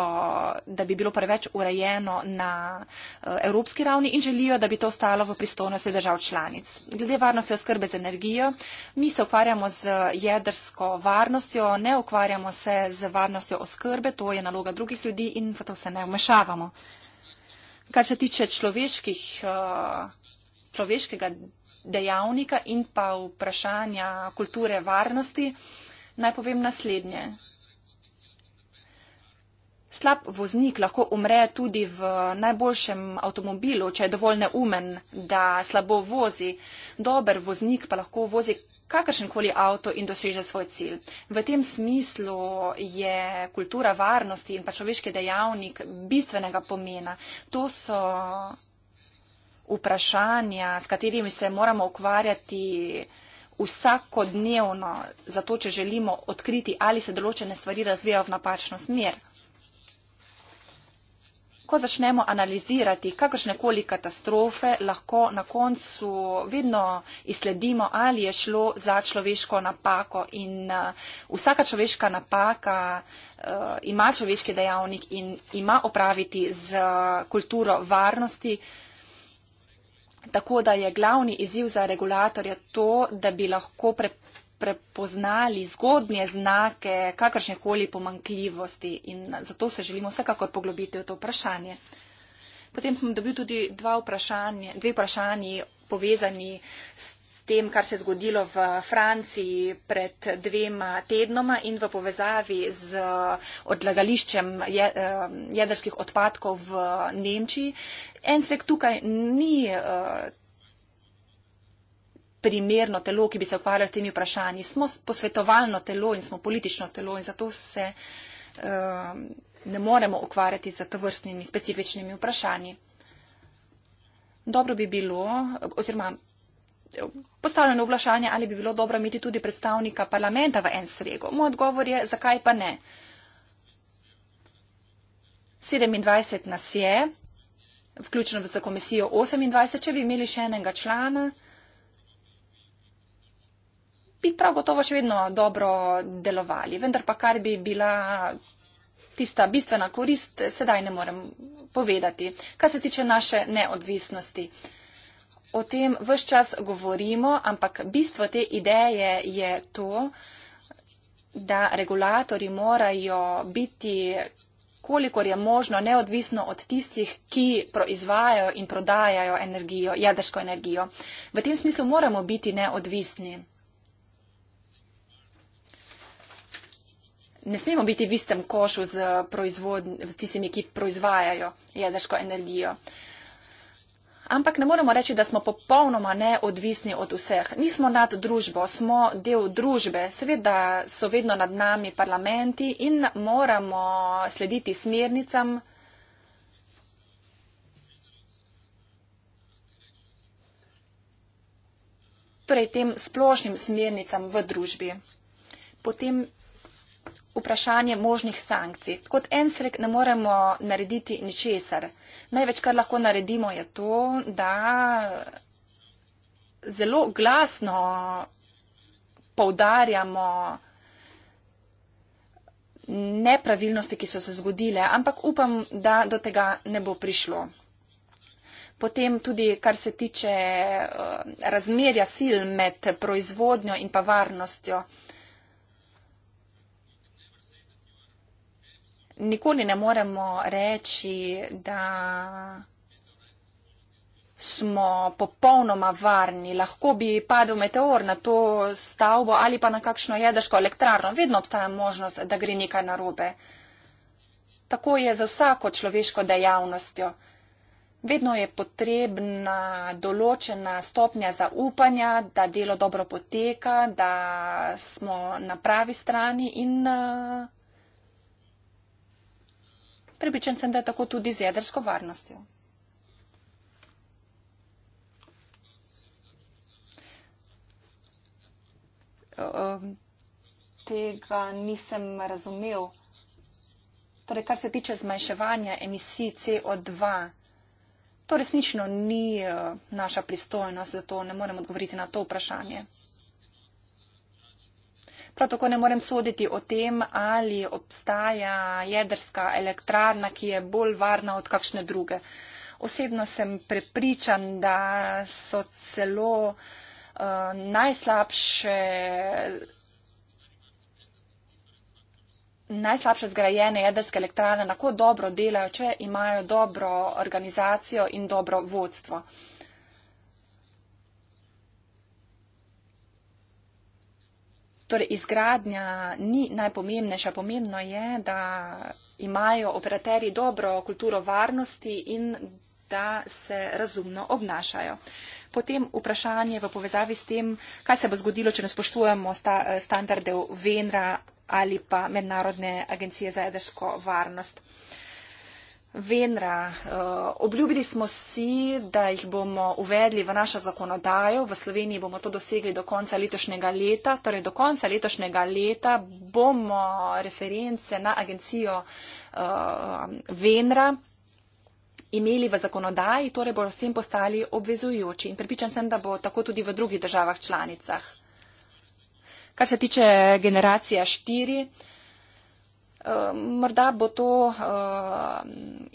da bi bilo preveč urejeno na eh, evropski ravni in želijo, da bi to ostalo v pristojnosti držav članic. Glede varnosti oskrbe z energijo, mi se ukvarjamo z jedrsko varnostjo, ne ukvarjamo se z varnostjo oskrbe, to je naloga drugih ljudi in v to se ne vmešavamo. Kar se tiče človeških, eh, človeškega dejavnika in pa vprašanja kulture varnosti, naj povem naslednje. Slab voznik lahko umre tudi v najboljšem avtomobilu, če je dovolj neumen, da slabo vozi. Dober voznik pa lahko vozi kakršenkoli avto in doseže svoj cilj. V tem smislu je kultura varnosti in pa človeški dejavnik bistvenega pomena. To so vprašanja, s katerimi se moramo ukvarjati vsakodnevno, zato če želimo odkriti, ali se določene stvari razvijajo v napačno smer. Ko začnemo analizirati, kakršnekoli katastrofe, lahko na koncu vedno izsledimo, ali je šlo za človeško napako. In uh, vsaka človeška napaka uh, ima človeški dejavnik in ima opraviti z uh, kulturo varnosti, uh, Tako da je glavni izziv za regulatorja to, da bi lahko prepoznali zgodnje znake kakršnekoli pomankljivosti in zato se želimo vsekakor poglobiti v to vprašanje. Potem smo dobili tudi dve vprašanji povezani s tem, kar se je zgodilo v Franciji pred dvema tednoma in v povezavi z eh, odlagališčem eh, jedrskih odpadkov v Nemčiji. En svek tukaj ni eh, primerno telo, ki bi se ukvarjalo s temi vprašanji. Smo posvetovalno telo in smo politično telo in zato se ne moremo ukvarjati z tovrstnimi specifičnimi vprašanji. Dobro bi bilo, oziroma postavljeno vprašanje, ali bi bilo dobro imeti tudi predstavnika parlamenta v en srego. Moj odgovor je, zakaj pa ne. 27 nas je, vključno za komisijo 28, če bi imeli še enega člana, bi prav gotovo še vedno dobro delovali. Vendar pa kar bi bila tista bistvena korist, sedaj ne morem povedati. Kar se tiče naše neodvisnosti. Uh, o tem vse čas govorimo, ampak bistvo te ideje je to, da regulatori morajo biti kolikor je možno neodvisno od tistih, ki proizvajajo in prodajajo energijo, jedrsko energijo. V tem smislu moramo biti neodvisni. Ne smemo biti v istem košu z, z tistimi, ki proizvajajo jedrsko energijo. Uh, ampak ne moremo reči, da smo popolnoma neodvisni od vseh. Nismo nad družbo, smo del družbe. Seveda so vedno nad nami parlamenti in moramo slediti smernicam. Torej, tem splošnim smernicam v družbi. Potem vprašanje možnih sankcij. Kot en srek ne moremo narediti ničesar. Največ, kar lahko naredimo, je to, da zelo glasno poudarjamo nepravilnosti, ki so se zgodile, ampak upam, da do tega ne bo prišlo. Potem tudi, kar se tiče eh, razmerja sil med proizvodnjo in pa varnostjo. nikoli ne moremo reči, da smo popolnoma varni. Lahko bi padel meteor na to stavbo ali pa na kakšno jedrsko elektrarno. Vedno obstaja možnost, da gre nekaj narobe. Tako je za vsako človeško dejavnostjo. Vedno je potrebna določena stopnja zaupanja, da delo dobro poteka, da smo na pravi strani in Pripričan sem, da je tako tudi z jedrsko varnostjo. Tega nisem razumel. Torej, kar se tiče zmanjševanja emisij CO2, to resnično ni eh, naša pristojnost, zato ne morem odgovoriti na to vprašanje. Prav tako ne morem soditi o tem, ali obstaja jedrska elektrarna, ki je bolj varna od kakšne druge. Osebno sem prepričan, da so celo uh, najslabše. Najslabše zgrajene jedrske elektrane lahko dobro delajo, če imajo dobro organizacijo in dobro vodstvo. Uh, Torej, izgradnja ni najpomembnejša. Pomembno je, da imajo operaterji dobro kulturo varnosti in da se razumno obnašajo. Potem vprašanje v povezavi s tem, kaj se bo zgodilo, če ne spoštujemo sta, standardev Venra ali pa Mednarodne agencije za jedrsko varnost. Venra, eh, obljubili smo si, da jih bomo uvedli v našo zakonodajo. V Sloveniji bomo to dosegli do konca letošnjega leta. Torej, do konca letošnjega leta bomo reference na agencijo eh, Venra imeli v zakonodaji, torej bodo s tem postali obvezujoči. In pripričan sem, da bo tako tudi v drugih državah članicah. Kar se tiče generacija 4, Morda bo to eh,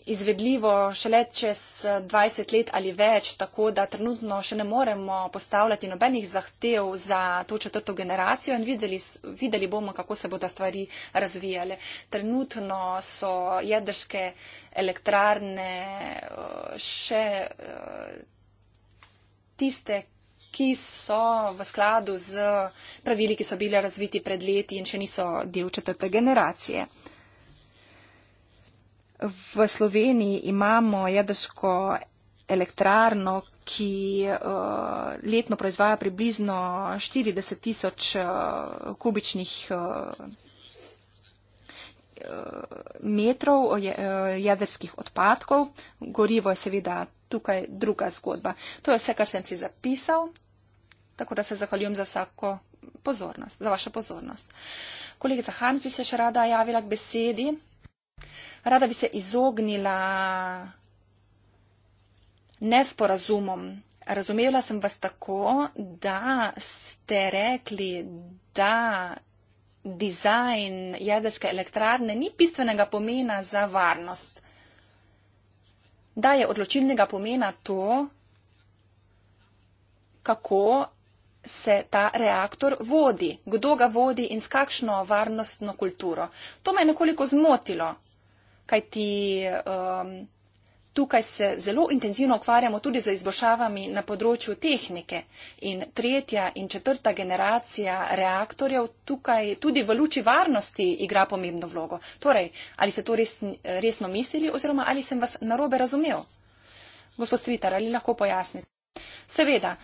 izvedljivo šele čez 20 let ali več, tako da trenutno še ne moremo postavljati nobenih zahtev za to četrto generacijo in videli, videli bomo, kako se bodo stvari razvijale. Trenutno so jedrske elektrarne eh, še eh, tiste, ki so v skladu z pravili, ki so bile razviti pred leti in še niso del četrte generacije. V Sloveniji imamo jedrsko elektrarno, ki uh, letno proizvaja približno 40 tisoč uh, kubičnih uh, metrov jedrskih odpadkov. Gorivo je seveda tukaj druga zgodba. To je vse, kar sem si zapisal. Tako da se zahvaljujem za vsako pozornost, za vašo pozornost. Kolegica Han bi se še rada javila k besedi. Rada bi se izognila nesporazumom. Razumela sem vas tako, da ste rekli, da dizajn jedrske elektrarne ni bistvenega pomena za varnost. Da je odločilnega pomena to, kako se ta reaktor vodi, kdo ga vodi in s kakšno varnostno kulturo. To me je nekoliko zmotilo, kajti um, tukaj se zelo intenzivno ukvarjamo tudi z izboljšavami na področju tehnike in tretja in četrta generacija reaktorjev tukaj tudi v luči varnosti igra pomembno vlogo. Torej, ali ste to res, resno mislili oziroma ali sem vas narobe razumel? Gospod Stritar, ali lahko pojasnite? Seveda.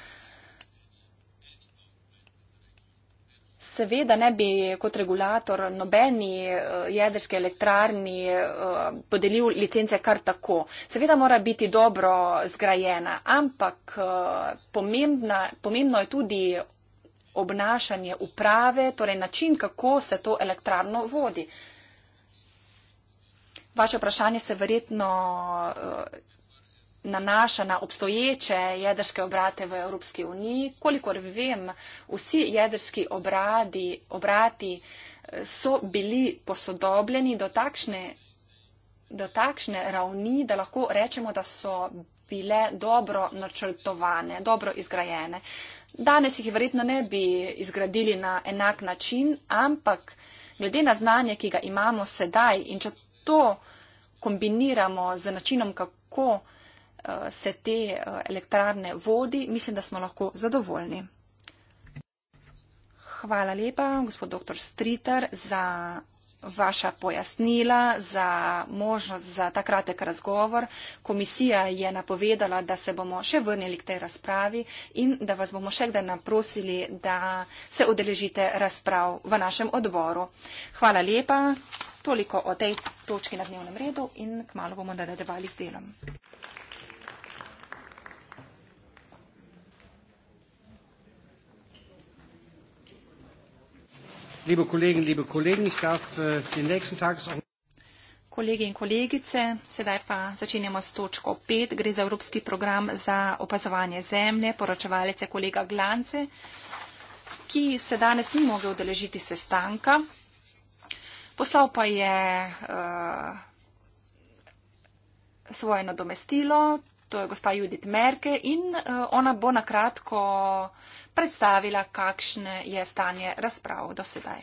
seveda ne bi kot regulator nobeni eh, jedrske elektrarni eh, podelil licence kar tako. Seveda mora biti dobro zgrajena, ampak eh, pomembna, pomembno je tudi obnašanje uprave, torej način, kako se to elektrarno vodi. Vaše vprašanje se verjetno nanaša na obstoječe jedrske obrate v Evropski uniji. Kolikor vem, vsi jedrski obradi, obrati eh, so bili posodobljeni do takšne, do takšne ravni, da lahko rečemo, da so bile dobro načrtovane, dobro izgrajene. Danes jih verjetno ne bi izgradili na enak način, ampak glede na znanje, ki ga imamo sedaj in če to kombiniramo z načinom, kako Eh, se te eh, elektrarne vodi, mislim, da smo lahko zadovoljni. Hvala lepa, gospod dr. Striter, za vaša pojasnila, za možnost za ta kratek razgovor. Komisija je napovedala, da se bomo še vrnili k tej razpravi in da vas bomo še kdaj naprosili, da se odeležite razprav v našem odboru. Hvala lepa, toliko o tej točki na dnevnem redu in kmalo bomo nadaljevali s delom. Liebe Kolleginnen, liebe Kollegen, ich darf äh, den nächsten Tagesordnung. Kolegi in kolegice, sedaj pa začenjamo s točko 5. Gre za Evropski program za opazovanje zemlje. Poročevalec je kolega Glance, ki se danes ni mogel deležiti sestanka. Poslal pa je uh, svoje nadomestilo, to je gospa Judith Merke in eh, ona bo na kratko predstavila, kakšne je stanje razprav do sedaj.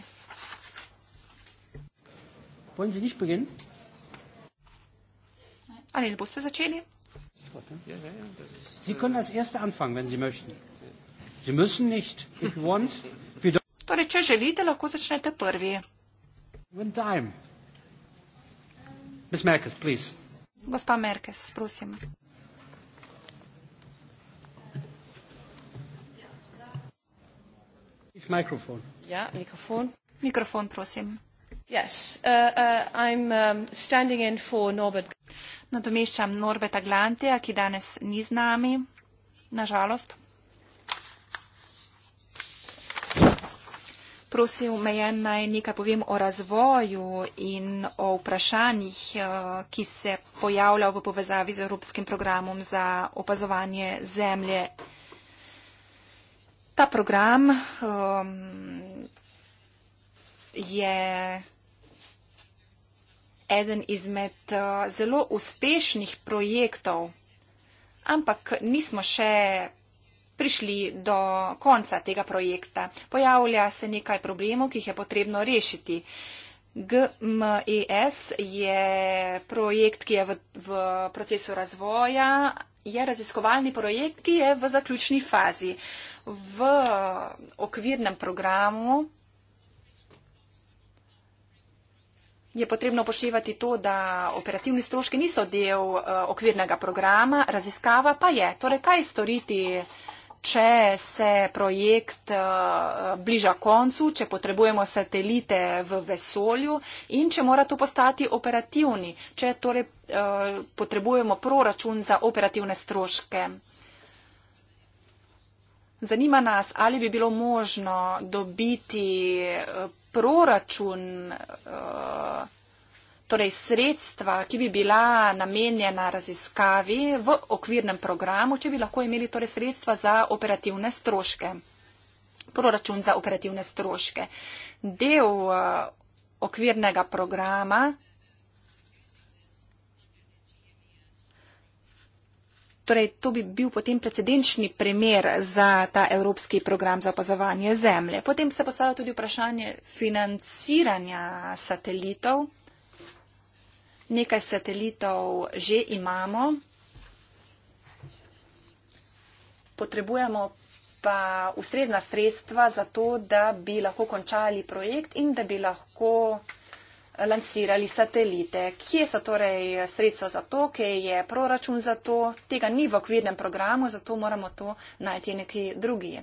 Ali ne boste začeli? Sie können als Erste anfangen, wenn Sie möchten. Sie müssen nicht. Ich want. Torej, če želite, lahko začnete prvi. Gospa Merkes, prosim. Is microphone. Yeah, ja, microphone. Microphone, prosim. Yes, uh, uh, I'm um, standing in for Norbert. Nadomeščam Norberta Glantija, ki danes ni z nami, nažalost. Prosil me je naj nekaj povem o razvoju in o vprašanjih, uh, ki se pojavljajo v povezavi z Evropskim programom za opazovanje zemlje Ta program um, je eden izmed uh, zelo uspešnih projektov, ampak nismo še prišli do konca tega projekta. Pojavlja se nekaj problemov, ki jih je potrebno rešiti. GMES je projekt, ki je v, v procesu razvoja, je raziskovalni projekt, ki je v zaključni fazi. V okvirnem programu je potrebno upoštevati to, da operativni stroški niso del eh, okvirnega programa, raziskava pa je. Torej, kaj storiti? če se projekt eh, bliža koncu, če potrebujemo satelite v vesolju in če mora to postati operativni, če torej eh, potrebujemo proračun za operativne stroške. Zanima nas, ali bi bilo možno dobiti eh, proračun proračun Torej, sredstva, ki bi bila namenjena raziskavi v okvirnem programu, če bi lahko imeli torej sredstva za operativne stroške, proračun za operativne stroške. Del uh, okvirnega programa Torej, to bi bil potem precedenčni primer za ta evropski program za opazovanje zemlje. Potem se postavlja tudi vprašanje financiranja satelitov nekaj satelitov že imamo, potrebujemo pa ustrezna sredstva za to, da bi lahko končali projekt in da bi lahko lansirali satelite. Kje so torej sredstva za to, kje je proračun za to? Tega ni v okvirnem programu, zato moramo to najti neki drugi.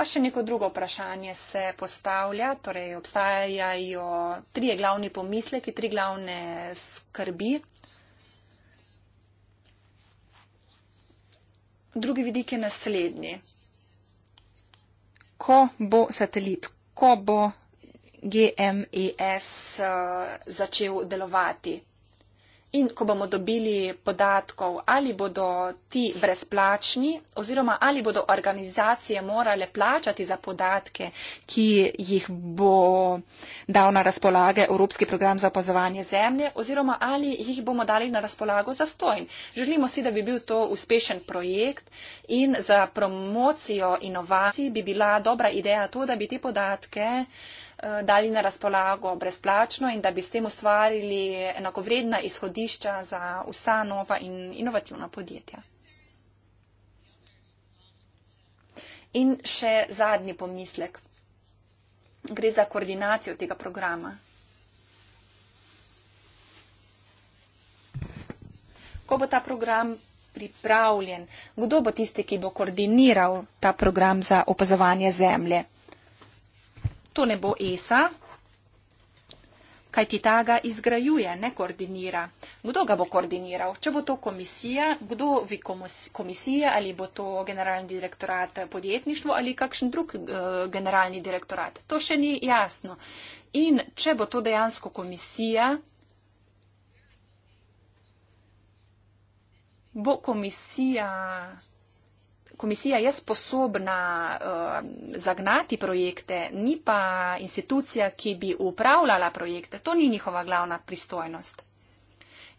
Pa še neko drugo vprašanje se postavlja. Torej, obstajajo tri glavne pomisleke, tri glavne skrbi. Drugi vidik je naslednji. Ko bo satelit, ko bo GMES uh, eh, začel delovati, In ko bomo dobili podatkov, ali bodo ti brezplačni oziroma ali bodo organizacije morale plačati za podatke, ki jih bo dal na razpolage Evropski program za opazovanje zemlje oziroma ali jih bomo dali na razpolago za stojn. Želimo si, da bi bil to uspešen projekt in za promocijo inovacij bi bila dobra ideja to, da bi te podatke uh, Eh, dali na razpolago brezplačno in da bi s tem ustvarili enakovredna izhodišča za vsa nova in inovativna podjetja. In še zadnji pomislek. Gre za koordinacijo tega programa. Ko bo ta program pripravljen, kdo bo tisti, ki bo koordiniral ta program za opazovanje zemlje? To ne bo ESA, kaj ti ta ga izgrajuje, ne koordinira. Kdo ga bo koordiniral? Če bo to komisija, kdo vi komisije, ali bo to generalni direktorat podjetništvo ali kakšen drug uh, generalni direktorat? To še ni jasno. In če bo to dejansko komisija, bo komisija komisija je sposobna uh, zagnati projekte, ni pa institucija, ki bi upravljala projekte. To ni njihova glavna pristojnost.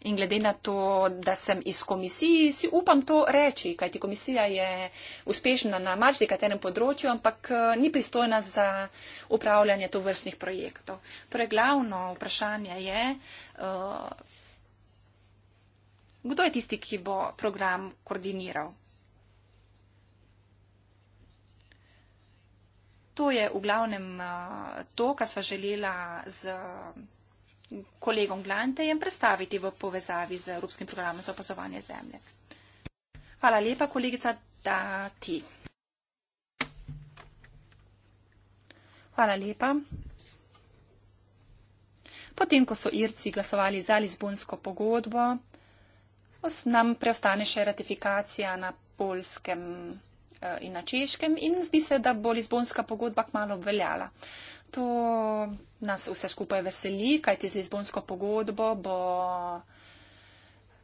In glede na to, da sem iz komisiji, si upam to reči, kajti komisija je uspešna na marsikaterem področju, ampak eh, ni pristojna za upravljanje to vrstnih projektov. Torej, glavno vprašanje je, uh, kdo je tisti, ki bo program koordiniral. to je v glavnem eh, to, kar sva želela z mm, kolegom Glantejem predstaviti v povezavi z Evropskim programom za opazovanje zemlje. Hvala lepa, kolegica, da ti. Hvala lepa. Potem, ko so Irci glasovali za Lizbonsko pogodbo, nam preostane še ratifikacija na polskem Eh, in na češkem in zdi se, da bo Lizbonska pogodba kmalo obveljala. To nas vse skupaj veseli, kajti z Lizbonsko pogodbo bo,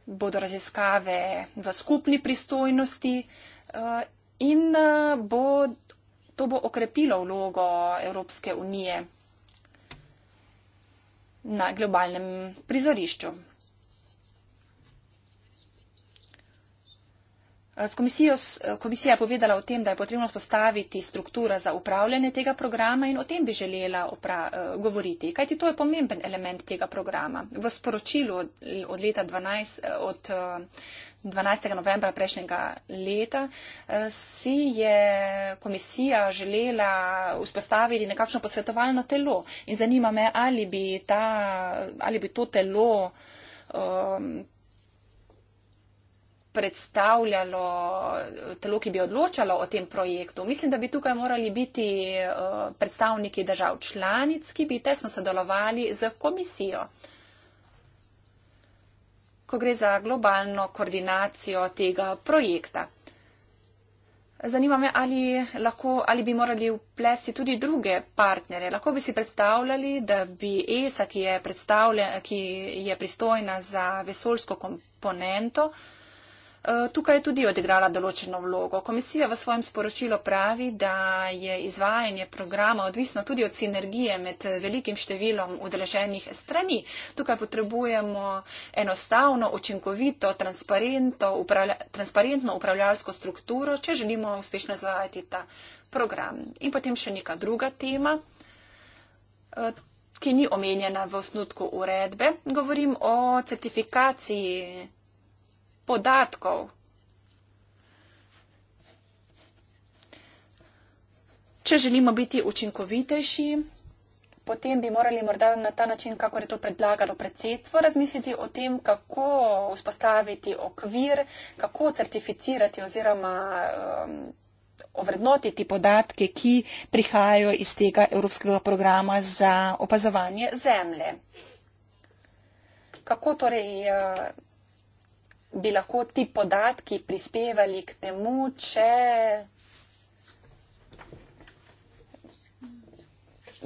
bodo raziskave v skupni pristojnosti eh, in eh, bo, to bo okrepilo vlogo Evropske unije na globalnem prizorišču. Eh, eh, komisija je povedala o tem, da je potrebno spostaviti struktura za upravljanje tega programa in o tem bi želela eh, govoriti, kajti to je pomemben element tega programa. V sporočilu od, od leta 12, od 12. novembra prejšnjega leta si je komisija želela vzpostaviti nekakšno posvetovalno telo in zanima me, ali bi, ta, ali bi to telo. Um, predstavljalo, telo, ki bi odločalo o tem projektu. Mislim, da bi tukaj morali biti eh, predstavniki držav članic, ki bi tesno sodelovali z komisijo. Ko gre za globalno koordinacijo tega projekta. Zanima me, ali, lahko, ali bi morali vplesti tudi druge partnere. Lahko bi si predstavljali, da bi ESA, ki je, ki je pristojna za vesoljsko komponento, uh, Eh, tukaj je tudi odigrala določeno vlogo. Komisija v svojem sporočilu pravi, da je izvajanje programa odvisno tudi od sinergije med velikim številom udeleženih strani. Tukaj potrebujemo enostavno, učinkovito, transparentno, upravlja, transparentno upravljalsko strukturo, če želimo uspešno izvajati ta program. In potem še neka druga tema eh, ki ni omenjena v osnutku uredbe. Govorim o certifikaciji podatkov. Če želimo biti učinkovitejši, potem bi morali morda na ta način, kako je to predlagalo predsedstvo, razmisliti o tem, kako vzpostaviti okvir, kako certificirati oziroma um, ovrednotiti podatke, ki prihajajo iz tega Evropskega programa za opazovanje zemlje. Kako torej. Uh, bi lahko ti podatki prispevali k temu, če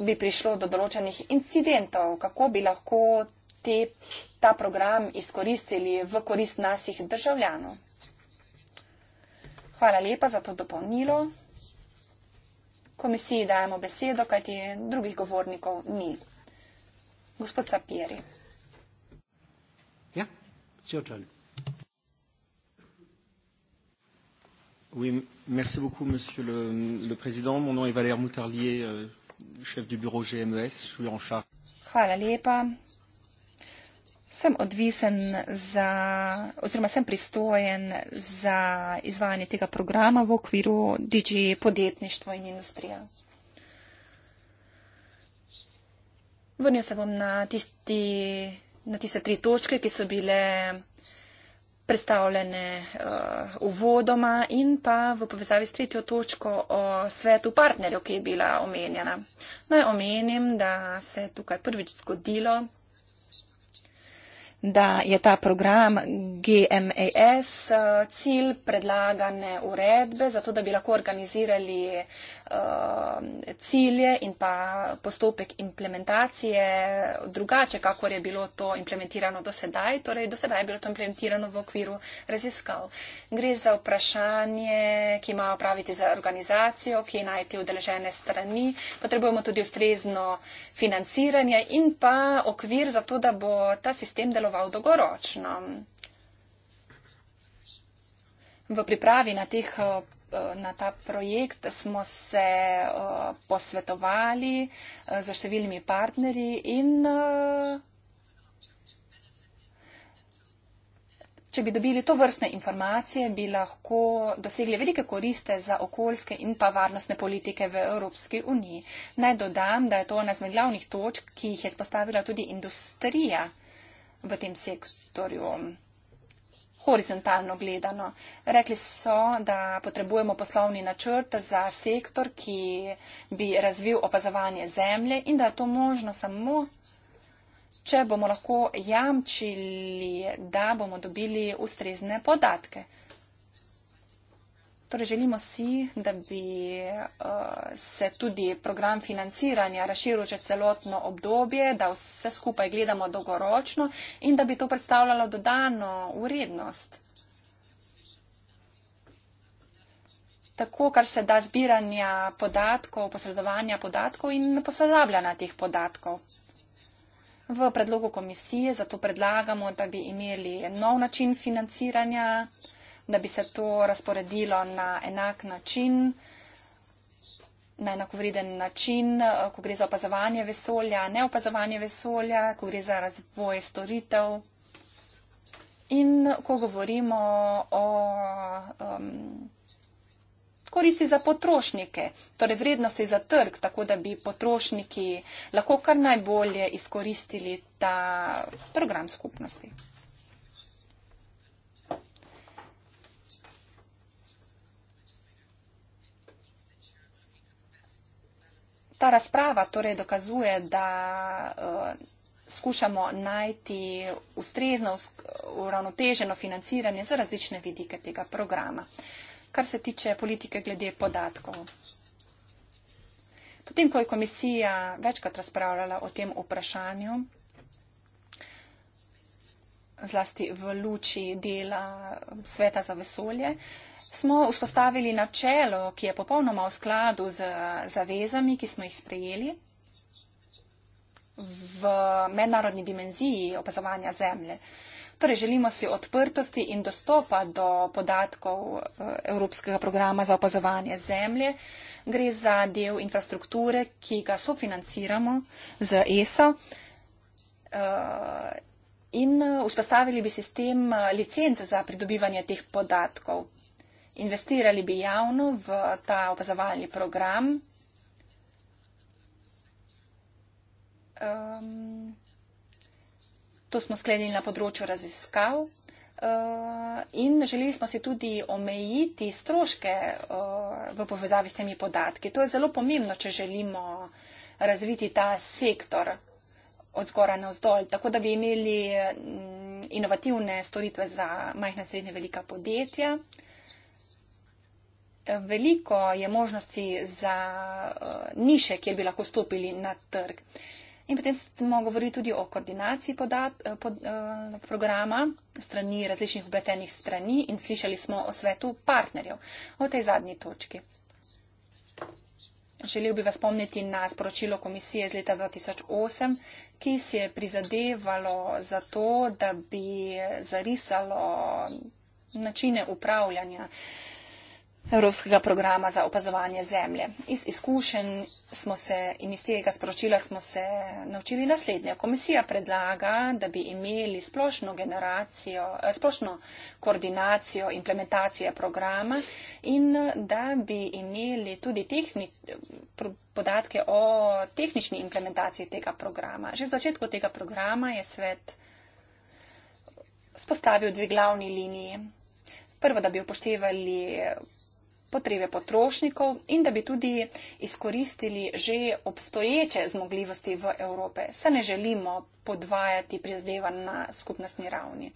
bi prišlo do določenih incidentov, kako bi lahko te, ta program izkoristili v korist nasih državljanov. Hvala lepa za to dopolnilo. Komisiji dajemo besedo, kajti drugih govornikov ni. Gospod Sapieri. Ja, vse očali. Oui, merci beaucoup, Monsieur le, le Président. Mon nom est Valère Moutarlier, euh, chef du bureau GMES. Je suis en charge. Hvala lepa. Sem odvisen za, oziroma sem pristojen za izvajanje tega programa v okviru DG podjetništvo in industrija. Vrnil se bom na, tisti, na tiste tri točke, ki so bile predstavljene uh, uvodoma in pa v povezavi s tretjo točko o svetu partnerjev, ki je bila omenjena. Naj omenim, da se je tukaj prvič zgodilo, da je ta program GMAS uh, eh, cilj predlagane uredbe, zato da bi lahko organizirali uh, Eh, cilje in pa postopek implementacije drugače, kakor je bilo to implementirano do sedaj. Torej, do sedaj je bilo to implementirano v okviru raziskav. Gre za vprašanje, ki ima opraviti za organizacijo, ki najti udeležene strani. Potrebujemo tudi ustrezno financiranje in pa okvir za to, da bo ta sistem deloval dolgoročno. V pripravi na teh Eh, na ta projekt smo se uh, posvetovali uh, eh, za številnimi partnerji in uh, če bi dobili to vrstne informacije, bi lahko dosegli velike koriste za okoljske in pa varnostne politike v Evropski uniji. Naj dodam, da je to ena zmed glavnih točk, ki jih je spostavila tudi industrija v tem sektorju. Uh, horizontalno gledano. Rekli so, da potrebujemo poslovni načrt za sektor, ki bi razvil opazovanje zemlje in da je to možno samo, če bomo lahko jamčili, da bomo dobili ustrezne podatke. Torej, želimo si, da bi uh, se tudi program financiranja razširil čez celotno obdobje, da vse skupaj gledamo dolgoročno in da bi to predstavljalo dodano urednost. Tako, kar se da zbiranja podatkov, posredovanja podatkov in posredabljanja teh podatkov. V predlogu komisije zato predlagamo, da bi imeli nov način financiranja da bi se to razporedilo na enak način, na enakovreden način, ko gre za opazovanje vesolja, ne opazovanje vesolja, ko gre za razvoj storitev. In ko govorimo o um, koristi za potrošnike, torej vrednosti za trg, tako da bi potrošniki lahko kar najbolje izkoristili ta program skupnosti. ta razprava torej dokazuje, da uh, skušamo najti ustrezno, uravnoteženo financiranje za različne vidike tega programa, kar se tiče politike glede podatkov. Potem, ko je komisija večkrat razpravljala o tem vprašanju, zlasti v luči dela Sveta za vesolje, uh, smo vzpostavili načelo, ki je popolnoma v skladu z zavezami, ki smo jih sprejeli v mednarodni dimenziji opazovanja zemlje. Torej želimo si odprtosti in dostopa do podatkov eh, Evropskega programa za opazovanje zemlje. Gre za del infrastrukture, ki ga sofinanciramo z ESA eh, in eh, vzpostavili bi sistem licenc za pridobivanje teh podatkov investirali bi javno v ta opazovalni program. Um, to smo sklenili na področju raziskav uh, in želeli smo si tudi omejiti stroške uh, v povezavi s temi podatki. To je zelo pomembno, če želimo razviti ta sektor od zgora na vzdolj, tako da bi imeli mm, inovativne storitve za majhna srednja velika podjetja veliko je možnosti za eh, niše, kjer bi lahko stopili na trg. In potem smo govorili tudi o koordinaciji podat, eh, pod, eh, programa strani različnih obletenih strani in slišali smo o svetu partnerjev o tej zadnji točki. Želel bi vas spomniti na sporočilo komisije iz leta 2008, ki si je prizadevalo za to, da bi zarisalo načine upravljanja eh, Evropskega programa za opazovanje zemlje. Iz izkušenj smo se in iz tega sporočila smo se naučili naslednje. Komisija predlaga, da bi imeli splošno, eh, splošno koordinacijo implementacije programa in eh, da bi imeli tudi tehni, podatke o tehnični implementaciji tega programa. Že v začetku tega programa je svet spostavil dve glavni liniji. Prvo, da bi upoštevali potrebe potrošnikov in da bi tudi izkoristili že obstoječe zmogljivosti v Evrope. Se ne želimo podvajati prizadeva na skupnostni ravni.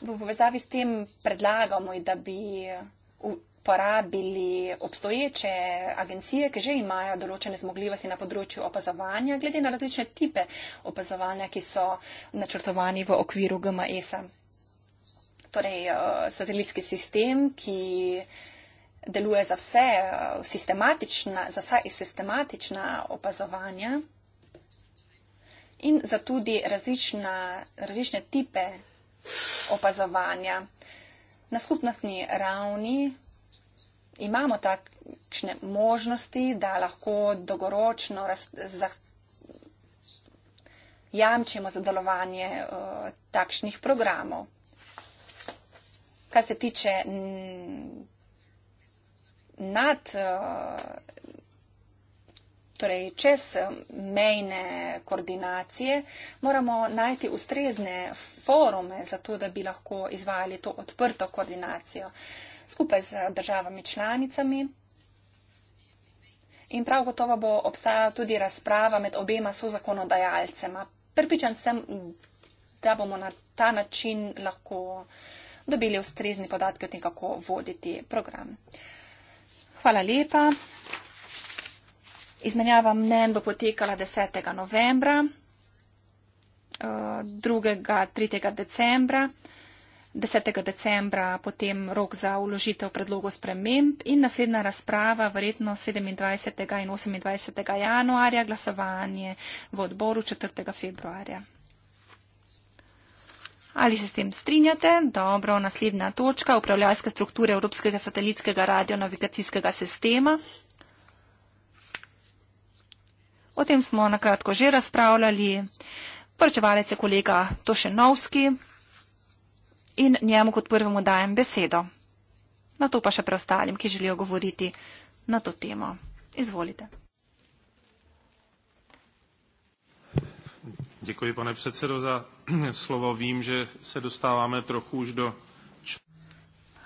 V povezavi s tem predlagamo, da bi uporabili obstoječe agencije, ki že imajo določene zmogljivosti na področju opazovanja, glede na različne tipe opazovanja, ki so načrtovani v okviru GMS-a. E torej, uh, satelitski sistem, ki deluje za vse, uh, sistematična, za vsa sistematična opazovanja in za tudi različna, različne tipe opazovanja. Na skupnostni ravni imamo takšne možnosti, da lahko dogoročno jamčimo za delovanje uh, takšnih programov kar se tiče nad, eh, torej čez eh, mejne koordinacije, moramo najti ustrezne forume za to, da bi lahko izvajali to odprto koordinacijo skupaj z državami članicami. In prav gotovo bo obstajala tudi razprava med obema sozakonodajalcema. Pripričan sem, da bomo na ta način lahko uh, dobili ustrezni podatki o tem, kako voditi program. Hvala lepa. Izmenjava mnen bo potekala 10. novembra, 2. Eh, 3. decembra. 10. decembra potem rok za uložitev predlogo sprememb in naslednja razprava verjetno 27. in 28. januarja, glasovanje v odboru 4. februarja. Ali se s tem strinjate? Dobro, naslednja točka, upravljalska struktura Evropskega satelitskega radionavigacijskega sistema. O tem smo nakratko že razpravljali. Prčevalec je kolega Tošenovski in njemu kot prvemu dajem besedo. Na to pa še preostalim, ki želijo govoriti na to temo. Izvolite. Děkuji, pane předsedo, za [CLEARS THROAT] slovo. Vim, že se dostavame trochu už do.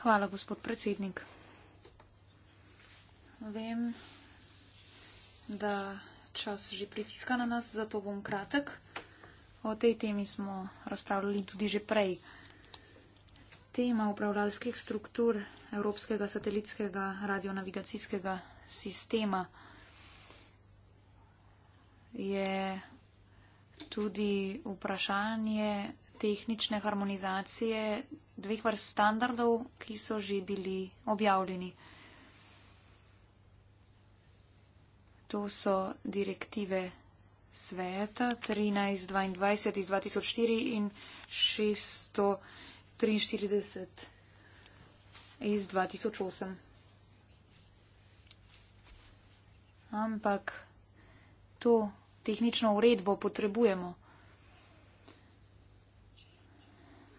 Hvala, gospod predsednik. Vem, da čas že pritiska na nas, zato bom kratek. O tej temi smo razpravljali tudi že prej. Tema upravljalskih struktur Evropskega satelitskega radionavigacijskega sistema je tudi vprašanje tehnične harmonizacije dveh vrst standardov, ki so že bili objavljeni. To so direktive sveta 1322 iz 2004 in 643 iz 2008. Ampak to tehnično uredbo potrebujemo.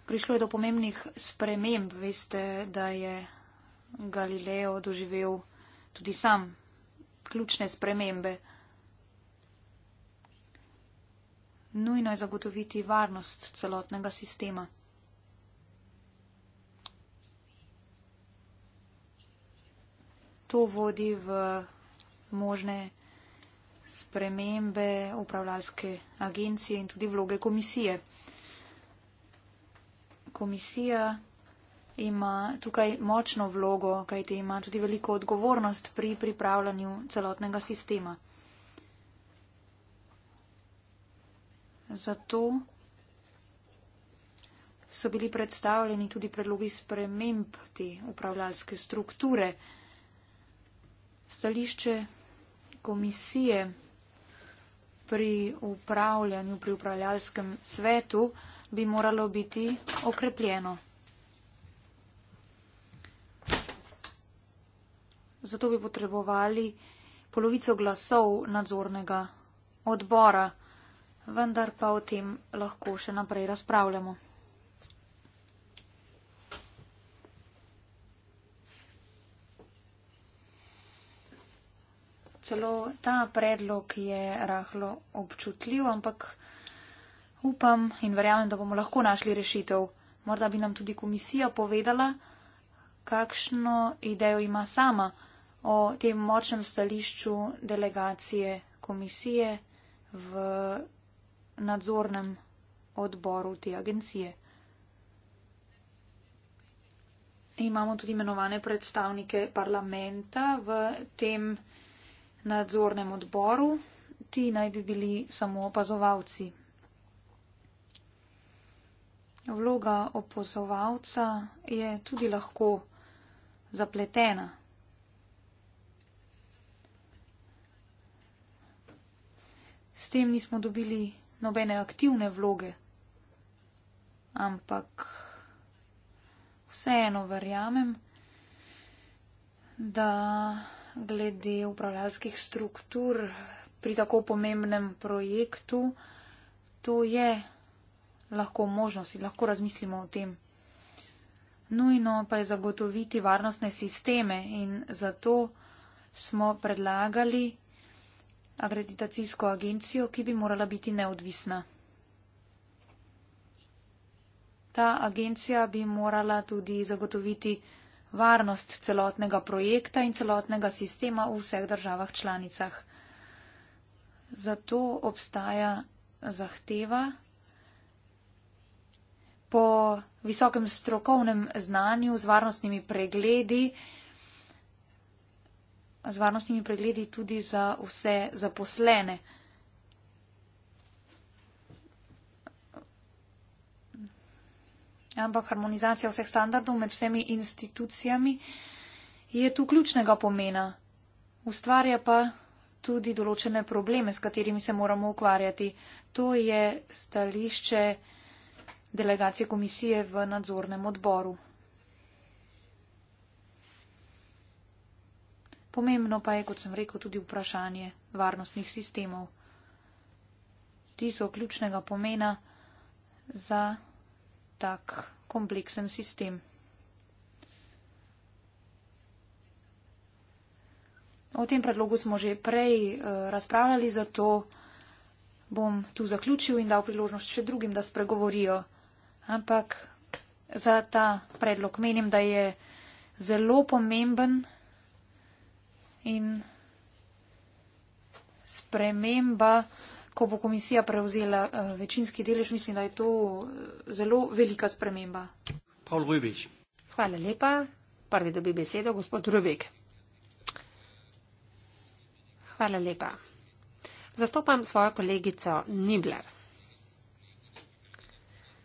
Prišlo je do pomembnih sprememb, veste, da je Galileo doživel tudi sam ključne spremembe. Nujno je zagotoviti varnost celotnega sistema. To vodi v možne spremembe upravljalske agencije in tudi vloge komisije. Komisija ima tukaj močno vlogo, kajte ima tudi veliko odgovornost pri pripravljanju celotnega sistema. Zato so bili predstavljeni tudi predlogi sprememb te upravljalske strukture. Stališče komisije pri upravljanju, pri upravljalskem svetu bi moralo biti okrepljeno. Zato bi potrebovali polovico glasov nadzornega odbora, vendar pa o tem lahko še naprej razpravljamo. celo ta predlog je rahlo občutljiv, ampak upam in verjamem, da bomo lahko našli rešitev. Morda bi nam tudi komisija povedala, kakšno idejo ima sama o tem močnem stališču delegacije komisije v nadzornem odboru te agencije. Imamo tudi imenovane predstavnike parlamenta v tem nadzornem odboru, ti naj bi bili samo opazovalci. Vloga opozovalca je tudi lahko zapletena. S tem nismo dobili nobene aktivne vloge, ampak vseeno verjamem, da glede upravljalskih struktur pri tako pomembnem projektu, to je lahko možnost in lahko razmislimo o tem. Nujno pa je zagotoviti varnostne sisteme in zato smo predlagali akreditacijsko agencijo, ki bi morala biti neodvisna. Ta agencija bi morala tudi zagotoviti varnost celotnega projekta in celotnega sistema v vseh državah članicah. Zato obstaja zahteva po visokem strokovnem znanju z varnostnimi pregledi, z varnostnimi pregledi tudi za vse zaposlene. ampak harmonizacija vseh standardov med vsemi institucijami je tu ključnega pomena. Ustvarja pa tudi določene probleme, s katerimi se moramo ukvarjati. To je stališče delegacije komisije v nadzornem odboru. Pomembno pa je, kot sem rekel, tudi vprašanje varnostnih sistemov. Ti so ključnega pomena za tak kompleksen sistem. O tem predlogu smo že prej eh, razpravljali, zato bom tu zaključil in dal priložnost še drugim, da spregovorijo. Ampak za ta predlog menim, da je zelo pomemben in sprememba ko bo komisija prevzela eh, večinski delež, mislim, da je to eh, zelo velika sprememba. Pavel Rubič. Hvala lepa. Prvi dobi besedo, gospod Rubik. Hvala lepa. Zastopam svojo kolegico Nibler.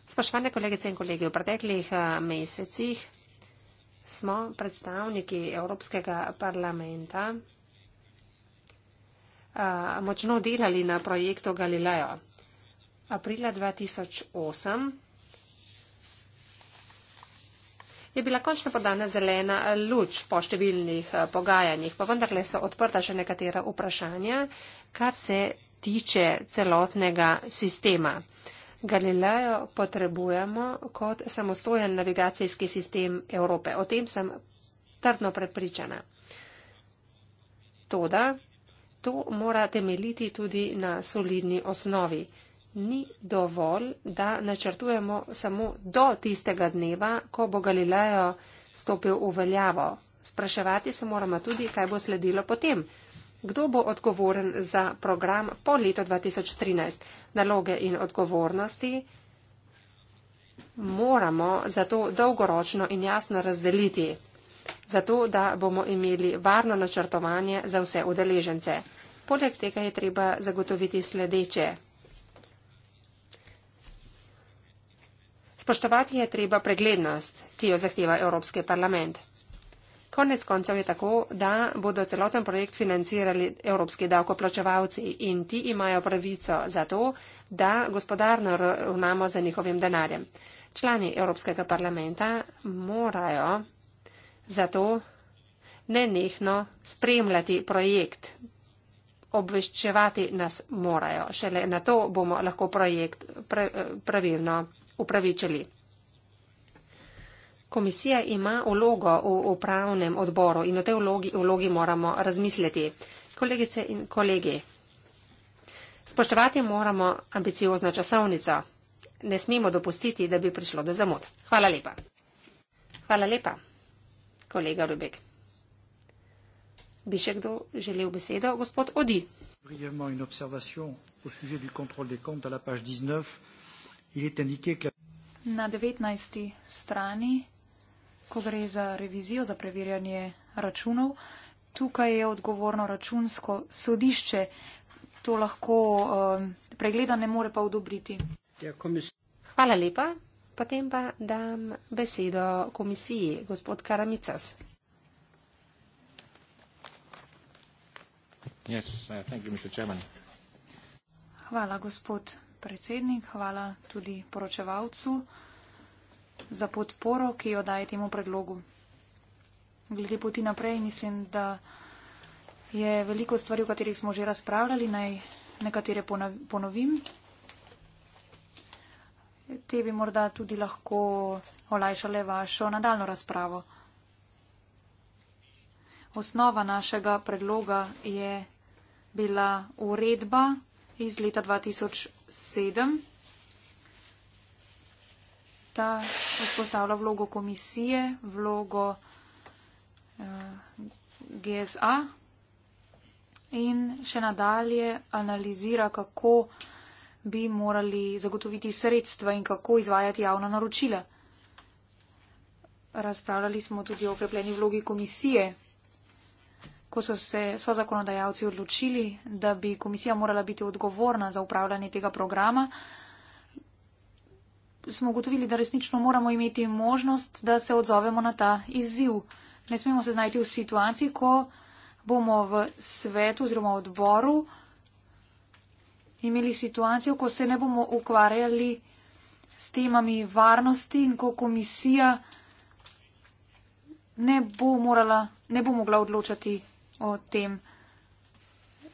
Spoštovane kolegice in kolegi, v preteklih eh, mesecih smo predstavniki Evropskega parlamenta močno delali na projektu Galileo. Aprila 2008 je bila končno podana zelena luč po številnih pogajanjih, pa vendarle so odprta še nekatera vprašanja, kar se tiče celotnega sistema. Galileo potrebujemo kot samostojen navigacijski sistem Evrope. O tem sem trdno prepričana. Toda To mora temeljiti tudi na solidni osnovi. Ni dovolj, da načrtujemo samo do tistega dneva, ko bo Galilejo stopil v veljavo. Spraševati se moramo tudi, kaj bo sledilo potem. Kdo bo odgovoren za program po letu 2013? Naloge in odgovornosti moramo zato dolgoročno in jasno razdeliti zato da bomo imeli varno načrtovanje za vse udeležence. Poleg tega je treba zagotoviti sledeče. Spoštovati je treba preglednost, ki jo zahteva Evropski parlament. Konec koncev je tako, da bodo celoten projekt financirali evropski davkoplačevalci in ti imajo pravico za to, da gospodarno ravnamo za njihovim denarjem. Člani Evropskega parlamenta morajo Zato nenehno spremljati projekt. Obveščevati nas morajo. Šele na to bomo lahko projekt pravilno upravičili. Komisija ima vlogo v upravnem odboru in o tej vlogi, vlogi moramo razmisliti. Kolegice in kolegi, spoštovati moramo ambiciozno časovnico. Ne smemo dopustiti, da bi prišlo do zamud. Hvala lepa. Hvala lepa kolega Rubek. Bi še kdo želel besedo? Gospod Odi. Na 19. strani, ko gre za revizijo, za preverjanje računov, tukaj je odgovorno računsko sodišče. To lahko um, pregleda, ne more pa odobriti. Ja, Hvala lepa. Potem pa dam besedo komisiji, gospod Karamicas. Yes, uh, hvala, gospod predsednik, hvala tudi poročevalcu za podporo, ki jo daje temu predlogu. Glede poti naprej, mislim, da je veliko stvari, o katerih smo že razpravljali, naj nekatere ponovim te bi morda tudi lahko olajšale vašo nadaljno razpravo. Osnova našega predloga je bila uredba iz leta 2007. Ta vzpostavlja vlogo komisije, vlogo eh, GSA in še nadalje analizira, kako bi morali zagotoviti sredstva in kako izvajati javna naročila. Razpravljali smo tudi o okrepljeni vlogi komisije, ko so se so zakonodajalci odločili, da bi komisija morala biti odgovorna za upravljanje tega programa. Smo ugotovili, da resnično moramo imeti možnost, da se odzovemo na ta izziv. Ne smemo se znajti v situaciji, ko bomo v svetu oziroma odboru imeli situacijo, ko se ne bomo ukvarjali s temami varnosti in ko komisija ne bo, morala, ne bo mogla odločati o tem.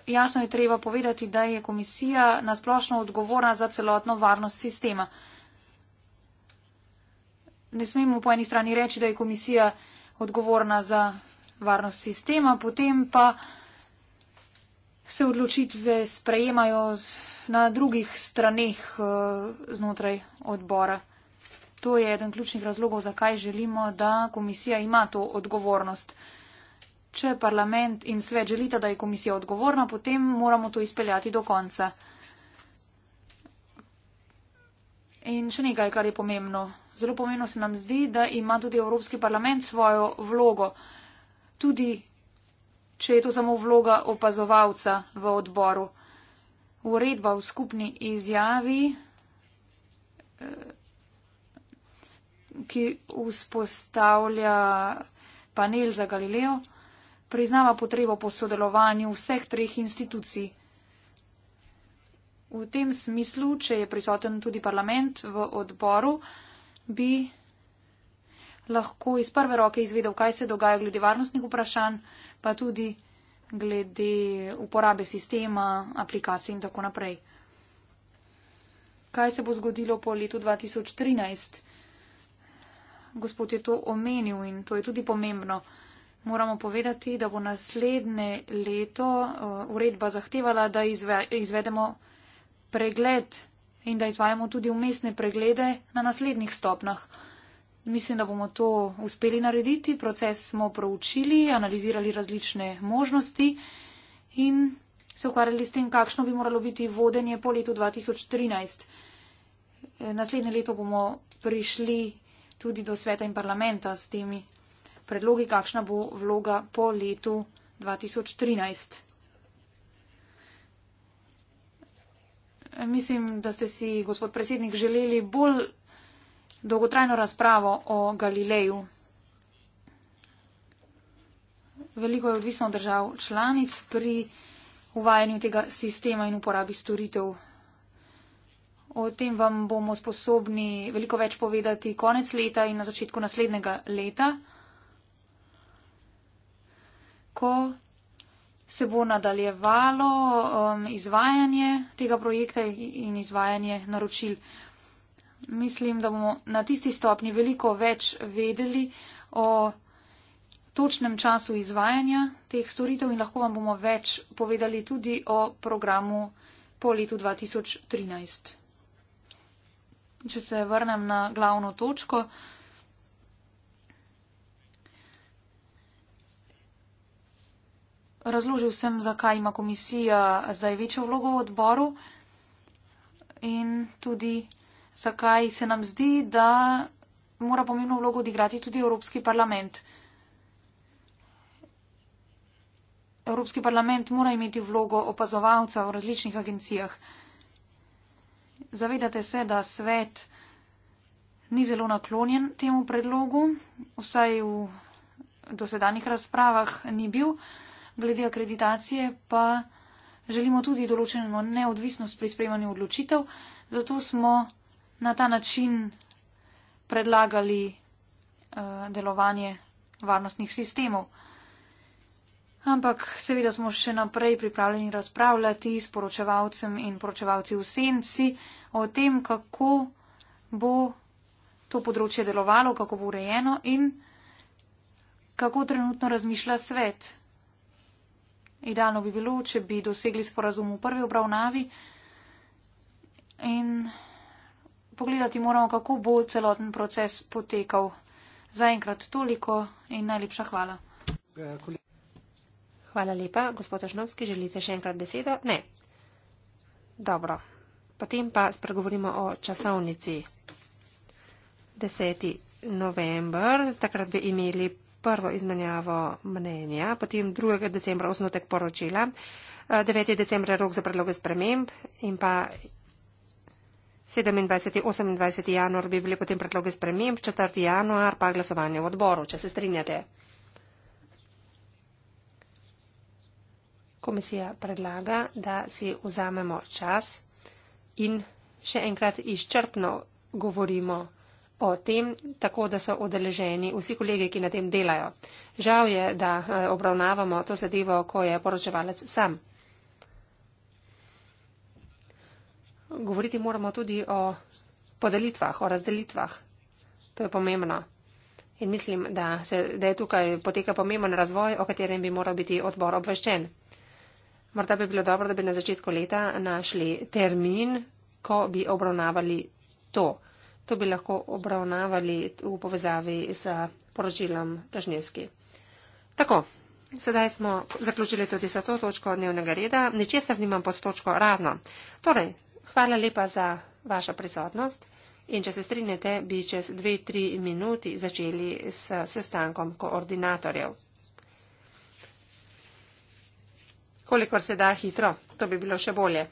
Jasno je treba povedati, da je komisija nasplošno odgovorna za celotno varnost sistema. Ne smemo po eni strani reči, da je komisija odgovorna za varnost sistema, potem pa se odločitve sprejemajo na drugih straneh eh, znotraj odbora. To je eden ključnih razlogov, zakaj želimo, da komisija ima to odgovornost. Če parlament in svet želita, da je komisija odgovorna, potem moramo to izpeljati do konca. In še nekaj, kar je pomembno. Zelo pomembno se nam zdi, da ima tudi Evropski parlament svojo vlogo. Tudi če je to samo vloga opazovalca v odboru. Uredba v skupni izjavi, eh, ki vzpostavlja panel za Galileo, priznava potrebo po sodelovanju vseh treh institucij. V tem smislu, če je prisoten tudi parlament v odboru, bi lahko iz prve roke izvedel, kaj se dogaja glede varnostnih vprašanj, pa tudi glede uporabe sistema, aplikacij in tako naprej. Kaj se bo zgodilo po letu 2013? Gospod je to omenil in to je tudi pomembno. Moramo povedati, da bo naslednje leto uh, uredba zahtevala, da izve, izvedemo pregled in da izvajamo tudi umestne preglede na naslednjih stopnah. Mislim, da bomo to uspeli narediti. Proces smo proučili, analizirali različne možnosti in se ukvarjali s tem, kakšno bi moralo biti vodenje po letu 2013. Naslednje leto bomo prišli tudi do sveta in parlamenta s temi predlogi, kakšna bo vloga po letu 2013. Mislim, da ste si, gospod predsednik, želeli bolj dolgotrajno razpravo o Galileju. Veliko je odvisno držav članic pri uvajanju tega sistema in uporabi storitev. O tem vam bomo sposobni veliko več povedati konec leta in na začetku naslednjega leta, ko se bo nadaljevalo um, izvajanje tega projekta in izvajanje naročil mislim, da bomo na tisti stopni veliko več vedeli o točnem času izvajanja teh storitev in lahko vam bomo več povedali tudi o programu po letu 2013. Če se vrnem na glavno točko. Razložil sem, zakaj ima komisija zdaj večjo vlogo v odboru in tudi zakaj se nam zdi, da mora pomembno vlogo odigrati tudi Evropski parlament. Evropski parlament mora imeti vlogo opazovalca v različnih agencijah. Zavedate se, da svet ni zelo naklonjen temu predlogu, vsaj v dosedanjih razpravah ni bil. Glede akreditacije pa želimo tudi določeno neodvisnost pri sprejemanju odločitev, zato smo na ta način predlagali uh, delovanje varnostnih sistemov. Ampak seveda smo še naprej pripravljeni razpravljati s poročevalcem in poročevalci v senci o tem, kako bo to področje delovalo, kako bo urejeno in kako trenutno razmišlja svet. Idealno bi bilo, če bi dosegli sporazum v prvi obravnavi in pogledati moramo, kako bo celoten proces potekal. Zaenkrat toliko in najlepša hvala. Hvala lepa, gospod Ašnovski, želite še enkrat besedo? Ne. Dobro. Potem pa spregovorimo o časovnici. 10. november, takrat bi imeli prvo izmenjavo mnenja, potem 2. decembra osnotek poročila, 9. decembra rok za predloge sprememb in pa 27. 28. januar bi bili potem predloge sprememb, 4. januar pa glasovanje v odboru, če se strinjate. Komisija predlaga, da si vzamemo čas in še enkrat izčrpno govorimo o tem, tako da so odeleženi vsi kolege, ki na tem delajo. Žal je, da eh, obravnavamo to zadevo, ko je poročevalec sam. govoriti moramo tudi o podelitvah, o razdelitvah. To je pomembno. In mislim, da, se, da je tukaj poteka pomemben razvoj, o katerem bi moral biti odbor obveščen. Morda bi bilo dobro, da bi na začetku leta našli termin, ko bi obravnavali to. To bi lahko obravnavali v povezavi z poročilom Tržnevski. Tako, sedaj smo zaključili tudi za to točko dnevnega reda. Ničesar nimam pod točko razno. Torej, Hvala lepa za vašo prisotnost in če se strinjate, bi čez dve, tri minuti začeli s sestankom koordinatorjev. Kolikor se da hitro, to bi bilo še bolje.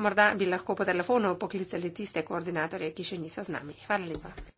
Morda bi lahko po telefonu poklicali tiste koordinatorje, ki še niso z nami. Hvala lepa.